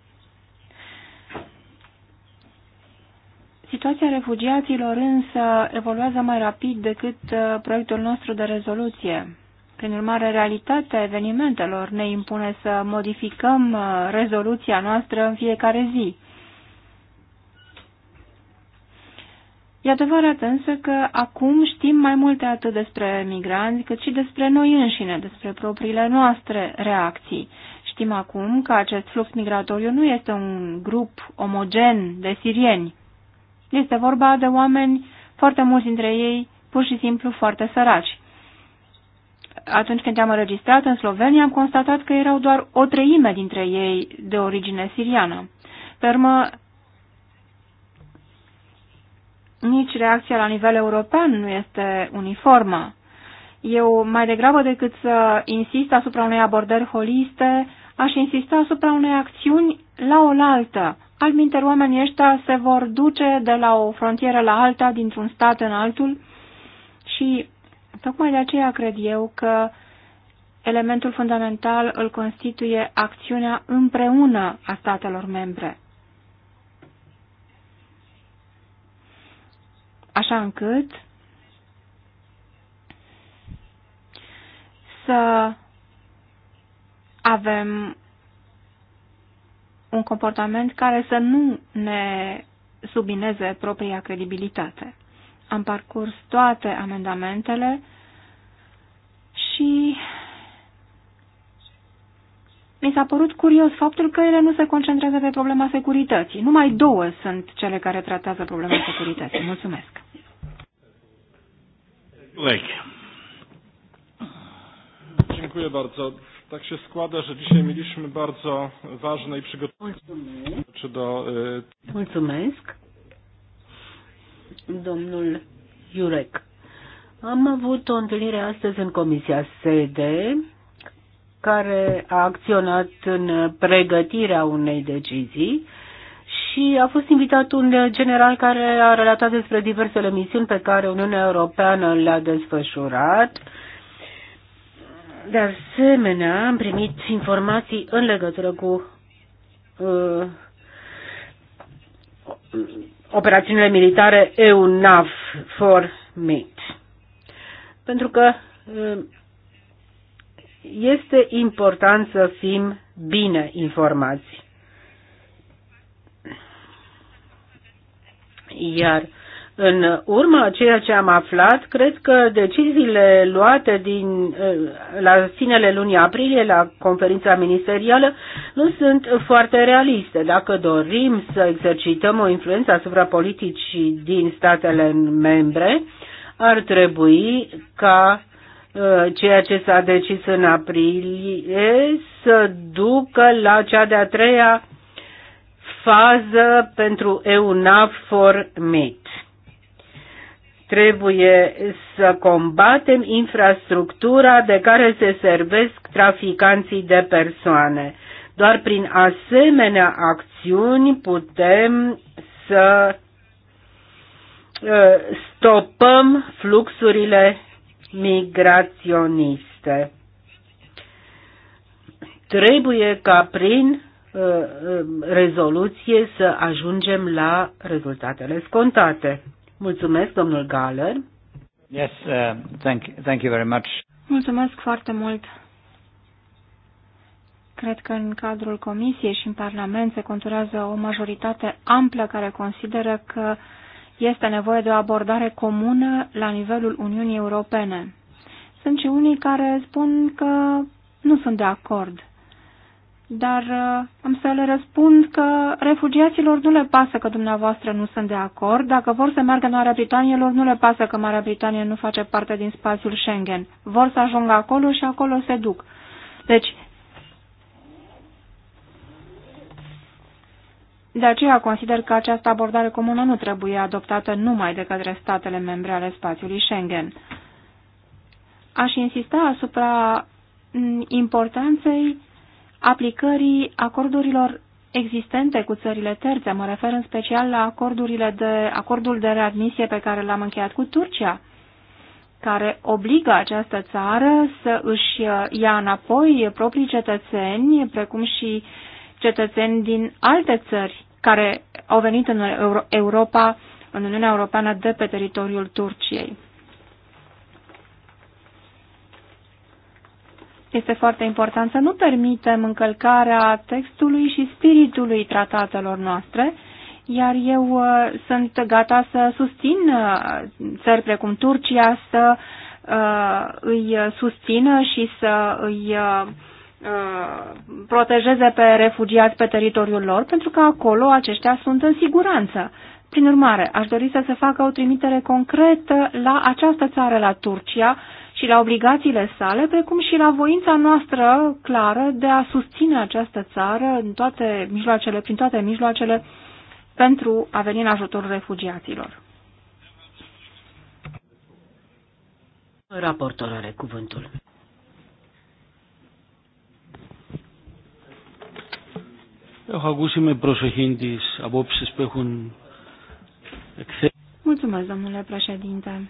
Situația refugiaților însă evoluează mai rapid decât uh, proiectul nostru de rezoluție. Prin urmare, realitatea evenimentelor ne impune să modificăm uh, rezoluția noastră în fiecare zi. E adevărat însă că acum știm mai multe atât despre migranți cât și despre noi înșine, despre propriile noastre reacții. Știm acum că acest flux migratoriu nu este un grup omogen de sirieni. Este vorba de oameni, foarte mulți dintre ei, pur și simplu foarte săraci. Atunci când am înregistrat în Slovenia, am constatat că erau doar o treime dintre ei de origine siriană. Pe urmă, nici reacția la nivel european nu este uniformă. Eu, mai degrabă decât să insist asupra unei abordări holiste, aș insista asupra unei acțiuni la oaltă, Alminter, oamenii ăștia se vor duce de la o frontieră la alta, dintr-un stat în altul și tocmai de aceea cred eu că elementul fundamental îl constituie acțiunea împreună a statelor membre. Așa încât să avem un comportament care să nu ne subineze propria credibilitate. Am parcurs toate amendamentele și mi s-a părut curios faptul că ele nu se concentrează pe problema securității. Numai două sunt cele care tratează problema securității. Mulțumesc. Dziękuję bardzo. Tak się składa, że dzisiaj mieliśmy bardzo ważne i przygotowane do... Mulțumesc. Domnul Jurek. Am avut o întâlnire astăzi în Comisia SEDE care a acționat în pregătirea unei decizii și a fost invitat un general care a relatat despre diversele misiuni pe care Uniunea Europeană le-a desfășurat de asemenea, am primit informații în legătură cu uh, operațiunile militare EUNAV for MIT. Pentru că uh, este important să fim bine informați. Iar uh, în urma a ceea ce am aflat, cred că deciziile luate din, eh, la finele lunii aprilie la conferința ministerială nu sunt foarte realiste. Dacă dorim să exercităm o influență asupra politicii din statele membre, ar trebui ca eh, ceea ce s-a decis în aprilie să ducă la cea de-a treia fază pentru EUNAV for Me. Trebuie să combatem infrastructura de care se servesc traficanții de persoane. Doar prin asemenea acțiuni putem să uh, stopăm fluxurile migraționiste. Trebuie ca prin uh, uh, rezoluție să ajungem la rezultatele scontate. Mulțumesc, domnul Galler. Yes, uh, thank, thank you very much. Mulțumesc foarte mult. Cred că în cadrul Comisiei și în Parlament se conturează o majoritate amplă care consideră că este nevoie de o abordare comună la nivelul Uniunii Europene. Sunt și unii care spun că nu sunt de acord dar uh, am să le răspund că refugiaților nu le pasă că dumneavoastră nu sunt de acord. Dacă vor să meargă în Marea Britanie, lor nu le pasă că Marea Britanie nu face parte din spațiul Schengen. Vor să ajungă acolo și acolo se duc. Deci, de aceea consider că această abordare comună nu trebuie adoptată numai de către statele membre ale spațiului Schengen. Aș insista asupra mm, importanței aplicării acordurilor existente cu țările terțe. Mă refer în special la acordurile de, acordul de readmisie pe care l-am încheiat cu Turcia, care obligă această țară să își uh, ia înapoi proprii cetățeni, precum și cetățeni din alte țări care au venit în Europa, în Uniunea Europeană, de pe teritoriul Turciei. Este foarte important să nu permitem încălcarea textului și spiritului tratatelor noastre, iar eu uh, sunt gata să susțin uh, țări precum Turcia să uh, îi susțină și să îi protejeze pe refugiați pe teritoriul lor, pentru că acolo aceștia sunt în siguranță. Prin urmare, aș dori să se facă o trimitere concretă la această țară, la Turcia, și la obligațiile sale, precum și la voința noastră clară de a susține această țară în toate mijloacele, prin toate mijloacele pentru a veni în ajutorul refugiaților. Raportor are cuvântul. Eu ακούσει με προσοχή τις απόψεις Mulțumesc, domnule președinte.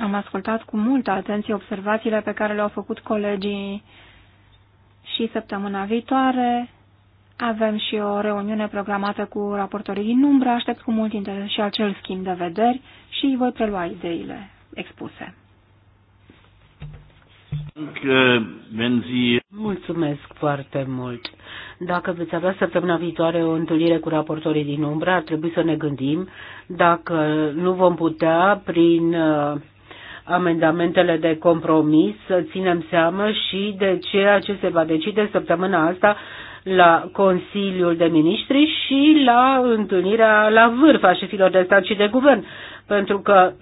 Am ascultat cu multă atenție observațiile pe care le-au făcut colegii și săptămâna viitoare avem și o reuniune programată cu raportorii din umbră. Aștept cu mult interes și acel schimb de vederi și voi prelua ideile expuse. Mulțumesc foarte mult. Dacă veți avea săptămâna viitoare o întâlnire cu raportorii din umbră, ar trebui să ne gândim dacă nu vom putea prin uh, amendamentele de compromis, să ținem seamă și de ceea ce se va decide săptămâna asta la Consiliul de Ministri și la întâlnirea la vârf a șefilor de stat și de guvern, pentru că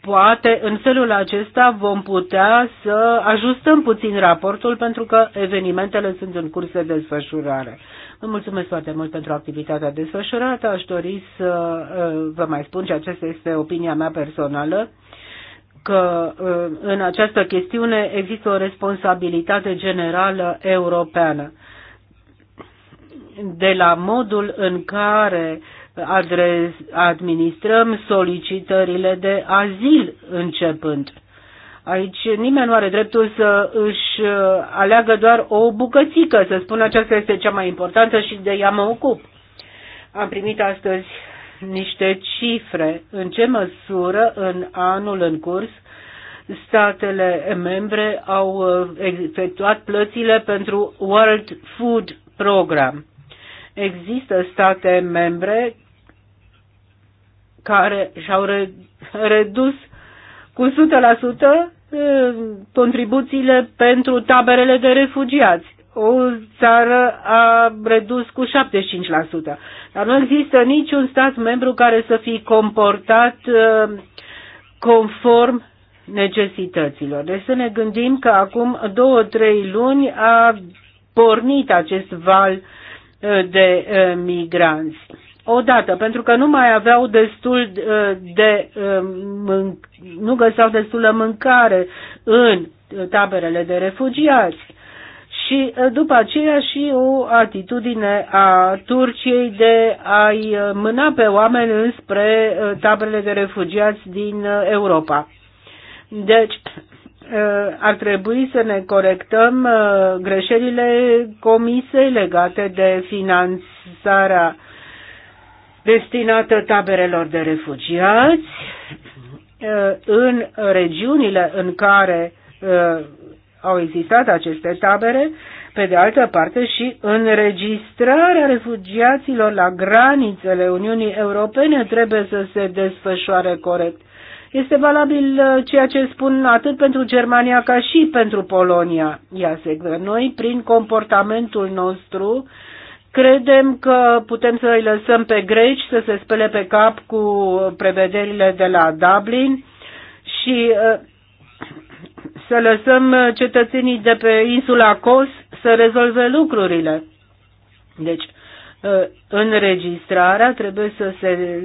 poate în felul acesta vom putea să ajustăm puțin raportul pentru că evenimentele sunt în curs de desfășurare. Vă mulțumesc foarte mult pentru activitatea desfășurată. Aș dori să uh, vă mai spun și aceasta este opinia mea personală că uh, în această chestiune există o responsabilitate generală europeană. De la modul în care uh, adres, administrăm solicitările de azil începând. Aici nimeni nu are dreptul să își uh, aleagă doar o bucățică, să spun aceasta este cea mai importantă și de ea mă ocup. Am primit astăzi niște cifre în ce măsură în anul în curs statele membre au uh, efectuat plățile pentru World Food Program. Există state membre care și-au re- redus cu 100% contribuțiile pentru taberele de refugiați. O țară a redus cu 75%. Dar nu există niciun stat membru care să fi comportat conform necesităților. Deci să ne gândim că acum două, trei luni a pornit acest val Uh, de uh, migranți. Odată, pentru că nu mai aveau destul uh, de, nu găseau destulă mâncare în taberele de refugiați și după aceea și o atitudine a Turciei de a-i mâna pe oameni înspre taberele de refugiați din Europa. Deci, Uh, ar trebui să ne corectăm uh, greșelile comise legate de finanțarea destinată taberelor de refugiați uh, în regiunile în care au existat aceste tabere, pe de altă parte și înregistrarea refugiaților la granițele Uniunii Europene trebuie să se desfășoare corect. Este valabil uh, ceea ce spun atât pentru Germania ca și pentru Polonia. se noi, prin comportamentul nostru, Credem că putem să îi lăsăm pe greci să se spele pe cap cu prevederile de la Dublin și uh, să lăsăm cetățenii de pe insula Kos să rezolve lucrurile. Deci, Ă, înregistrarea trebuie să se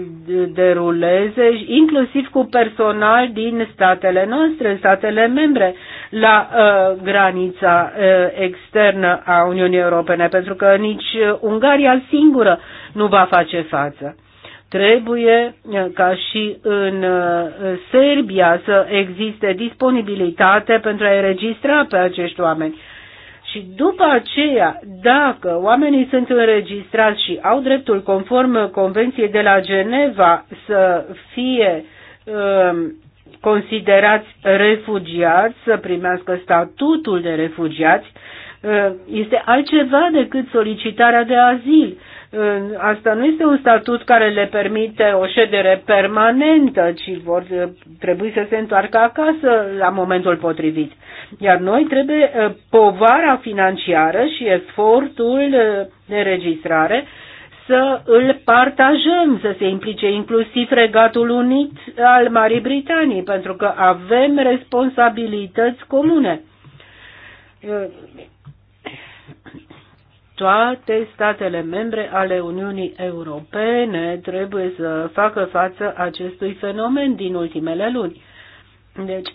deruleze inclusiv cu personal din statele noastre, statele membre, la uh, granița uh, externă a Uniunii Europene, pentru că nici Ungaria singură nu va face față. Trebuie ca și în Serbia să existe disponibilitate pentru a înregistra pe acești oameni și după aceea, dacă oamenii sunt înregistrați și au dreptul conform Convenției de la Geneva să fie um, considerați refugiați, să primească statutul de refugiați, uh, este altceva decât solicitarea de azil. Uh, asta nu este un statut care le permite o ședere permanentă, ci vor uh, trebui să se întoarcă acasă la momentul potrivit. Iar noi trebuie uh, povara financiară și efortul uh, de registrare să îl partajăm, să se implice inclusiv Regatul Unit al Marii Britanii, pentru că avem responsabilități comune. Uh, toate statele membre ale Uniunii Europene trebuie să facă față acestui fenomen din ultimele luni. Deci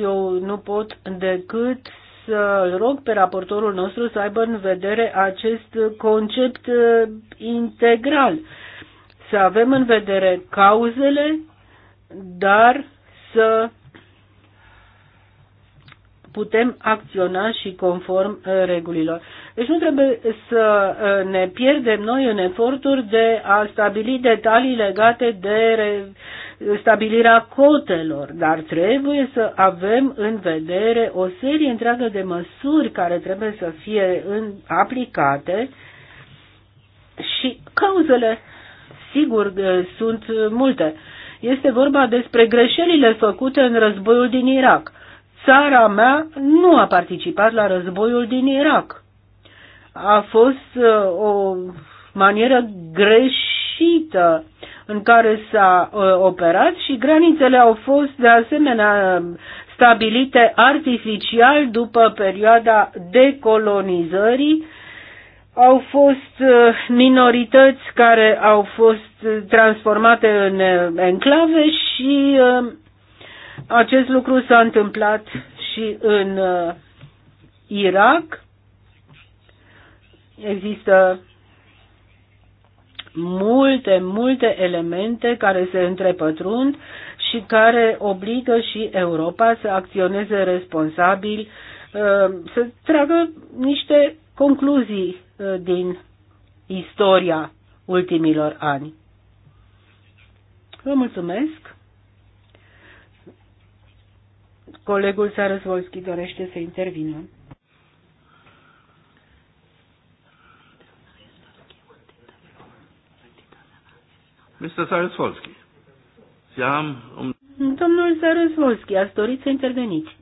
eu nu pot decât să rog pe raportorul nostru să aibă în vedere acest concept uh, integral. Să avem în vedere cauzele, dar să putem acționa și conform uh, regulilor. Deci nu trebuie să uh, ne pierdem noi în eforturi de a stabili detalii legate de stabilirea cotelor, dar trebuie să avem în vedere o serie întreagă de măsuri care trebuie să fie în, aplicate și cauzele, sigur, uh, sunt multe. Este vorba despre greșelile făcute în războiul din Irak. Țara mea nu a participat la războiul din Irak. A fost uh, o manieră greșită greșită în care s-a uh, operat și granițele au fost de asemenea uh, stabilite artificial după perioada decolonizării. Au fost uh, minorități care au fost transformate în enclave și acest lucru s-a întâmplat și în Irak. Există multe, multe elemente care se întrepătrund și care obligă și Europa să acționeze responsabil, uh, să tragă niște concluzii uh, din istoria ultimilor ani. Vă mulțumesc! Colegul Sarăzvolski dorește să intervină. Mr. Sarasvolski. Sie um... Domnul Sarasvolski, ați dorit să interveniți.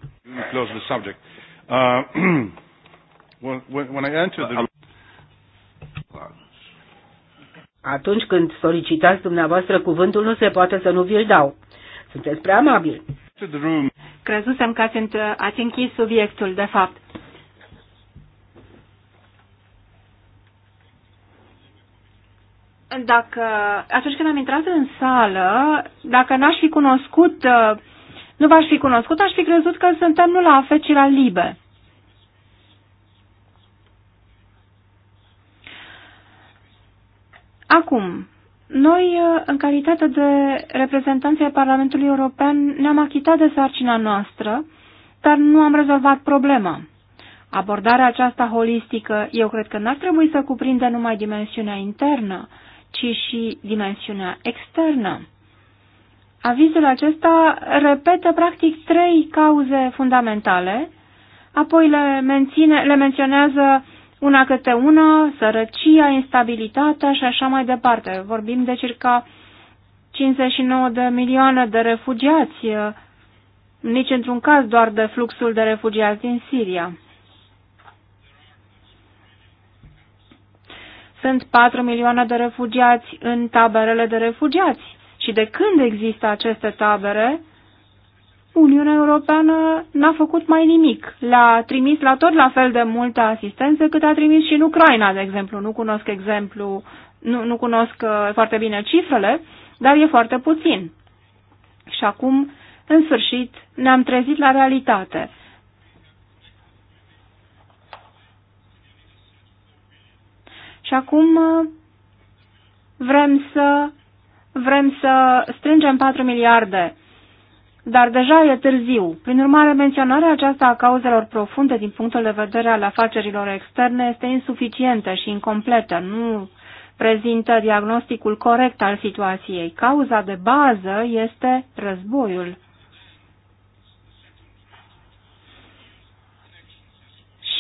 Close the subject. Uh, when, when I entered the... Atunci când solicitați dumneavoastră cuvântul, nu se poate să nu vi-l dau. Sunteți prea amabil. Crezusem că ați închis subiectul, de fapt. dacă, atunci când am intrat în sală, dacă n-aș fi cunoscut, uh, nu v-aș fi cunoscut, aș fi crezut că suntem nu la AFE, ci la LIBE. Acum, noi, uh, în calitate de reprezentanți ai Parlamentului European, ne-am achitat de sarcina noastră, dar nu am rezolvat problema. Abordarea aceasta holistică, eu cred că n-ar trebui să cuprindă numai dimensiunea internă, ci și dimensiunea externă. Avizul acesta repetă practic trei cauze fundamentale, apoi le, menține, le menționează una câte una, sărăcia, instabilitatea și așa mai departe. Vorbim de circa 59 de milioane de refugiați, nici într-un caz doar de fluxul de refugiați din Siria. Sunt 4 milioane de refugiați în taberele de refugiați. Și de când există aceste tabere, Uniunea Europeană n-a făcut mai nimic. le a trimis la tot la fel de multă asistență cât a trimis și în Ucraina, de exemplu. Nu cunosc exemplu, nu, nu cunosc uh, foarte bine cifrele, dar e foarte puțin. Și acum, în sfârșit, ne-am trezit la realitate. Și acum uh, vrem să, vrem să strângem 4 miliarde, dar deja e târziu. Prin urmare, menționarea aceasta a cauzelor profunde din punctul de vedere al afacerilor externe este insuficientă și incompletă, nu prezintă diagnosticul corect al situației. Cauza de bază este războiul.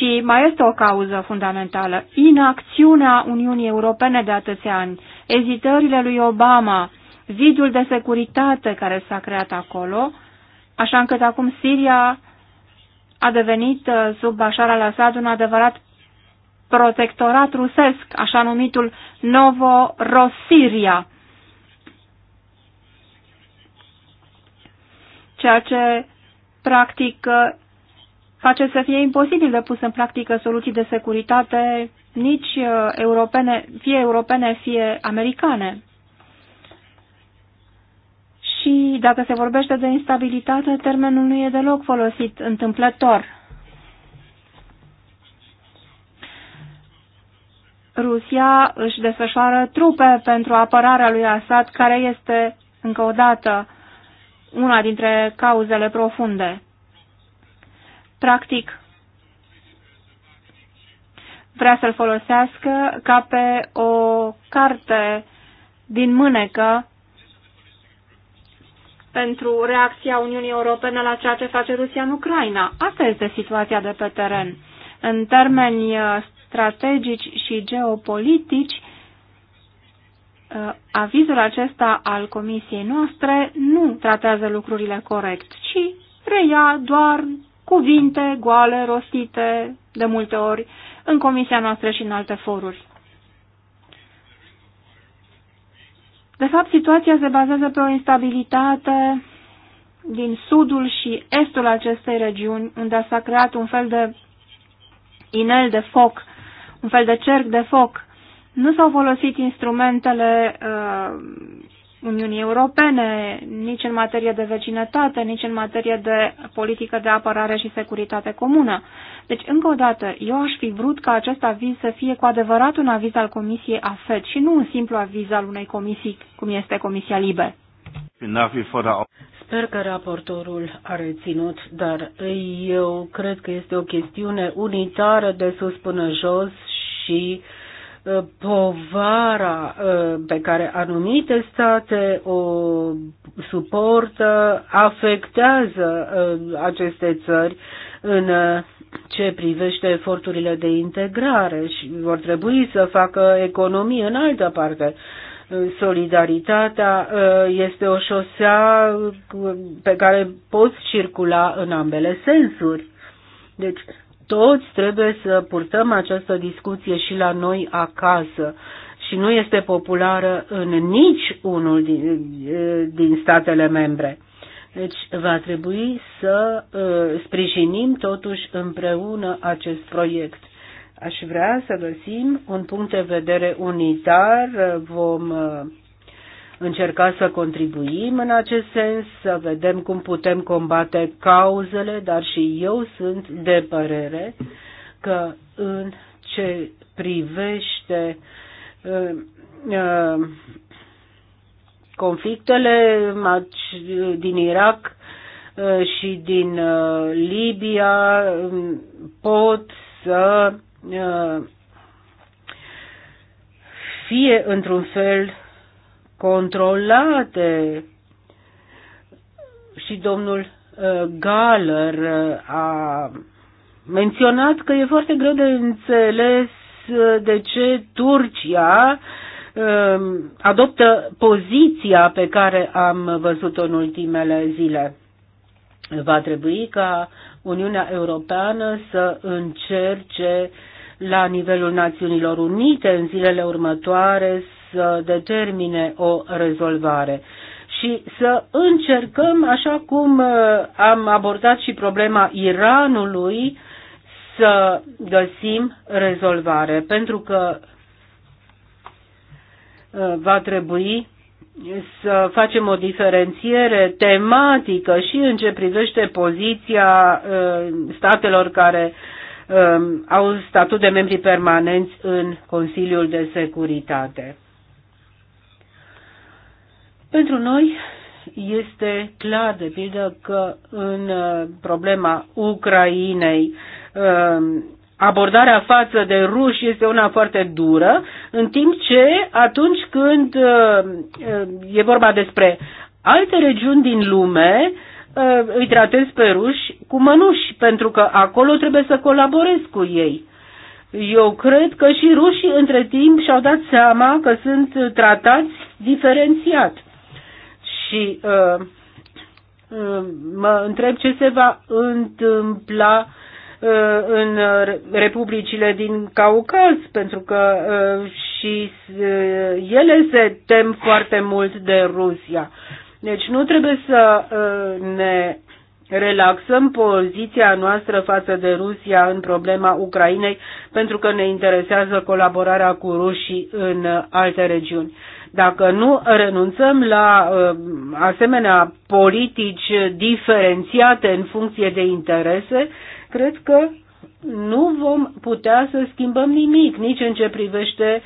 Și mai este o cauză fundamentală, inacțiunea Uniunii Europene de atâția ani, ezitările lui Obama, vidul de securitate care s-a creat acolo, așa încât acum Siria a devenit uh, sub Bashar al-Assad un adevărat protectorat rusesc, așa numitul Novo ceea ce practic uh, face să fie imposibil de pus în practică soluții de securitate nici uh, europene, fie europene, fie americane. Și dacă se vorbește de instabilitate, termenul nu e deloc folosit întâmplător. Rusia își desfășoară trupe pentru apărarea lui Assad, care este, încă o dată, una dintre cauzele profunde practic, vrea să-l folosească ca pe o carte din mânecă pentru reacția Uniunii Europene la ceea ce face Rusia în Ucraina. Asta este situația de pe teren. În termeni uh, strategici și geopolitici, uh, avizul acesta al comisiei noastre nu tratează lucrurile corect, ci reia doar cuvinte goale, rostite, de multe ori, în comisia noastră și în alte foruri. De fapt, situația se bazează pe o instabilitate din sudul și estul acestei regiuni, unde s-a creat un fel de inel de foc, un fel de cerc de foc. Nu s-au folosit instrumentele uh, Uniunii Europene, nici în materie de vecinătate, nici în materie de politică de apărare și securitate comună. Deci, încă o dată, eu aș fi vrut ca acest aviz să fie cu adevărat un aviz al Comisiei AFED și nu un simplu aviz al unei comisii, cum este Comisia Libe. Sper că raportorul a reținut, dar eu cred că este o chestiune unitară de sus până jos și uh, Uh, povara uh, pe care anumite state o suportă afectează uh, aceste țări în ce privește eforturile de integrare și vor trebui să facă economie în altă parte. Solidaritatea este o șosea pe care poți circula în ambele sensuri. Deci toți trebuie să purtăm această discuție și la noi acasă și nu este populară în nici unul din, din statele membre. Deci va trebui să uh, sprijinim totuși împreună acest proiect. Aș vrea să găsim un punct de vedere unitar, uh, vom uh, încerca să contribuim în acest sens, să vedem cum putem combate cauzele, dar și eu sunt de părere că în ce privește uh, uh, conflictele din Irak uh, și din Libia um, pot să fie într-un fel controlate. Și domnul uh, Galler uh, a menționat că e foarte greu de înțeles uh, de ce Turcia adoptă poziția pe care am văzut-o în ultimele zile. Va trebui ca Uniunea Europeană să încerce la nivelul Națiunilor Unite în zilele următoare să determine o rezolvare și să încercăm, așa cum uh, am abordat și problema Iranului, să găsim rezolvare, pentru că uh, va trebui să facem o diferențiere tematică și în ce privește poziția uh, statelor care um, au statut de membri permanenți în Consiliul de Securitate. Pentru noi este clar, de pildă, că în uh, problema Ucrainei um, abordarea față de ruși este una foarte dură, în timp ce atunci când uh, uh, e vorba despre alte regiuni din lume, îi tratez pe ruși cu mănuși, pentru că acolo trebuie să colaborez cu ei. Eu cred că și rușii între timp și-au dat seama că sunt tratați diferențiat și uh, uh, mă întreb ce se va întâmpla uh, în republicile din Caucaz, pentru că uh, și uh, ele se tem foarte mult de Rusia. Deci nu trebuie să ne relaxăm poziția noastră față de Rusia în problema Ucrainei, pentru că ne interesează colaborarea cu rușii în alte regiuni. Dacă nu renunțăm la uh, asemenea politici diferențiate în funcție de interese, cred că nu vom putea să schimbăm nimic, nici în ce privește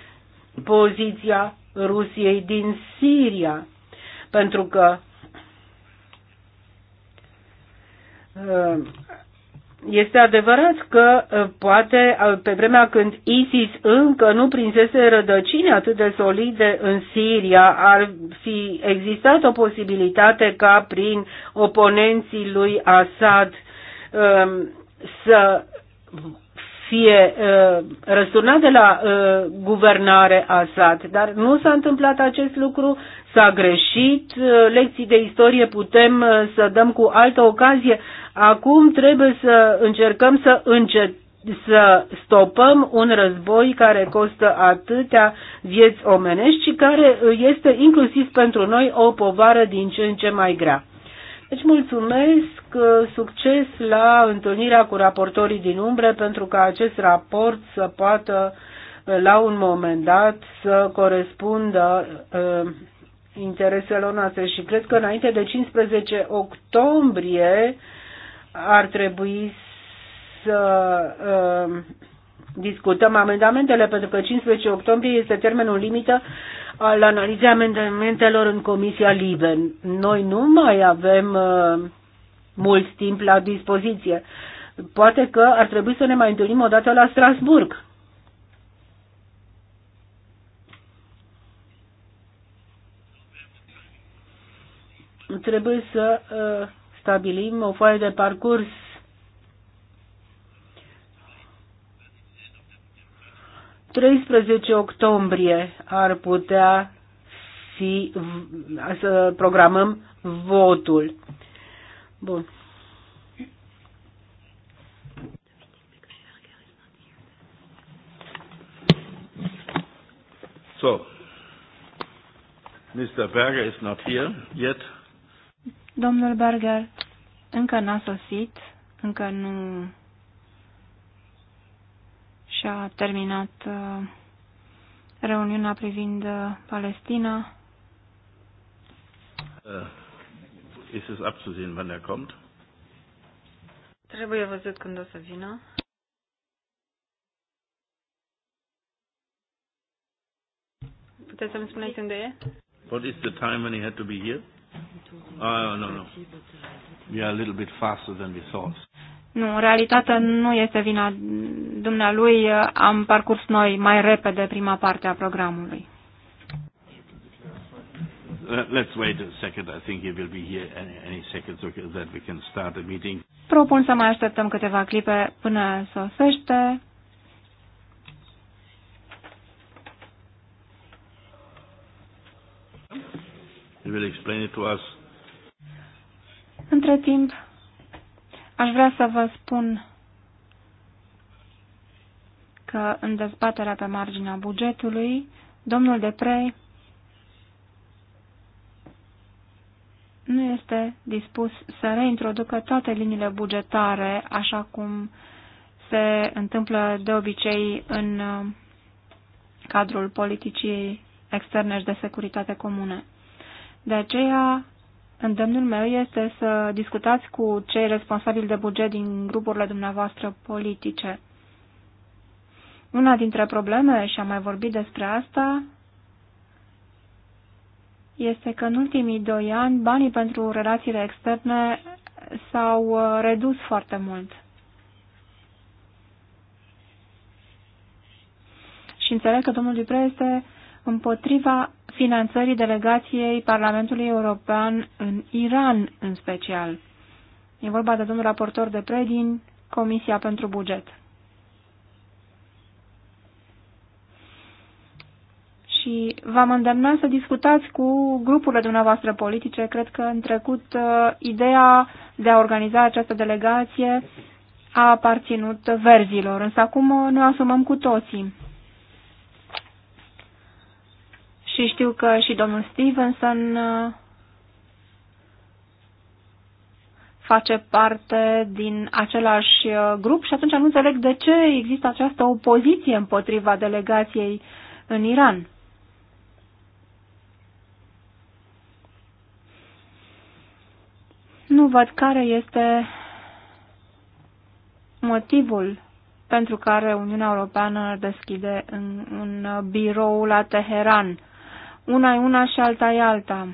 poziția Rusiei din Siria. Pentru că uh, este adevărat că ă, poate ă, pe vremea când ISIS încă nu prinsese rădăcini atât de solide în Siria, ar fi existat o posibilitate ca prin oponenții lui Assad ă, să fie răsturnat de la guvernare Assad. Dar nu s-a întâmplat acest lucru, s-a greșit, lecții de istorie putem să dăm cu altă ocazie, Acum trebuie să încercăm să încet, să stopăm un război care costă atâtea vieți omenești și care este inclusiv pentru noi o povară din ce în ce mai grea. Deci mulțumesc, succes la întâlnirea cu raportorii din umbre pentru ca acest raport să poată la un moment dat să corespundă uh, intereselor noastre și cred că înainte de 15 octombrie uh, ar trebui să um, discutăm amendamentele, pentru că 15 octombrie este termenul limită al analizei amendamentelor în Comisia Libe. Noi nu mai avem uh, mult timp la dispoziție. Poate că ar trebui să ne mai întâlnim o dată la Strasburg. Trebuie să uh, stabilim o foaie de parcurs ...13 octombrie ar putea fi să programăm votul. Bun. So, Mr. Berger is not here yet. Domnul Berger încă n-a sosit, încă nu și-a terminat uh, reuniunea privind uh, Palestina. Uh, ist es abzusehen, wann er kommt? Trebuie văzut când o să vină. Puteți să-mi spuneți unde e? What is the time when he had to be here? Uh, no, no. We a little bit faster than we thought. Nu, în realitate nu este vina dumnealui. Am parcurs noi mai repede prima parte a programului. Let's wait a second. I think he will be here any, any second so that we can start the meeting. Propun să mai așteptăm câteva clipe până sosește. He will explain it to us. Între timp, aș vrea să vă spun că în dezbaterea pe marginea bugetului, domnul Deprei nu este dispus să reintroducă toate liniile bugetare, așa cum se întâmplă de obicei în uh, cadrul politicii externe și de securitate comune. De aceea, îndemnul meu este să discutați cu cei responsabili de buget din grupurile dumneavoastră politice. Una dintre probleme, și am mai vorbit despre asta, este că în ultimii doi ani banii pentru relațiile externe s-au uh, redus foarte mult. Și înțeleg că domnul Dupre este împotriva finanțării delegației Parlamentului European în Iran în special. E vorba de domnul raportor de din Comisia pentru Buget. și v-am îndemnat să discutați cu grupurile dumneavoastră politice. Cred că în trecut uh, ideea de a organiza această delegație a aparținut verzilor, însă acum uh, ne asumăm cu toții. și știu că și domnul Stevenson uh, face parte din același uh, grup și atunci nu înțeleg de ce există această opoziție împotriva delegației în Iran. Nu văd care este motivul pentru care Uniunea Europeană deschide un birou la Teheran una e una și alta e alta.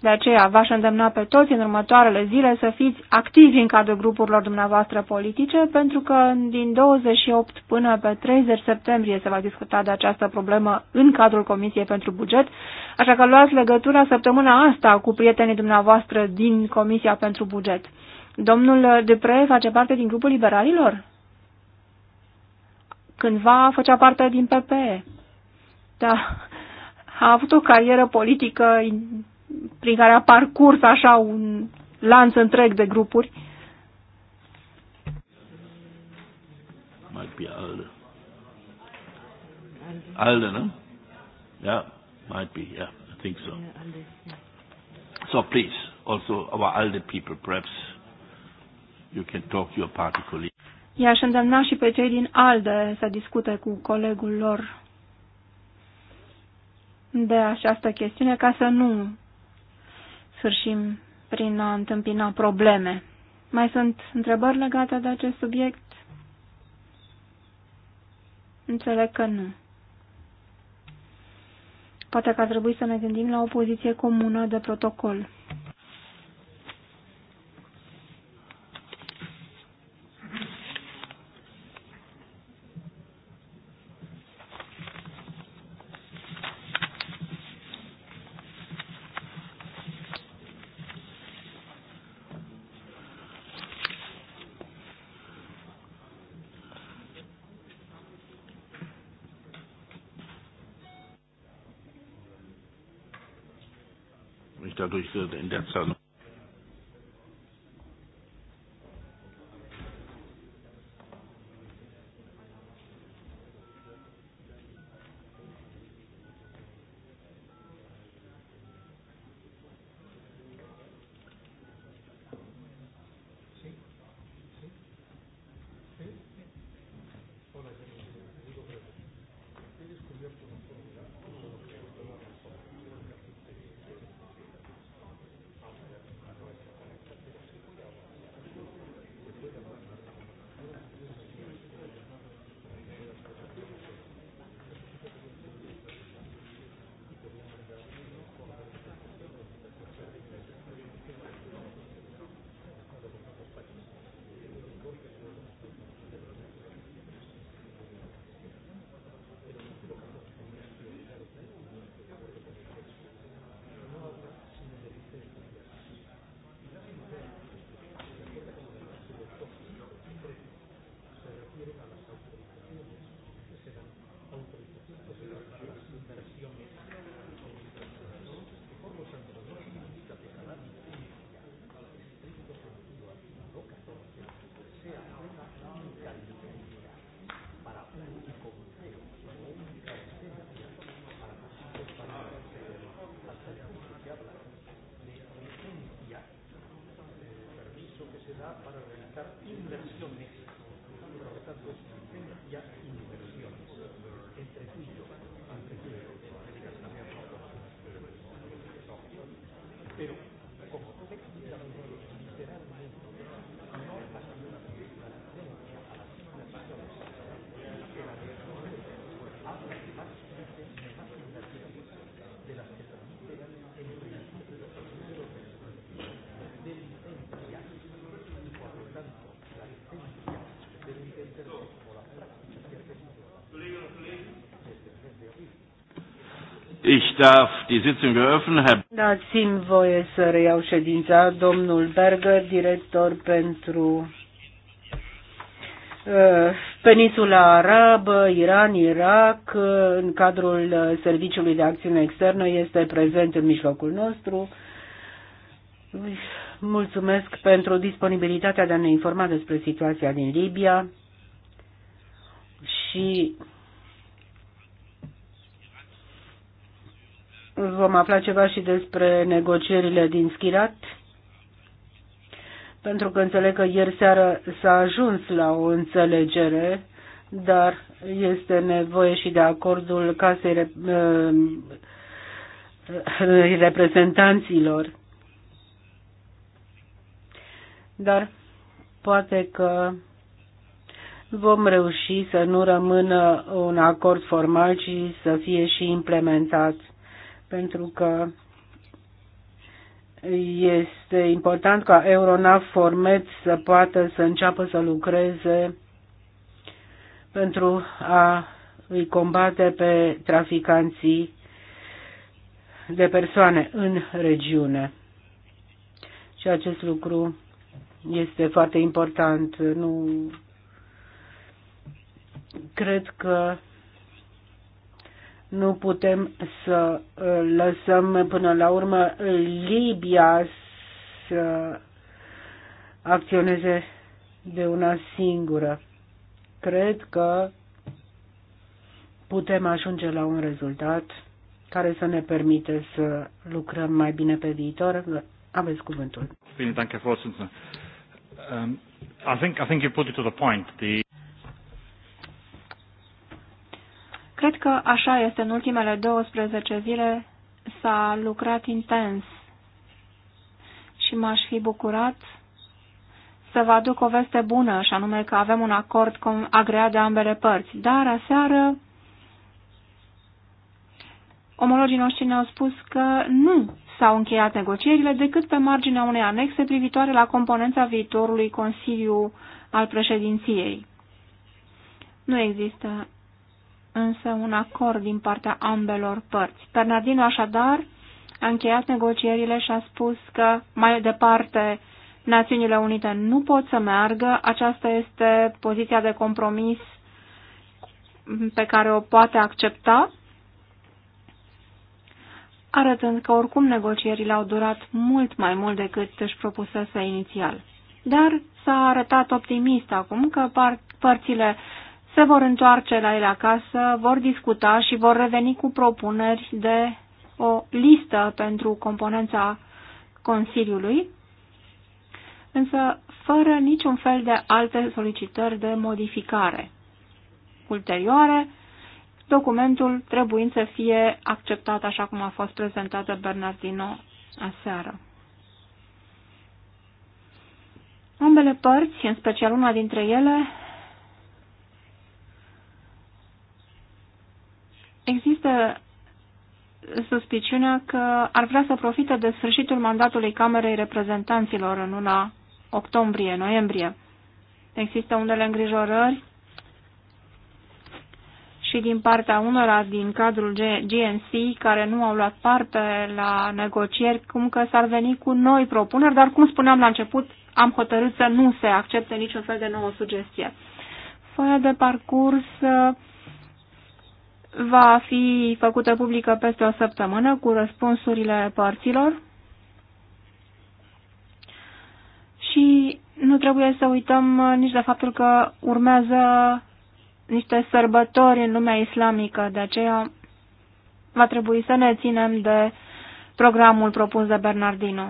De aceea v-aș îndemna pe toți în următoarele zile să fiți activi în cadrul grupurilor dumneavoastră politice, pentru că din 28 până pe 30 septembrie se va discuta de această problemă în cadrul Comisiei pentru Buget, așa că luați legătura săptămâna asta cu prietenii dumneavoastră din Comisia pentru Buget. Domnul Depre face parte din grupul liberalilor? Cândva făcea parte din PPE. Da. A avut o carieră politică prin care a parcurs așa un lanț întreg de grupuri. Might be Alde. Alde, nu? Yeah, might be, yeah, I think so. So please, also our Alde people, perhaps you can talk your party colleagues I-aș îndemna și pe cei din ALDE să discute cu colegul lor de această chestiune ca să nu sfârșim prin a întâmpina probleme. Mai sunt întrebări legate de acest subiect? Înțeleg că nu. Poate că ar trebui să ne gândim la o poziție comună de protocol. mich dadurch in der Zeit darf die Sitzung eröffnen. Herr Dați-mi voie să reiau ședința. Domnul Berger, director pentru uh, Peninsula Arabă, Iran, Irak, uh, în cadrul uh, Serviciului de Acțiune Externă, este prezent în mijlocul nostru. Mulțumesc pentru disponibilitatea de a ne informa despre situația din Libia și vom afla ceva și despre negocierile din Schirat, pentru că înțeleg că ieri seară s-a ajuns la o înțelegere, dar este nevoie și de acordul casei uh, uh, reprezentanților. Dar poate că vom reuși să nu rămână un acord formal, ci să fie și implementat pentru că este important ca Euronav Formet să poată să înceapă să lucreze pentru a îi combate pe traficanții de persoane în regiune. Și acest lucru este foarte important. Nu cred că nu putem să uh, lăsăm până la urmă Libia să acționeze de una singură. Cred că putem ajunge la un rezultat care să ne permite să lucrăm mai bine pe viitor. Aveți cuvântul. Bine, danke, Vorsitzende. Um, I think I think you put it to the point. The Cred că așa este în ultimele 12 zile s-a lucrat intens și m-aș fi bucurat să vă aduc o veste bună, și anume că avem un acord agreat de ambele părți. Dar aseară omologii noștri ne-au spus că nu s-au încheiat negocierile decât pe marginea unei anexe privitoare la componența viitorului Consiliu al președinției. Nu există însă un acord din partea ambelor părți. Bernardino așadar a încheiat negocierile și a spus că mai departe Națiunile Unite nu pot să meargă, aceasta este poziția de compromis pe care o poate accepta, arătând că oricum negocierile au durat mult mai mult decât își propusese inițial. Dar s-a arătat optimist acum că părțile se vor întoarce la el acasă, vor discuta și vor reveni cu propuneri de o listă pentru componența Consiliului, însă fără niciun fel de alte solicitări de modificare. Ulterioare, documentul trebuind să fie acceptat așa cum a fost prezentată Bernardino aseară. Ambele părți, în special una dintre ele, Există suspiciunea că ar vrea să profite de sfârșitul mandatului Camerei Reprezentanților în luna octombrie-noiembrie. Există unele îngrijorări și din partea unora din cadrul GNC care nu au luat parte la negocieri, cum că s-ar veni cu noi propuneri, dar cum spuneam la început, am hotărât să nu se accepte niciun fel de nouă sugestie. Foaia de parcurs va fi făcută publică peste o săptămână cu răspunsurile părților. Și nu trebuie să uităm nici de faptul că urmează niște sărbători în lumea islamică, de aceea va trebui să ne ținem de programul propus de Bernardino.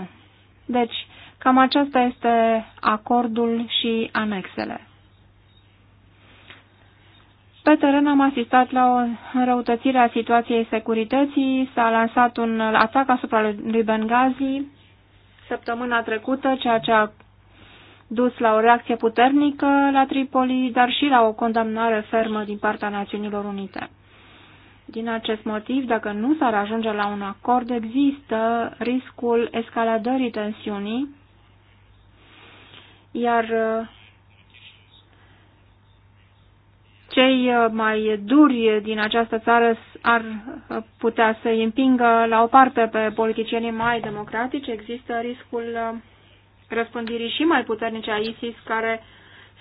Deci, cam aceasta este acordul și anexele. Pe teren am asistat la o înrăutățire a situației securității, s-a lansat un atac asupra lui Benghazi săptămâna trecută, ceea ce a dus la o reacție puternică la Tripoli, dar și la o condamnare fermă din partea Națiunilor Unite. Din acest motiv, dacă nu s-ar ajunge la un acord, există riscul escaladării tensiunii, iar cei uh, mai duri din această țară ar uh, putea să îi împingă la o parte pe politicienii mai democratici, există riscul uh, răspândirii și mai puternice a ISIS care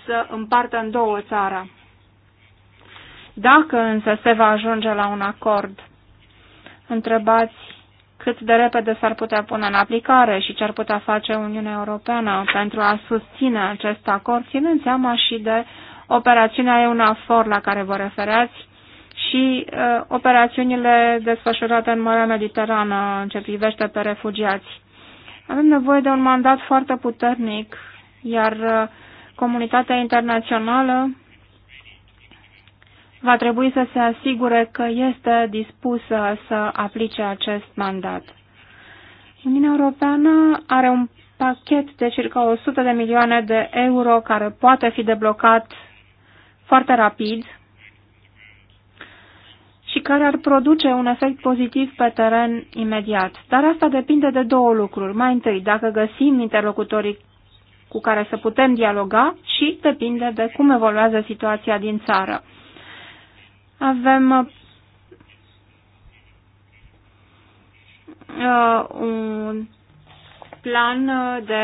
să împartă în două țara. Dacă însă se va ajunge la un acord, întrebați cât de repede s-ar putea pune în aplicare și ce ar putea face Uniunea Europeană pentru a susține acest acord, ținând seama și de operațiunea EUNAFOR la care vă referați și uh, operațiunile desfășurate în Marea Mediterană în ce privește pe refugiați. Avem nevoie de un mandat foarte puternic, iar uh, comunitatea internațională va trebui să se asigure că este dispusă să aplice acest mandat. Uniunea Europeană are un pachet de circa 100 de milioane de euro care poate fi deblocat foarte rapid și care ar produce un efect pozitiv pe teren imediat. Dar asta depinde de două lucruri. Mai întâi, dacă găsim interlocutorii cu care să putem dialoga și depinde de cum evoluează situația din țară. Avem uh, un plan de,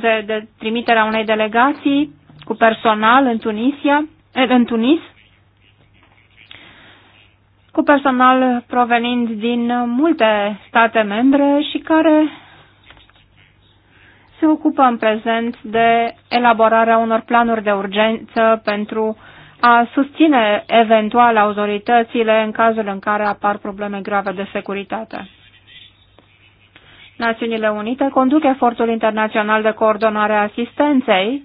de, de trimiterea unei delegații cu personal în Tunisia în Tunis, cu personal provenind din multe state membre și care se ocupă în prezent de elaborarea unor planuri de urgență pentru a susține eventual autoritățile în cazul în care apar probleme grave de securitate. Națiunile Unite conduc efortul internațional de coordonare a asistenței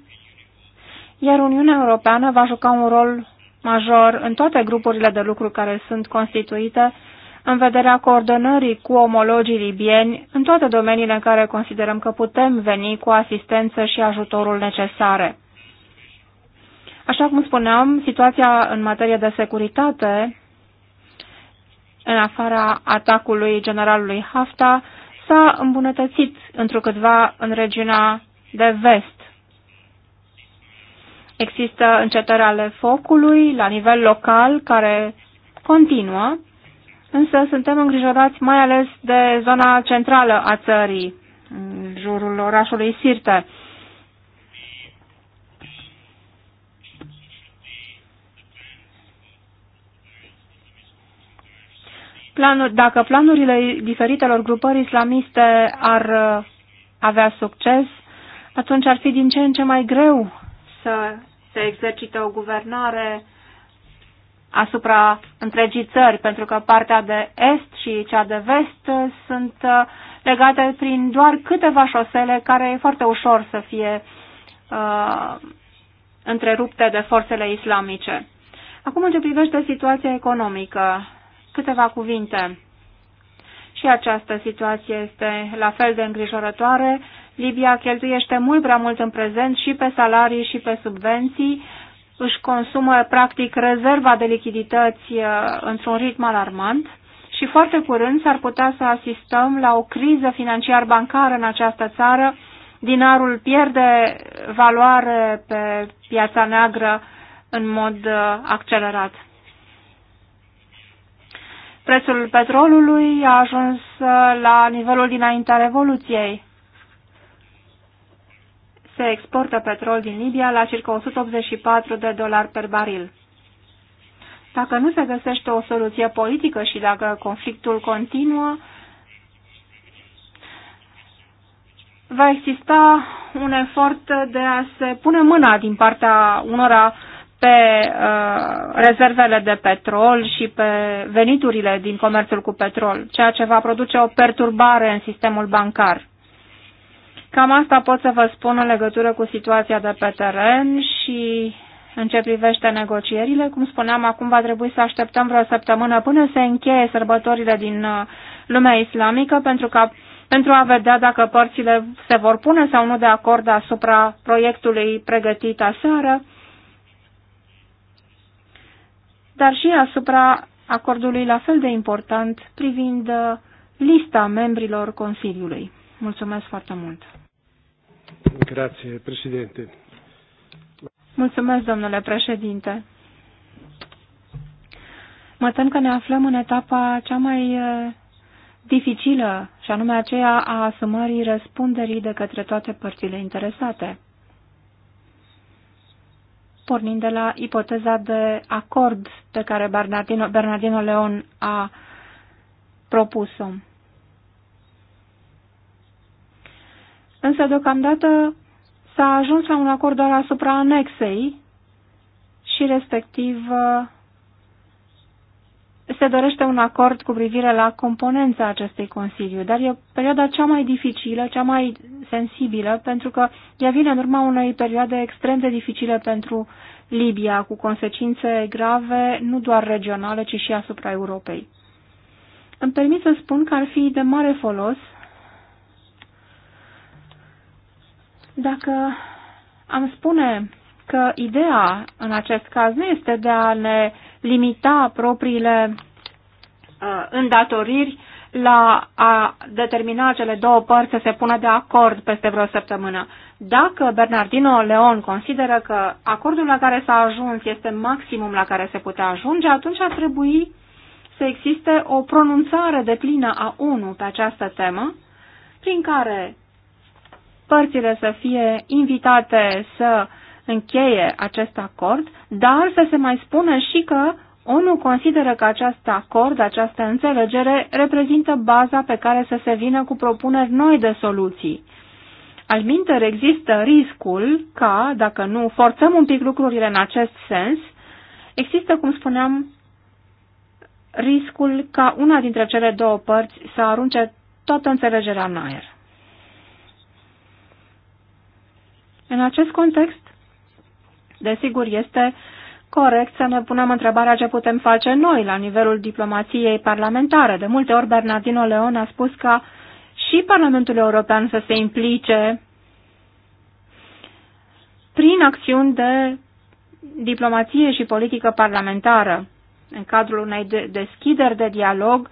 iar Uniunea Europeană va juca un rol major în toate grupurile de lucru care sunt constituite în vederea coordonării cu omologii libieni în toate domeniile în care considerăm că putem veni cu asistență și ajutorul necesare. Așa cum spuneam, situația în materie de securitate, în afara atacului generalului Hafta, s-a îmbunătățit câtva în regiunea de vest. Există încetări ale focului la nivel local care continuă, însă suntem îngrijorați mai ales de zona centrală a țării, în jurul orașului Sirte. planuri, dacă planurile diferitelor grupări islamiste ar uh, avea succes, atunci ar fi din ce în ce mai greu să se exercită o guvernare asupra întregii țări, pentru că partea de est și cea de vest sunt uh, legate prin doar câteva șosele care e foarte ușor să fie uh, întrerupte de forțele islamice. Acum, în ce privește situația economică, câteva cuvinte. Și această situație este la fel de îngrijorătoare, Libia cheltuiește mult prea mult în prezent și pe salarii și pe subvenții, își consumă practic rezerva de lichidități uh, într-un ritm alarmant și foarte curând s-ar putea să asistăm la o criză financiar-bancară în această țară. Dinarul pierde valoare pe piața neagră în mod uh, accelerat. Prețul petrolului a ajuns uh, la nivelul dinaintea Revoluției se exportă petrol din Libia la circa 184 de dolari per baril. Dacă nu se găsește o soluție politică și dacă conflictul continuă, va exista un efort de a se pune mâna din partea unora pe uh, rezervele de petrol și pe veniturile din comerțul cu petrol, ceea ce va produce o perturbare în sistemul bancar. Cam asta pot să vă spun în legătură cu situația de pe teren și în ce privește negocierile. Cum spuneam, acum va trebui să așteptăm vreo săptămână până se încheie sărbătorile din uh, lumea islamică pentru, ca, pentru a vedea dacă părțile se vor pune sau nu de acord asupra proiectului pregătit aseară, dar și asupra acordului la fel de important privind uh, lista membrilor Consiliului. Mulțumesc foarte mult! președinte. Mulțumesc, domnule președinte. Mă tem că ne aflăm în etapa cea mai dificilă, și anume aceea a asumării răspunderii de către toate părțile interesate. Pornind de la ipoteza de acord pe care Bernardino, Bernardino Leon a propus-o. Însă, deocamdată, s-a ajuns la un acord doar asupra anexei și, respectiv, uh, se dorește un acord cu privire la componența acestui Consiliu, dar e perioada cea mai dificilă, cea mai sensibilă, pentru că ea vine în urma unei perioade extrem de dificile pentru Libia, cu consecințe grave nu doar regionale, ci și asupra Europei. Îmi permit să spun că ar fi de mare folos Dacă am spune că ideea în acest caz nu este de a ne limita propriile uh, îndatoriri la a determina cele două părți să se pună de acord peste vreo săptămână. Dacă Bernardino Leon consideră că acordul la care s-a ajuns este maximum la care se putea ajunge, atunci ar trebui să existe o pronunțare de plină a ONU pe această temă, prin care părțile să fie invitate să încheie acest acord, dar să se mai spună și că ONU consideră că acest acord, această înțelegere, reprezintă baza pe care să se vină cu propuneri noi de soluții. Alminter există riscul ca, dacă nu forțăm un pic lucrurile în acest sens, există, cum spuneam, riscul ca una dintre cele două părți să arunce toată înțelegerea în aer. În acest context, desigur, este corect să ne punem întrebarea ce putem face noi la nivelul diplomației parlamentare. De multe ori Bernardino Leon a spus că și Parlamentul European să se implice prin acțiuni de diplomație și politică parlamentară, în cadrul unei deschideri de dialog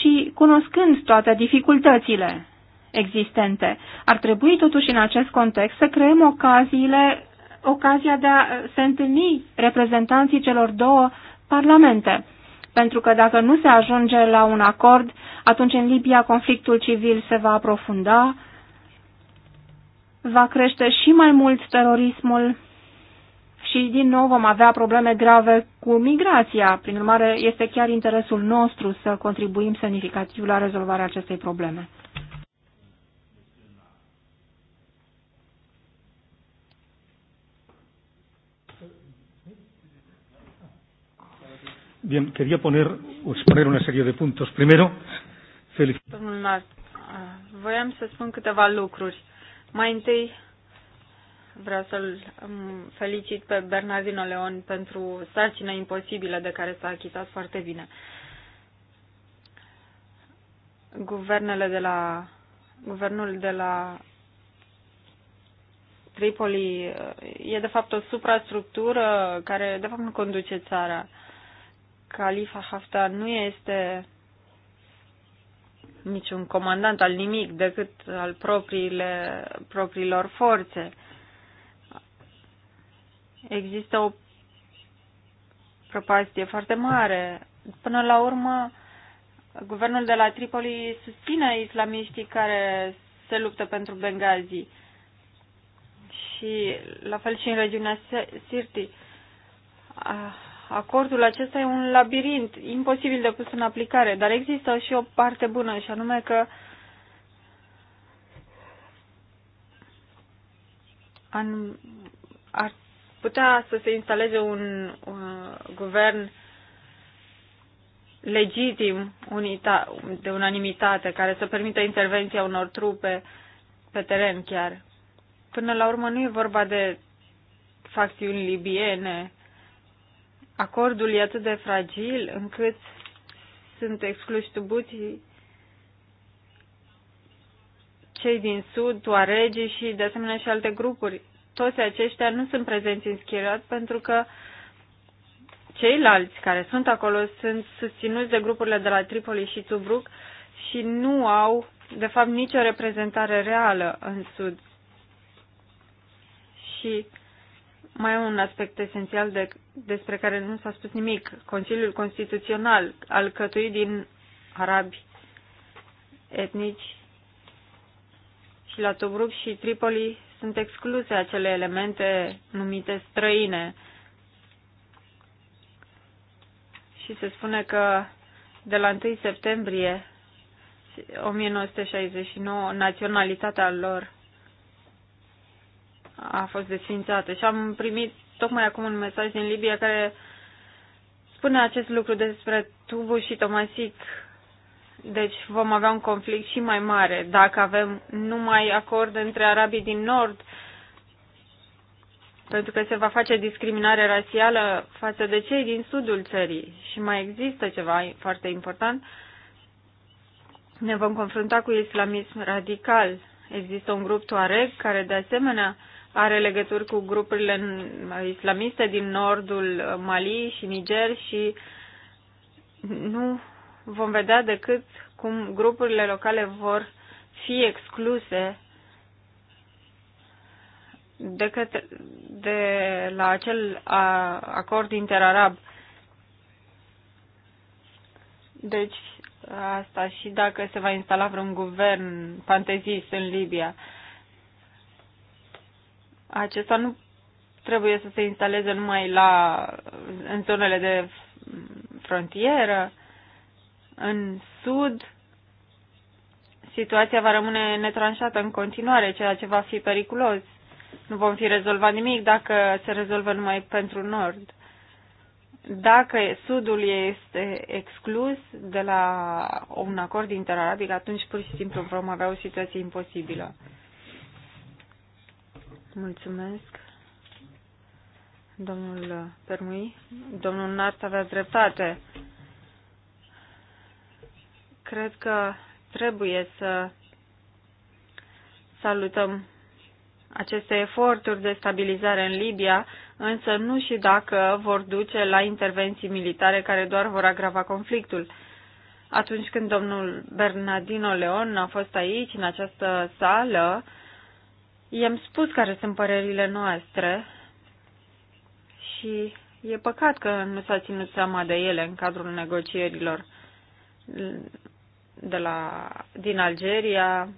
și cunoscând toate dificultățile existente. Ar trebui totuși în acest context să creăm ocaziile, ocazia de a se întâlni reprezentanții celor două parlamente. Pentru că dacă nu se ajunge la un acord, atunci în Libia conflictul civil se va aprofunda, va crește și mai mult terorismul și din nou vom avea probleme grave cu migrația. Prin urmare, este chiar interesul nostru să contribuim semnificativ la rezolvarea acestei probleme. Bien, quería poner o exponer una serie de puntos. Primero, felicitar. Domnul Nart, voiam să spun câteva lucruri. Mai întâi, vreau să-l felicit pe Bernardino Leon pentru sarcina imposibilă de care s-a achitat foarte bine. Guvernele de la, guvernul de la Tripoli e de fapt o suprastructură care de fapt nu conduce țara califa Haftar nu este niciun comandant al nimic decât al propriile, propriilor forțe. Există o prăpastie foarte mare. Până la urmă, guvernul de la Tripoli susține islamiștii care se luptă pentru Benghazi și la fel și în regiunea Sirti. Ah, Acordul acesta e un labirint imposibil de pus în aplicare, dar există și o parte bună, și anume că an, ar putea să se instaleze un, un guvern legitim unita, de unanimitate care să permită intervenția unor trupe pe teren chiar. Până la urmă nu e vorba de facțiuni libiene, acordul e atât de fragil încât sunt excluși tubuții cei din sud, tuaregii și de asemenea și alte grupuri. Toți aceștia nu sunt prezenți în Schirat pentru că ceilalți care sunt acolo sunt susținuți de grupurile de la Tripoli și Tubruc și nu au, de fapt, nicio reprezentare reală în sud. Și mai e un aspect esențial de, despre care nu s-a spus nimic. Consiliul Constituțional, alcătuit din arabi etnici și la Tobruk și Tripoli sunt excluse acele elemente numite străine. Și se spune că de la 1 septembrie 1969 naționalitatea lor a fost desfințată și am primit tocmai acum un mesaj din Libia care spune acest lucru despre Tubu și Tomasic. Deci vom avea un conflict și mai mare dacă avem numai acord între arabii din nord, pentru că se va face discriminare rasială față de cei din sudul țării. Și mai există ceva foarte important. Ne vom confrunta cu islamism radical. Există un grup Tuareg care de asemenea are legături cu grupurile islamiste din nordul Mali și Niger și nu vom vedea decât cum grupurile locale vor fi excluse de, către, de la acel a, acord interarab. Deci, asta și dacă se va instala vreun guvern fantezist în Libia. Uh, acesta nu trebuie să se instaleze numai la, în zonele de frontieră. În sud, situația va rămâne netranșată în continuare, ceea ce va fi periculos. Nu vom fi rezolvat nimic dacă se rezolvă numai pentru nord. Dacă sudul este exclus de la un acord interarabic, atunci pur și simplu vom avea o situație imposibilă. Mulțumesc. Domnul Permui, domnul Nart avea dreptate. Cred că trebuie să salutăm aceste eforturi de stabilizare în Libia, însă nu și dacă vor duce la intervenții militare care doar vor agrava conflictul. Atunci când domnul Bernardino Leon a fost aici, în această sală, I-am spus care sunt părerile noastre și e păcat că nu s-a ținut seama de ele în cadrul negocierilor de la, din Algeria,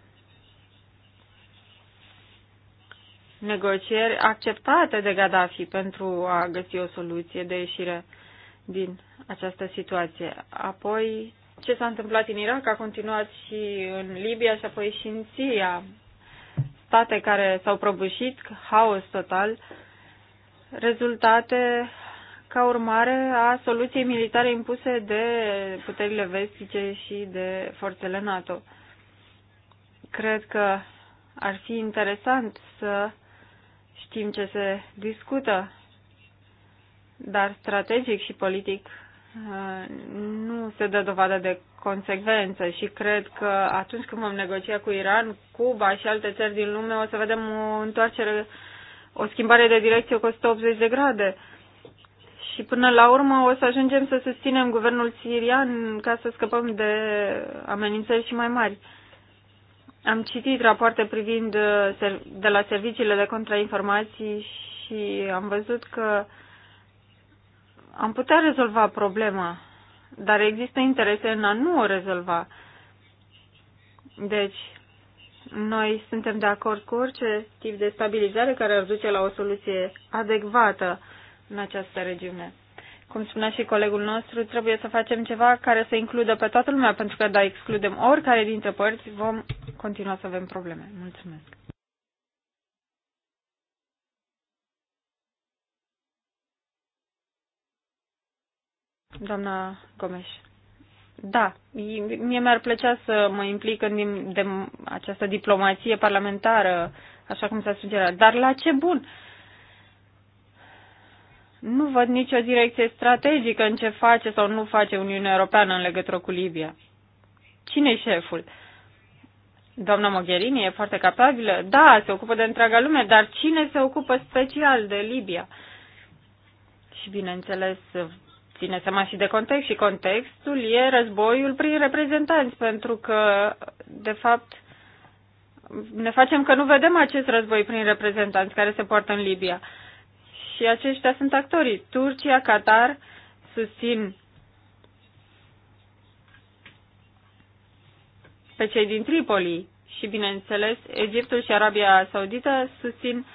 negocieri acceptate de Gaddafi pentru a găsi o soluție de ieșire din această situație. Apoi, ce s-a întâmplat în Irak a continuat și în Libia și apoi și în Siria state care s-au prăbușit, haos total, rezultate ca urmare a soluției militare impuse de puterile vestice și de forțele NATO. Cred că ar fi interesant să știm ce se discută, dar strategic și politic nu se dă dovadă de consecvență și cred că atunci când vom negocia cu Iran, Cuba și alte țări din lume, o să vedem o întoarcere, o schimbare de direcție cu 180 de grade. Și până la urmă o să ajungem să susținem guvernul sirian ca să scăpăm de amenințări și mai mari. Am citit rapoarte privind uh, de la serviciile de contrainformații și am văzut că uh, am putea rezolva problema, dar există interese în a nu o rezolva. Deci, noi suntem de acord cu orice tip de stabilizare care ar duce la o soluție adecvată în această regiune. Cum spunea și colegul nostru, trebuie să facem ceva care să includă pe toată lumea, pentru că dacă excludem oricare dintre părți, vom continua să avem probleme. Mulțumesc. Doamna Gomes. Da, mie mi-ar plăcea să mă implic în de această diplomație parlamentară, așa cum s-a sugerat. Dar la ce bun? Nu văd nicio direcție strategică în ce face sau nu face Uniunea Europeană în legătură cu Libia. cine e șeful? Doamna Mogherini e foarte capabilă? Da, se ocupă de întreaga lume, dar cine se ocupă special de Libia? Și bineînțeles, ține seama și de context și contextul e războiul prin reprezentanți, pentru că, de fapt, ne facem că nu vedem acest război prin reprezentanți care se poartă în Libia. Și aceștia sunt actorii. Turcia, Qatar susțin pe cei din Tripoli și, bineînțeles, Egiptul și Arabia Saudită susțin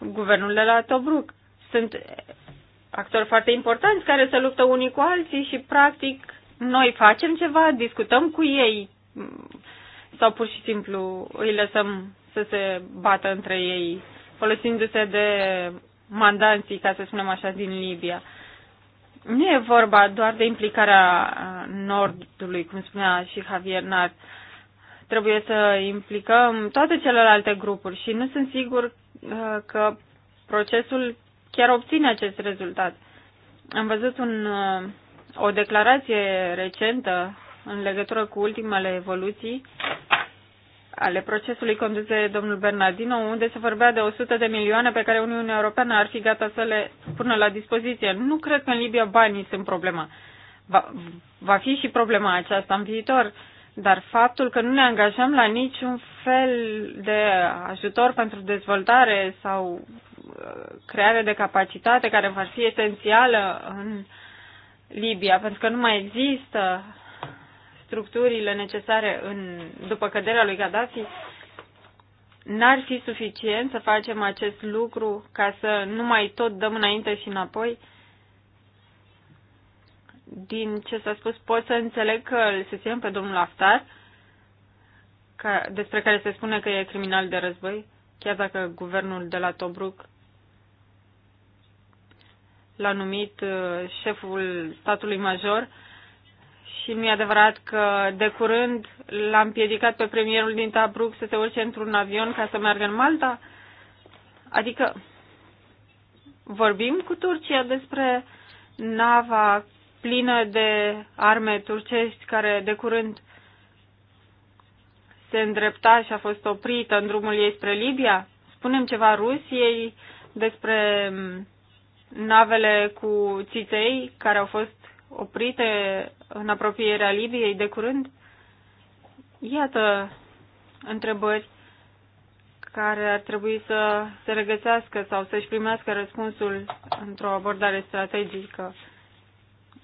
guvernul de la Tobruk. Sunt actori foarte importanți care se luptă unii cu alții și, practic, noi facem ceva, discutăm cu ei sau pur și simplu îi lăsăm să se bată între ei, folosindu-se de mandanții, ca să spunem așa, din Libia. Nu e vorba doar de implicarea Nordului, cum spunea și Javier Nard. Trebuie să implicăm toate celelalte grupuri și nu sunt sigur uh, că procesul chiar obține acest rezultat. Am văzut un, uh, o declarație recentă în legătură cu ultimele evoluții ale procesului condus de domnul Bernardino, unde se vorbea de 100 de milioane pe care Uniunea Europeană ar fi gata să le pună la dispoziție. Nu cred că în Libia banii sunt problema. Va, va fi și problema aceasta în viitor, dar faptul că nu ne angajăm la niciun fel de ajutor pentru dezvoltare sau creare de capacitate care va fi esențială în Libia, pentru că nu mai există structurile necesare în, după căderea lui Gaddafi, n-ar fi suficient să facem acest lucru ca să nu mai tot dăm înainte și înapoi? Din ce s-a spus, pot să înțeleg că îl susținem pe domnul Aftar, ca, despre care se spune că e criminal de război, chiar dacă guvernul de la Tobruk l-a numit uh, șeful statului major și nu i adevărat că de curând l-a împiedicat pe premierul din Tabruc să se urce într-un avion ca să meargă în Malta? Adică vorbim cu Turcia despre nava plină de arme turcești care de curând se îndrepta și a fost oprită în drumul ei spre Libia? Spunem ceva Rusiei despre mm, navele cu țiței care au fost oprite în apropierea Libiei de curând? Iată întrebări care ar trebui să se regăsească sau să-și primească răspunsul într-o abordare strategică.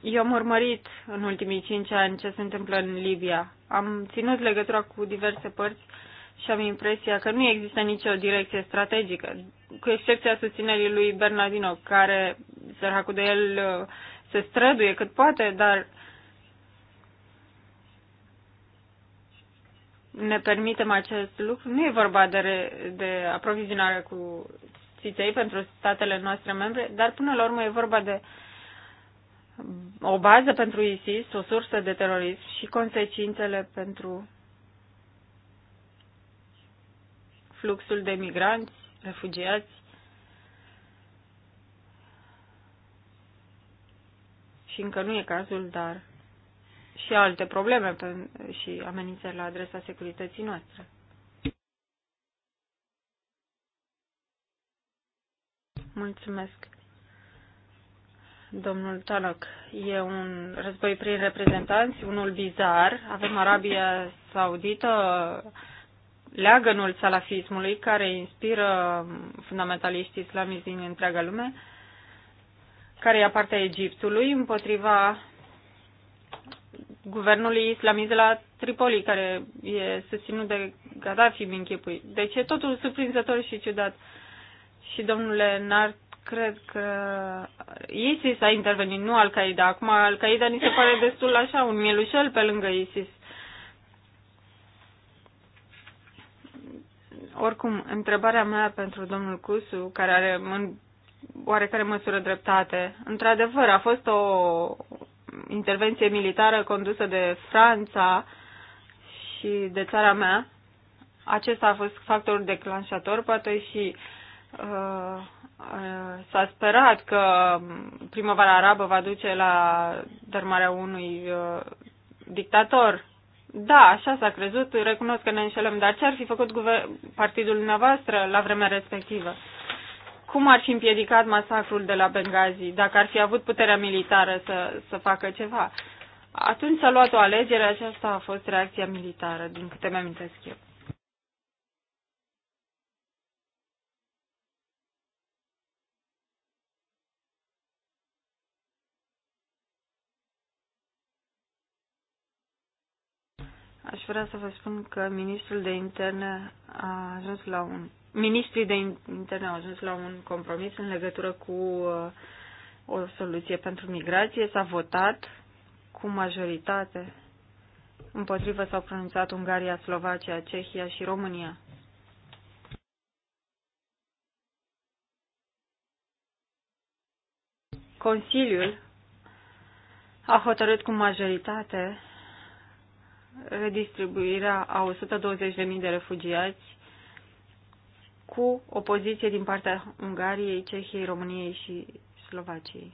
Eu am urmărit în ultimii cinci ani ce se întâmplă în Libia. Am ținut legătura cu diverse părți și am impresia că nu există nicio direcție strategică cu excepția susținerii lui Bernardino, care, săracul de el, se străduie cât poate, dar ne permitem acest lucru. Nu e vorba de, re, de aprovizionare cu țiței pentru statele noastre membre, dar până la urmă e vorba de o bază pentru ISIS, o sursă de terorism și consecințele pentru fluxul de migranți refugiați și încă nu e cazul, dar și alte probleme și amenințări la adresa securității noastre. Mulțumesc. Domnul Tanok, e un război prin reprezentanți, unul bizar. Avem Arabia Saudită, leagănul salafismului care inspiră fundamentaliștii islamici din întreaga lume, care e partea Egiptului împotriva guvernului islamist de la Tripoli, care e susținut de Gaddafi, mi închipui. Deci e totul surprinzător și ciudat. Și domnule Nart, cred că ISIS a intervenit, nu Al-Qaeda. Acum Al-Qaeda ni se pare destul așa, un mielușel pe lângă ISIS. Oricum, întrebarea mea pentru domnul Cusu, care are în oarecare măsură dreptate, într-adevăr, a fost o intervenție militară condusă de Franța și de țara mea. Acesta a fost factorul declanșator, poate și uh, uh, s-a sperat că primăvara arabă va duce la dărmarea unui uh, dictator da, așa s-a crezut, recunosc că ne înșelăm, dar ce ar fi făcut partidul dumneavoastră la vremea respectivă? Cum ar fi împiedicat masacrul de la Benghazi, dacă ar fi avut puterea militară să, să facă ceva? Atunci s-a luat o alegere, aceasta a fost reacția militară, din câte mi-amintesc eu. Aș vrea să vă spun că ministrul de interne a ajuns la un ministrii de interne au ajuns la un compromis în legătură cu uh, o soluție pentru migrație. S-a votat cu majoritate. Împotrivă s-au pronunțat Ungaria, Slovacia, Cehia și România. Consiliul a hotărât cu majoritate redistribuirea a 120.000 de refugiați cu opoziție din partea Ungariei, Cehiei, României și Slovaciei.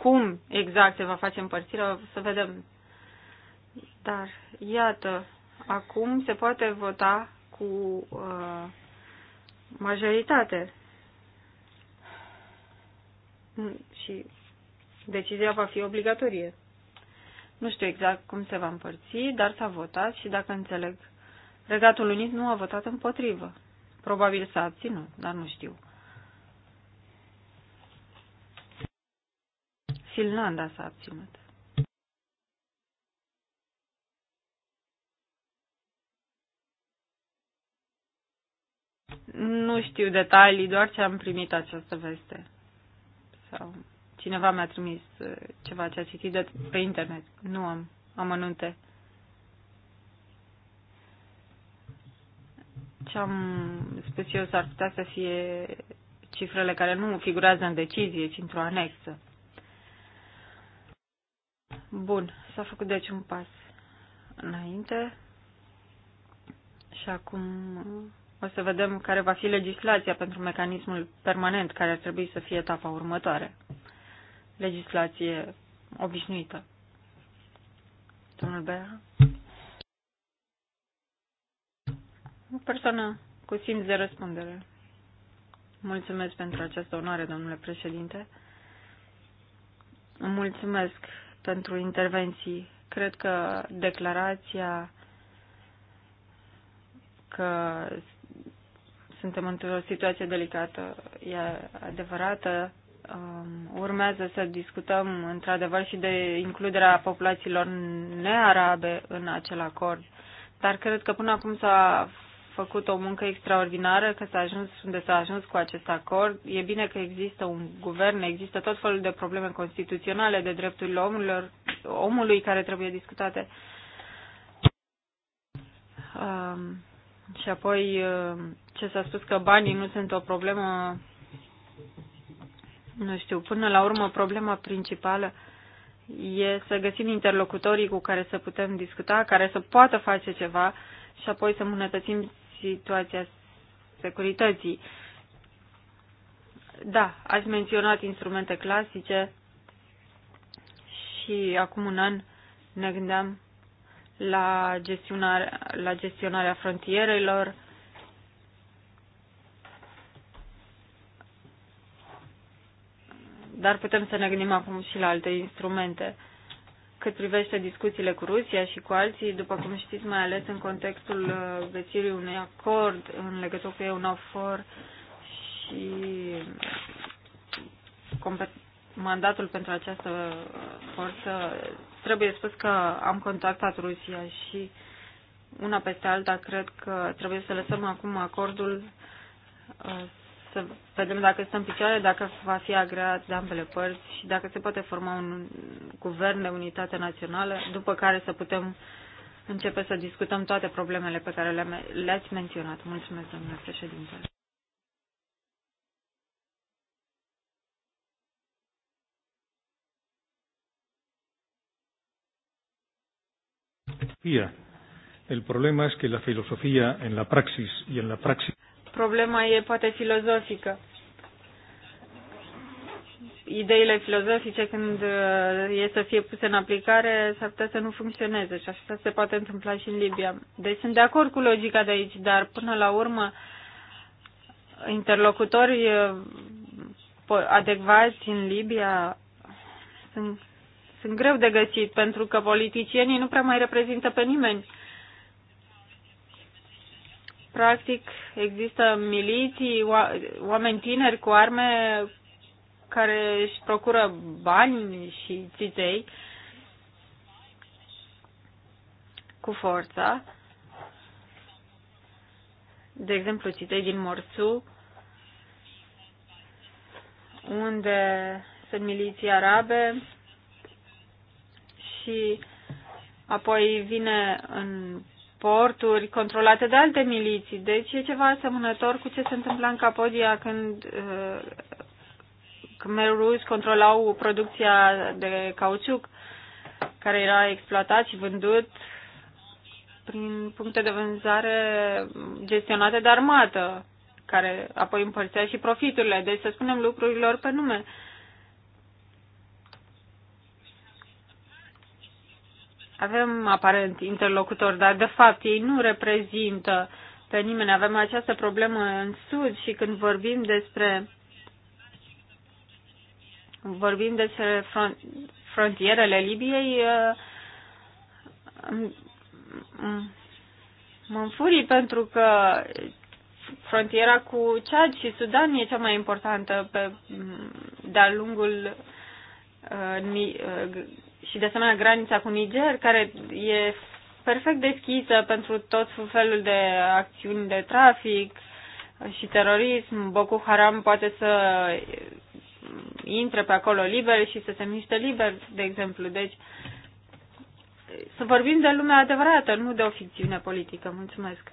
Cum exact se va face împărțirea, să vedem. Dar, iată, acum se poate vota cu uh, majoritate. Și decizia va fi obligatorie. Nu știu exact cum se va împărți, dar s-a votat și, dacă înțeleg, Regatul Unit nu a votat împotrivă. Probabil s-a abținut, dar nu știu. Finlanda s-a abținut știu detalii, doar ce am primit această veste. Sau cineva mi-a trimis uh, ceva ce a citit de pe internet. Nu am amănunte. Ce am spus eu s-ar putea să fie cifrele care nu figurează în decizie, ci într-o anexă. Bun, s-a făcut deci un pas înainte și acum o să vedem care va fi legislația pentru mecanismul permanent care ar trebui să fie etapa următoare. Legislație obișnuită. Domnul Bea? O persoană cu simț de răspundere. Mulțumesc pentru această onoare, domnule președinte. Mulțumesc pentru intervenții. Cred că declarația că suntem într-o situație delicată, e adevărată. Um, urmează să discutăm într-adevăr și de includerea populațiilor nearabe în acel acord. Dar cred că până acum s-a făcut o muncă extraordinară, că s-a ajuns unde s-a ajuns cu acest acord. E bine că există un guvern, există tot felul de probleme constituționale, de drepturile omului, omului care trebuie discutate. Um, și apoi uh, ce s-a spus că banii nu sunt o problemă, nu știu, până la urmă problema principală e să găsim interlocutorii cu care să putem discuta, care să poată face ceva și apoi să îmbunătățim situația securității. Da, ați menționat instrumente clasice și acum un an ne gândeam la gestionarea, la gestionarea frontierelor, dar putem să ne gândim acum și la alte instrumente. Cât privește discuțiile cu Rusia și cu alții, după cum știți, mai ales în contextul uh, găsirii unui acord în legătură cu EUNAFOR și uh, mandatul pentru această uh, forță, trebuie spus că am contactat Rusia și una peste alta cred că trebuie să lăsăm acum acordul uh, să vedem dacă stă în picioare, dacă va fi agreat de ambele părți și dacă se poate forma un guvern de unitate națională, după care să putem începe să discutăm toate problemele pe care le-ați menționat. Mulțumesc, domnule președinte. El problema es que la filosofía en la praxis y en la praxis. Problema e poate filozofică. Ideile filozofice când uh, e să fie puse în aplicare s-ar putea să nu funcționeze și așa se poate întâmpla și în Libia. Deci sunt de acord cu logica de aici, dar până la urmă interlocutorii uh, adecvați în Libia sunt sunt greu de găsit pentru că politicienii nu prea mai reprezintă pe nimeni. Practic există miliții, oameni tineri cu arme care își procură bani și țitei cu forța. De exemplu, țiței din Morțu, unde sunt miliții arabe, și apoi vine în porturi controlate de alte miliții. Deci e ceva asemănător cu ce se întâmpla în Capodia când Khmer uh, Rouge controlau producția de cauciuc care era exploatat și vândut prin puncte de vânzare gestionate de armată, care apoi împărțea și profiturile. Deci să spunem lucrurilor pe nume. Uh, avem aparent interlocutori, dar de fapt ei nu reprezintă pe nimeni. Avem această problemă în Sud și când vorbim despre vorbim despre frontierele Libiei, uh, mă înfurii pentru că frontiera cu Chad și Sudan e cea mai importantă pe de-a lungul uh, uh, și de asemenea granița cu Niger, care e perfect deschisă pentru tot felul de acțiuni de trafic și terorism. Boko Haram poate să intre pe acolo liber și să se miște liber, de exemplu. Deci, să vorbim de lumea adevărată, nu de o ficțiune politică. Mulțumesc!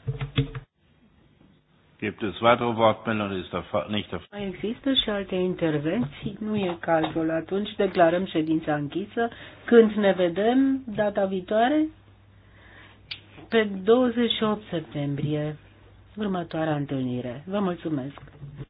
Gibt es weitere Wortmeldungen? Ist der nicht der Fall? Mai există și alte intervenții? Nu e cazul. Atunci declarăm ședința închisă. Când ne vedem data viitoare? Pe 28 septembrie, următoarea întâlnire. Vă mulțumesc!